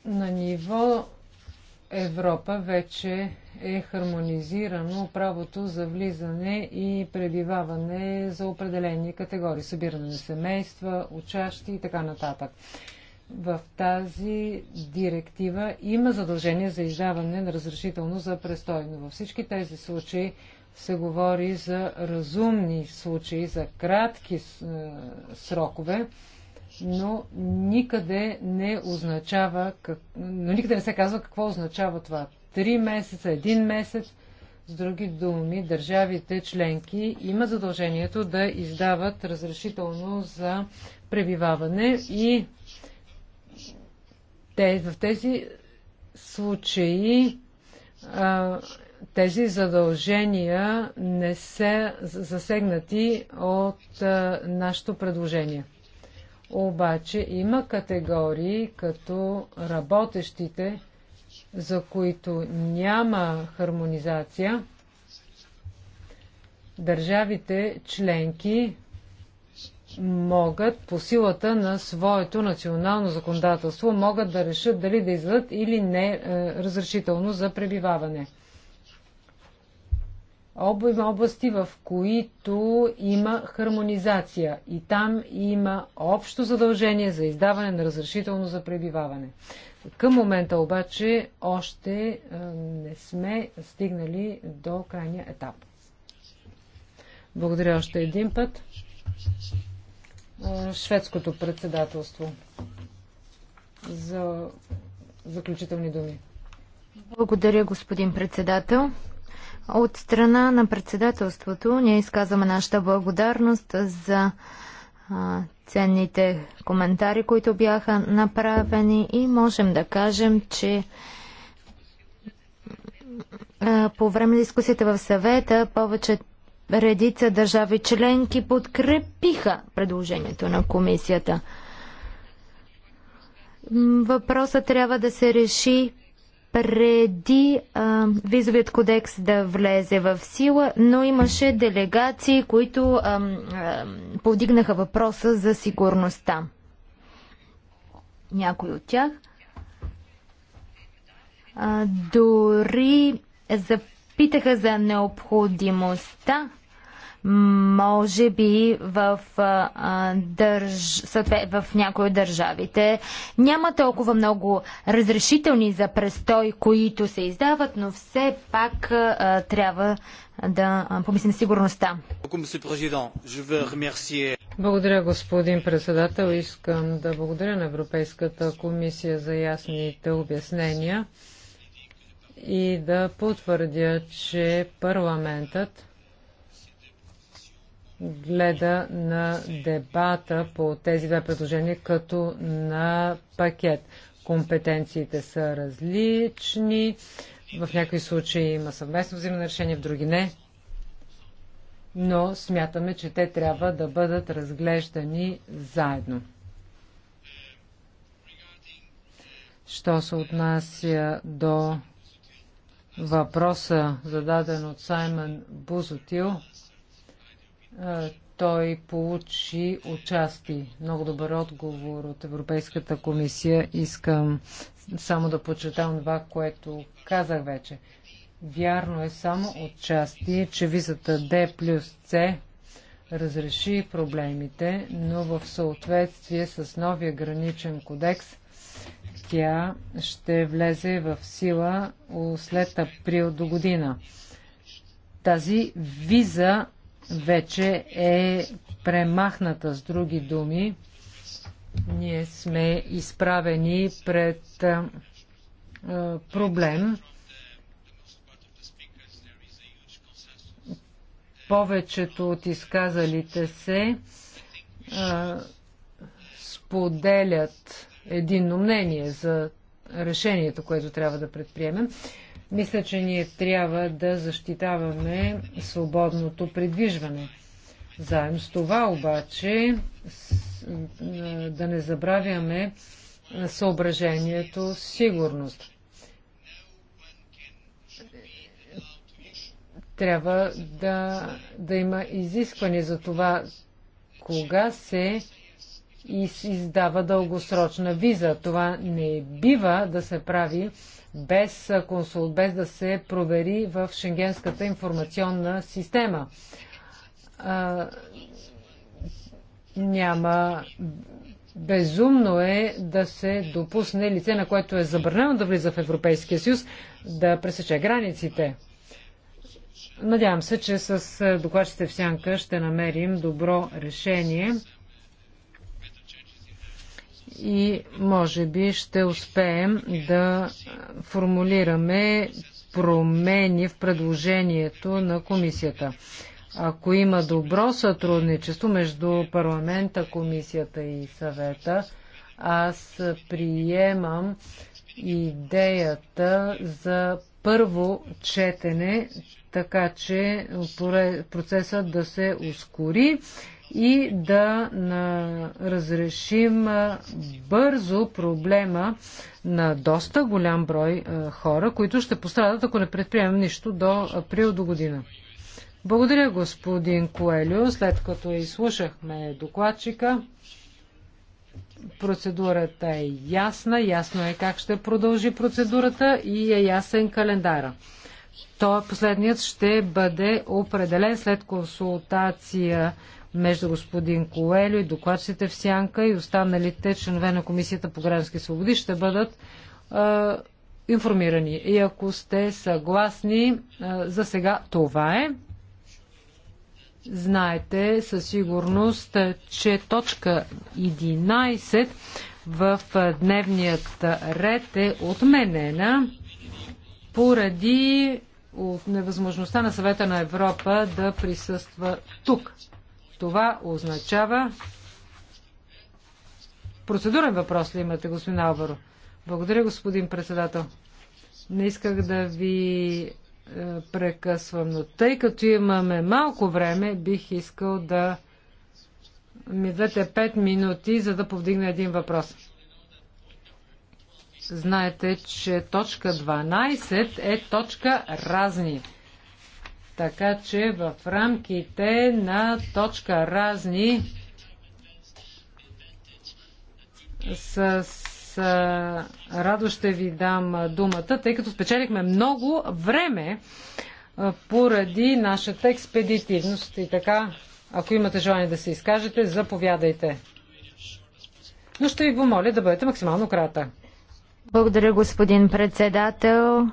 на ниво Европа вече е хармонизирано правото за влизане и пребиваване за определени категории, събиране на семейства, учащи и така нататък. В тази директива има задължение за издаване на разрешително за престой, но във всички тези случаи се говори за разумни случаи, за кратки е, срокове, но никъде не означава, как... но никъде не се казва какво означава това. Три месеца, един месец, с други думи, държавите членки имат задължението да издават разрешително за пребиваване и те, в тези случаи а, тези задължения не са засегнати от а, нашето предложение. Обаче има категории като работещите, за които няма хармонизация. Държавите членки могат по силата на своето национално законодателство могат да решат дали да издадат или не е, разрешително за пребиваване области, в които има хармонизация и там има общо задължение за издаване на разрешително за пребиваване. Към момента обаче още е, не сме стигнали до крайния етап. Благодаря още един път. Е, шведското председателство за заключителни думи. Благодаря, господин председател. От страна на председателството ние изказваме нашата благодарност за ценните коментари, които бяха направени и можем да кажем, че по време на дискусията в съвета повече редица държави членки подкрепиха предложението на комисията. Въпросът трябва да се реши преди а, визовият кодекс да влезе в сила, но имаше делегации, които а, а, повдигнаха въпроса за сигурността. Някой от тях а, дори запитаха за необходимостта може би в, а, държ... в някои от държавите няма толкова много разрешителни за престой, които се издават, но все пак а, трябва да помислим сигурността. Благодаря, господин председател. Искам да благодаря на Европейската комисия за ясните обяснения и да потвърдя, че парламентът гледа на дебата по тези две предложения като на пакет. Компетенциите са различни. В някои случаи има съвместно взимане решение, в други не. Но смятаме, че те трябва да бъдат разглеждани заедно. Що се отнася до въпроса, зададен от Саймън Бузотил, той получи участие. Много добър отговор от Европейската комисия. Искам само да подчертавам това, което казах вече. Вярно е само отчасти, че визата D плюс C разреши проблемите, но в съответствие с новия граничен кодекс тя ще влезе в сила след април до година. Тази виза вече е премахната. С други думи, ние сме изправени пред проблем. Повечето от изказалите се споделят единно мнение за решението, което трябва да предприемем. Мисля, че ние трябва да защитаваме свободното придвижване. Заедно с това обаче да не забравяме съображението сигурност. Трябва да, да има изискване за това, кога се и издава дългосрочна виза. Това не бива да се прави без консул, без да се провери в Шенгенската информационна система. А, няма. Безумно е да се допусне лице, на което е забранено да влиза в Европейския съюз, да пресече границите. Надявам се, че с е, докладчите в сянка ще намерим добро решение и може би ще успеем да формулираме промени в предложението на комисията. Ако има добро сътрудничество между парламента, комисията и съвета, аз приемам идеята за първо четене, така че процесът да се ускори и да разрешим бързо проблема на доста голям брой хора, които ще пострадат, ако не предприемем нищо до април до година. Благодаря, господин Коелю. След като изслушахме докладчика, процедурата е ясна, ясно е как ще продължи процедурата и е ясен календара. Той последният ще бъде определен след консултация между господин Коелю и докладчите в Сянка и останалите членове на Комисията по граждански свободи ще бъдат а, информирани. И ако сте съгласни, а, за сега това е. Знаете със сигурност, че точка 11 в дневният ред е отменена поради от невъзможността на съвета на Европа да присъства тук. Това означава... Процедурен въпрос ли имате, господин Алваро? Благодаря, господин председател. Не исках да ви е, прекъсвам, но тъй като имаме малко време, бих искал да ми дадете 5 минути, за да повдигна един въпрос. Знаете, че точка 12 е точка разни. Така че в рамките на точка разни с, с радост ще ви дам думата, тъй като спечелихме много време поради нашата експедитивност. И така, ако имате желание да се изкажете, заповядайте. Но ще ви помоля да бъдете максимално крата. Благодаря, господин председател.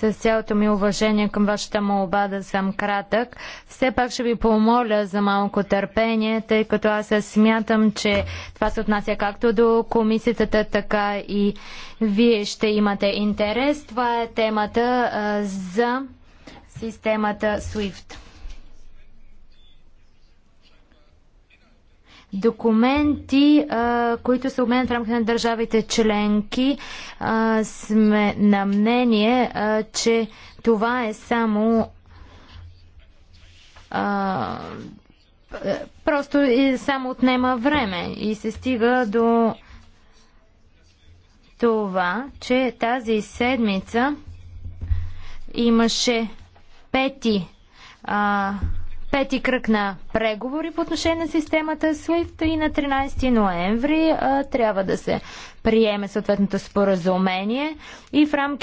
С цялото ми уважение към вашата молба да съм кратък, все пак ще ви помоля за малко търпение, тъй като аз смятам, че това се отнася както до комисията, така и вие ще имате интерес. Това е темата а, за системата SWIFT. документи, а, които се обменят в рамките на държавите членки, а, сме на мнение, а, че това е само а, просто и само отнема време и се стига до това, че тази седмица имаше пети а, пети кръг на преговори по отношение на системата SWIFT и на 13 ноември а, трябва да се приеме съответното споразумение и в рамките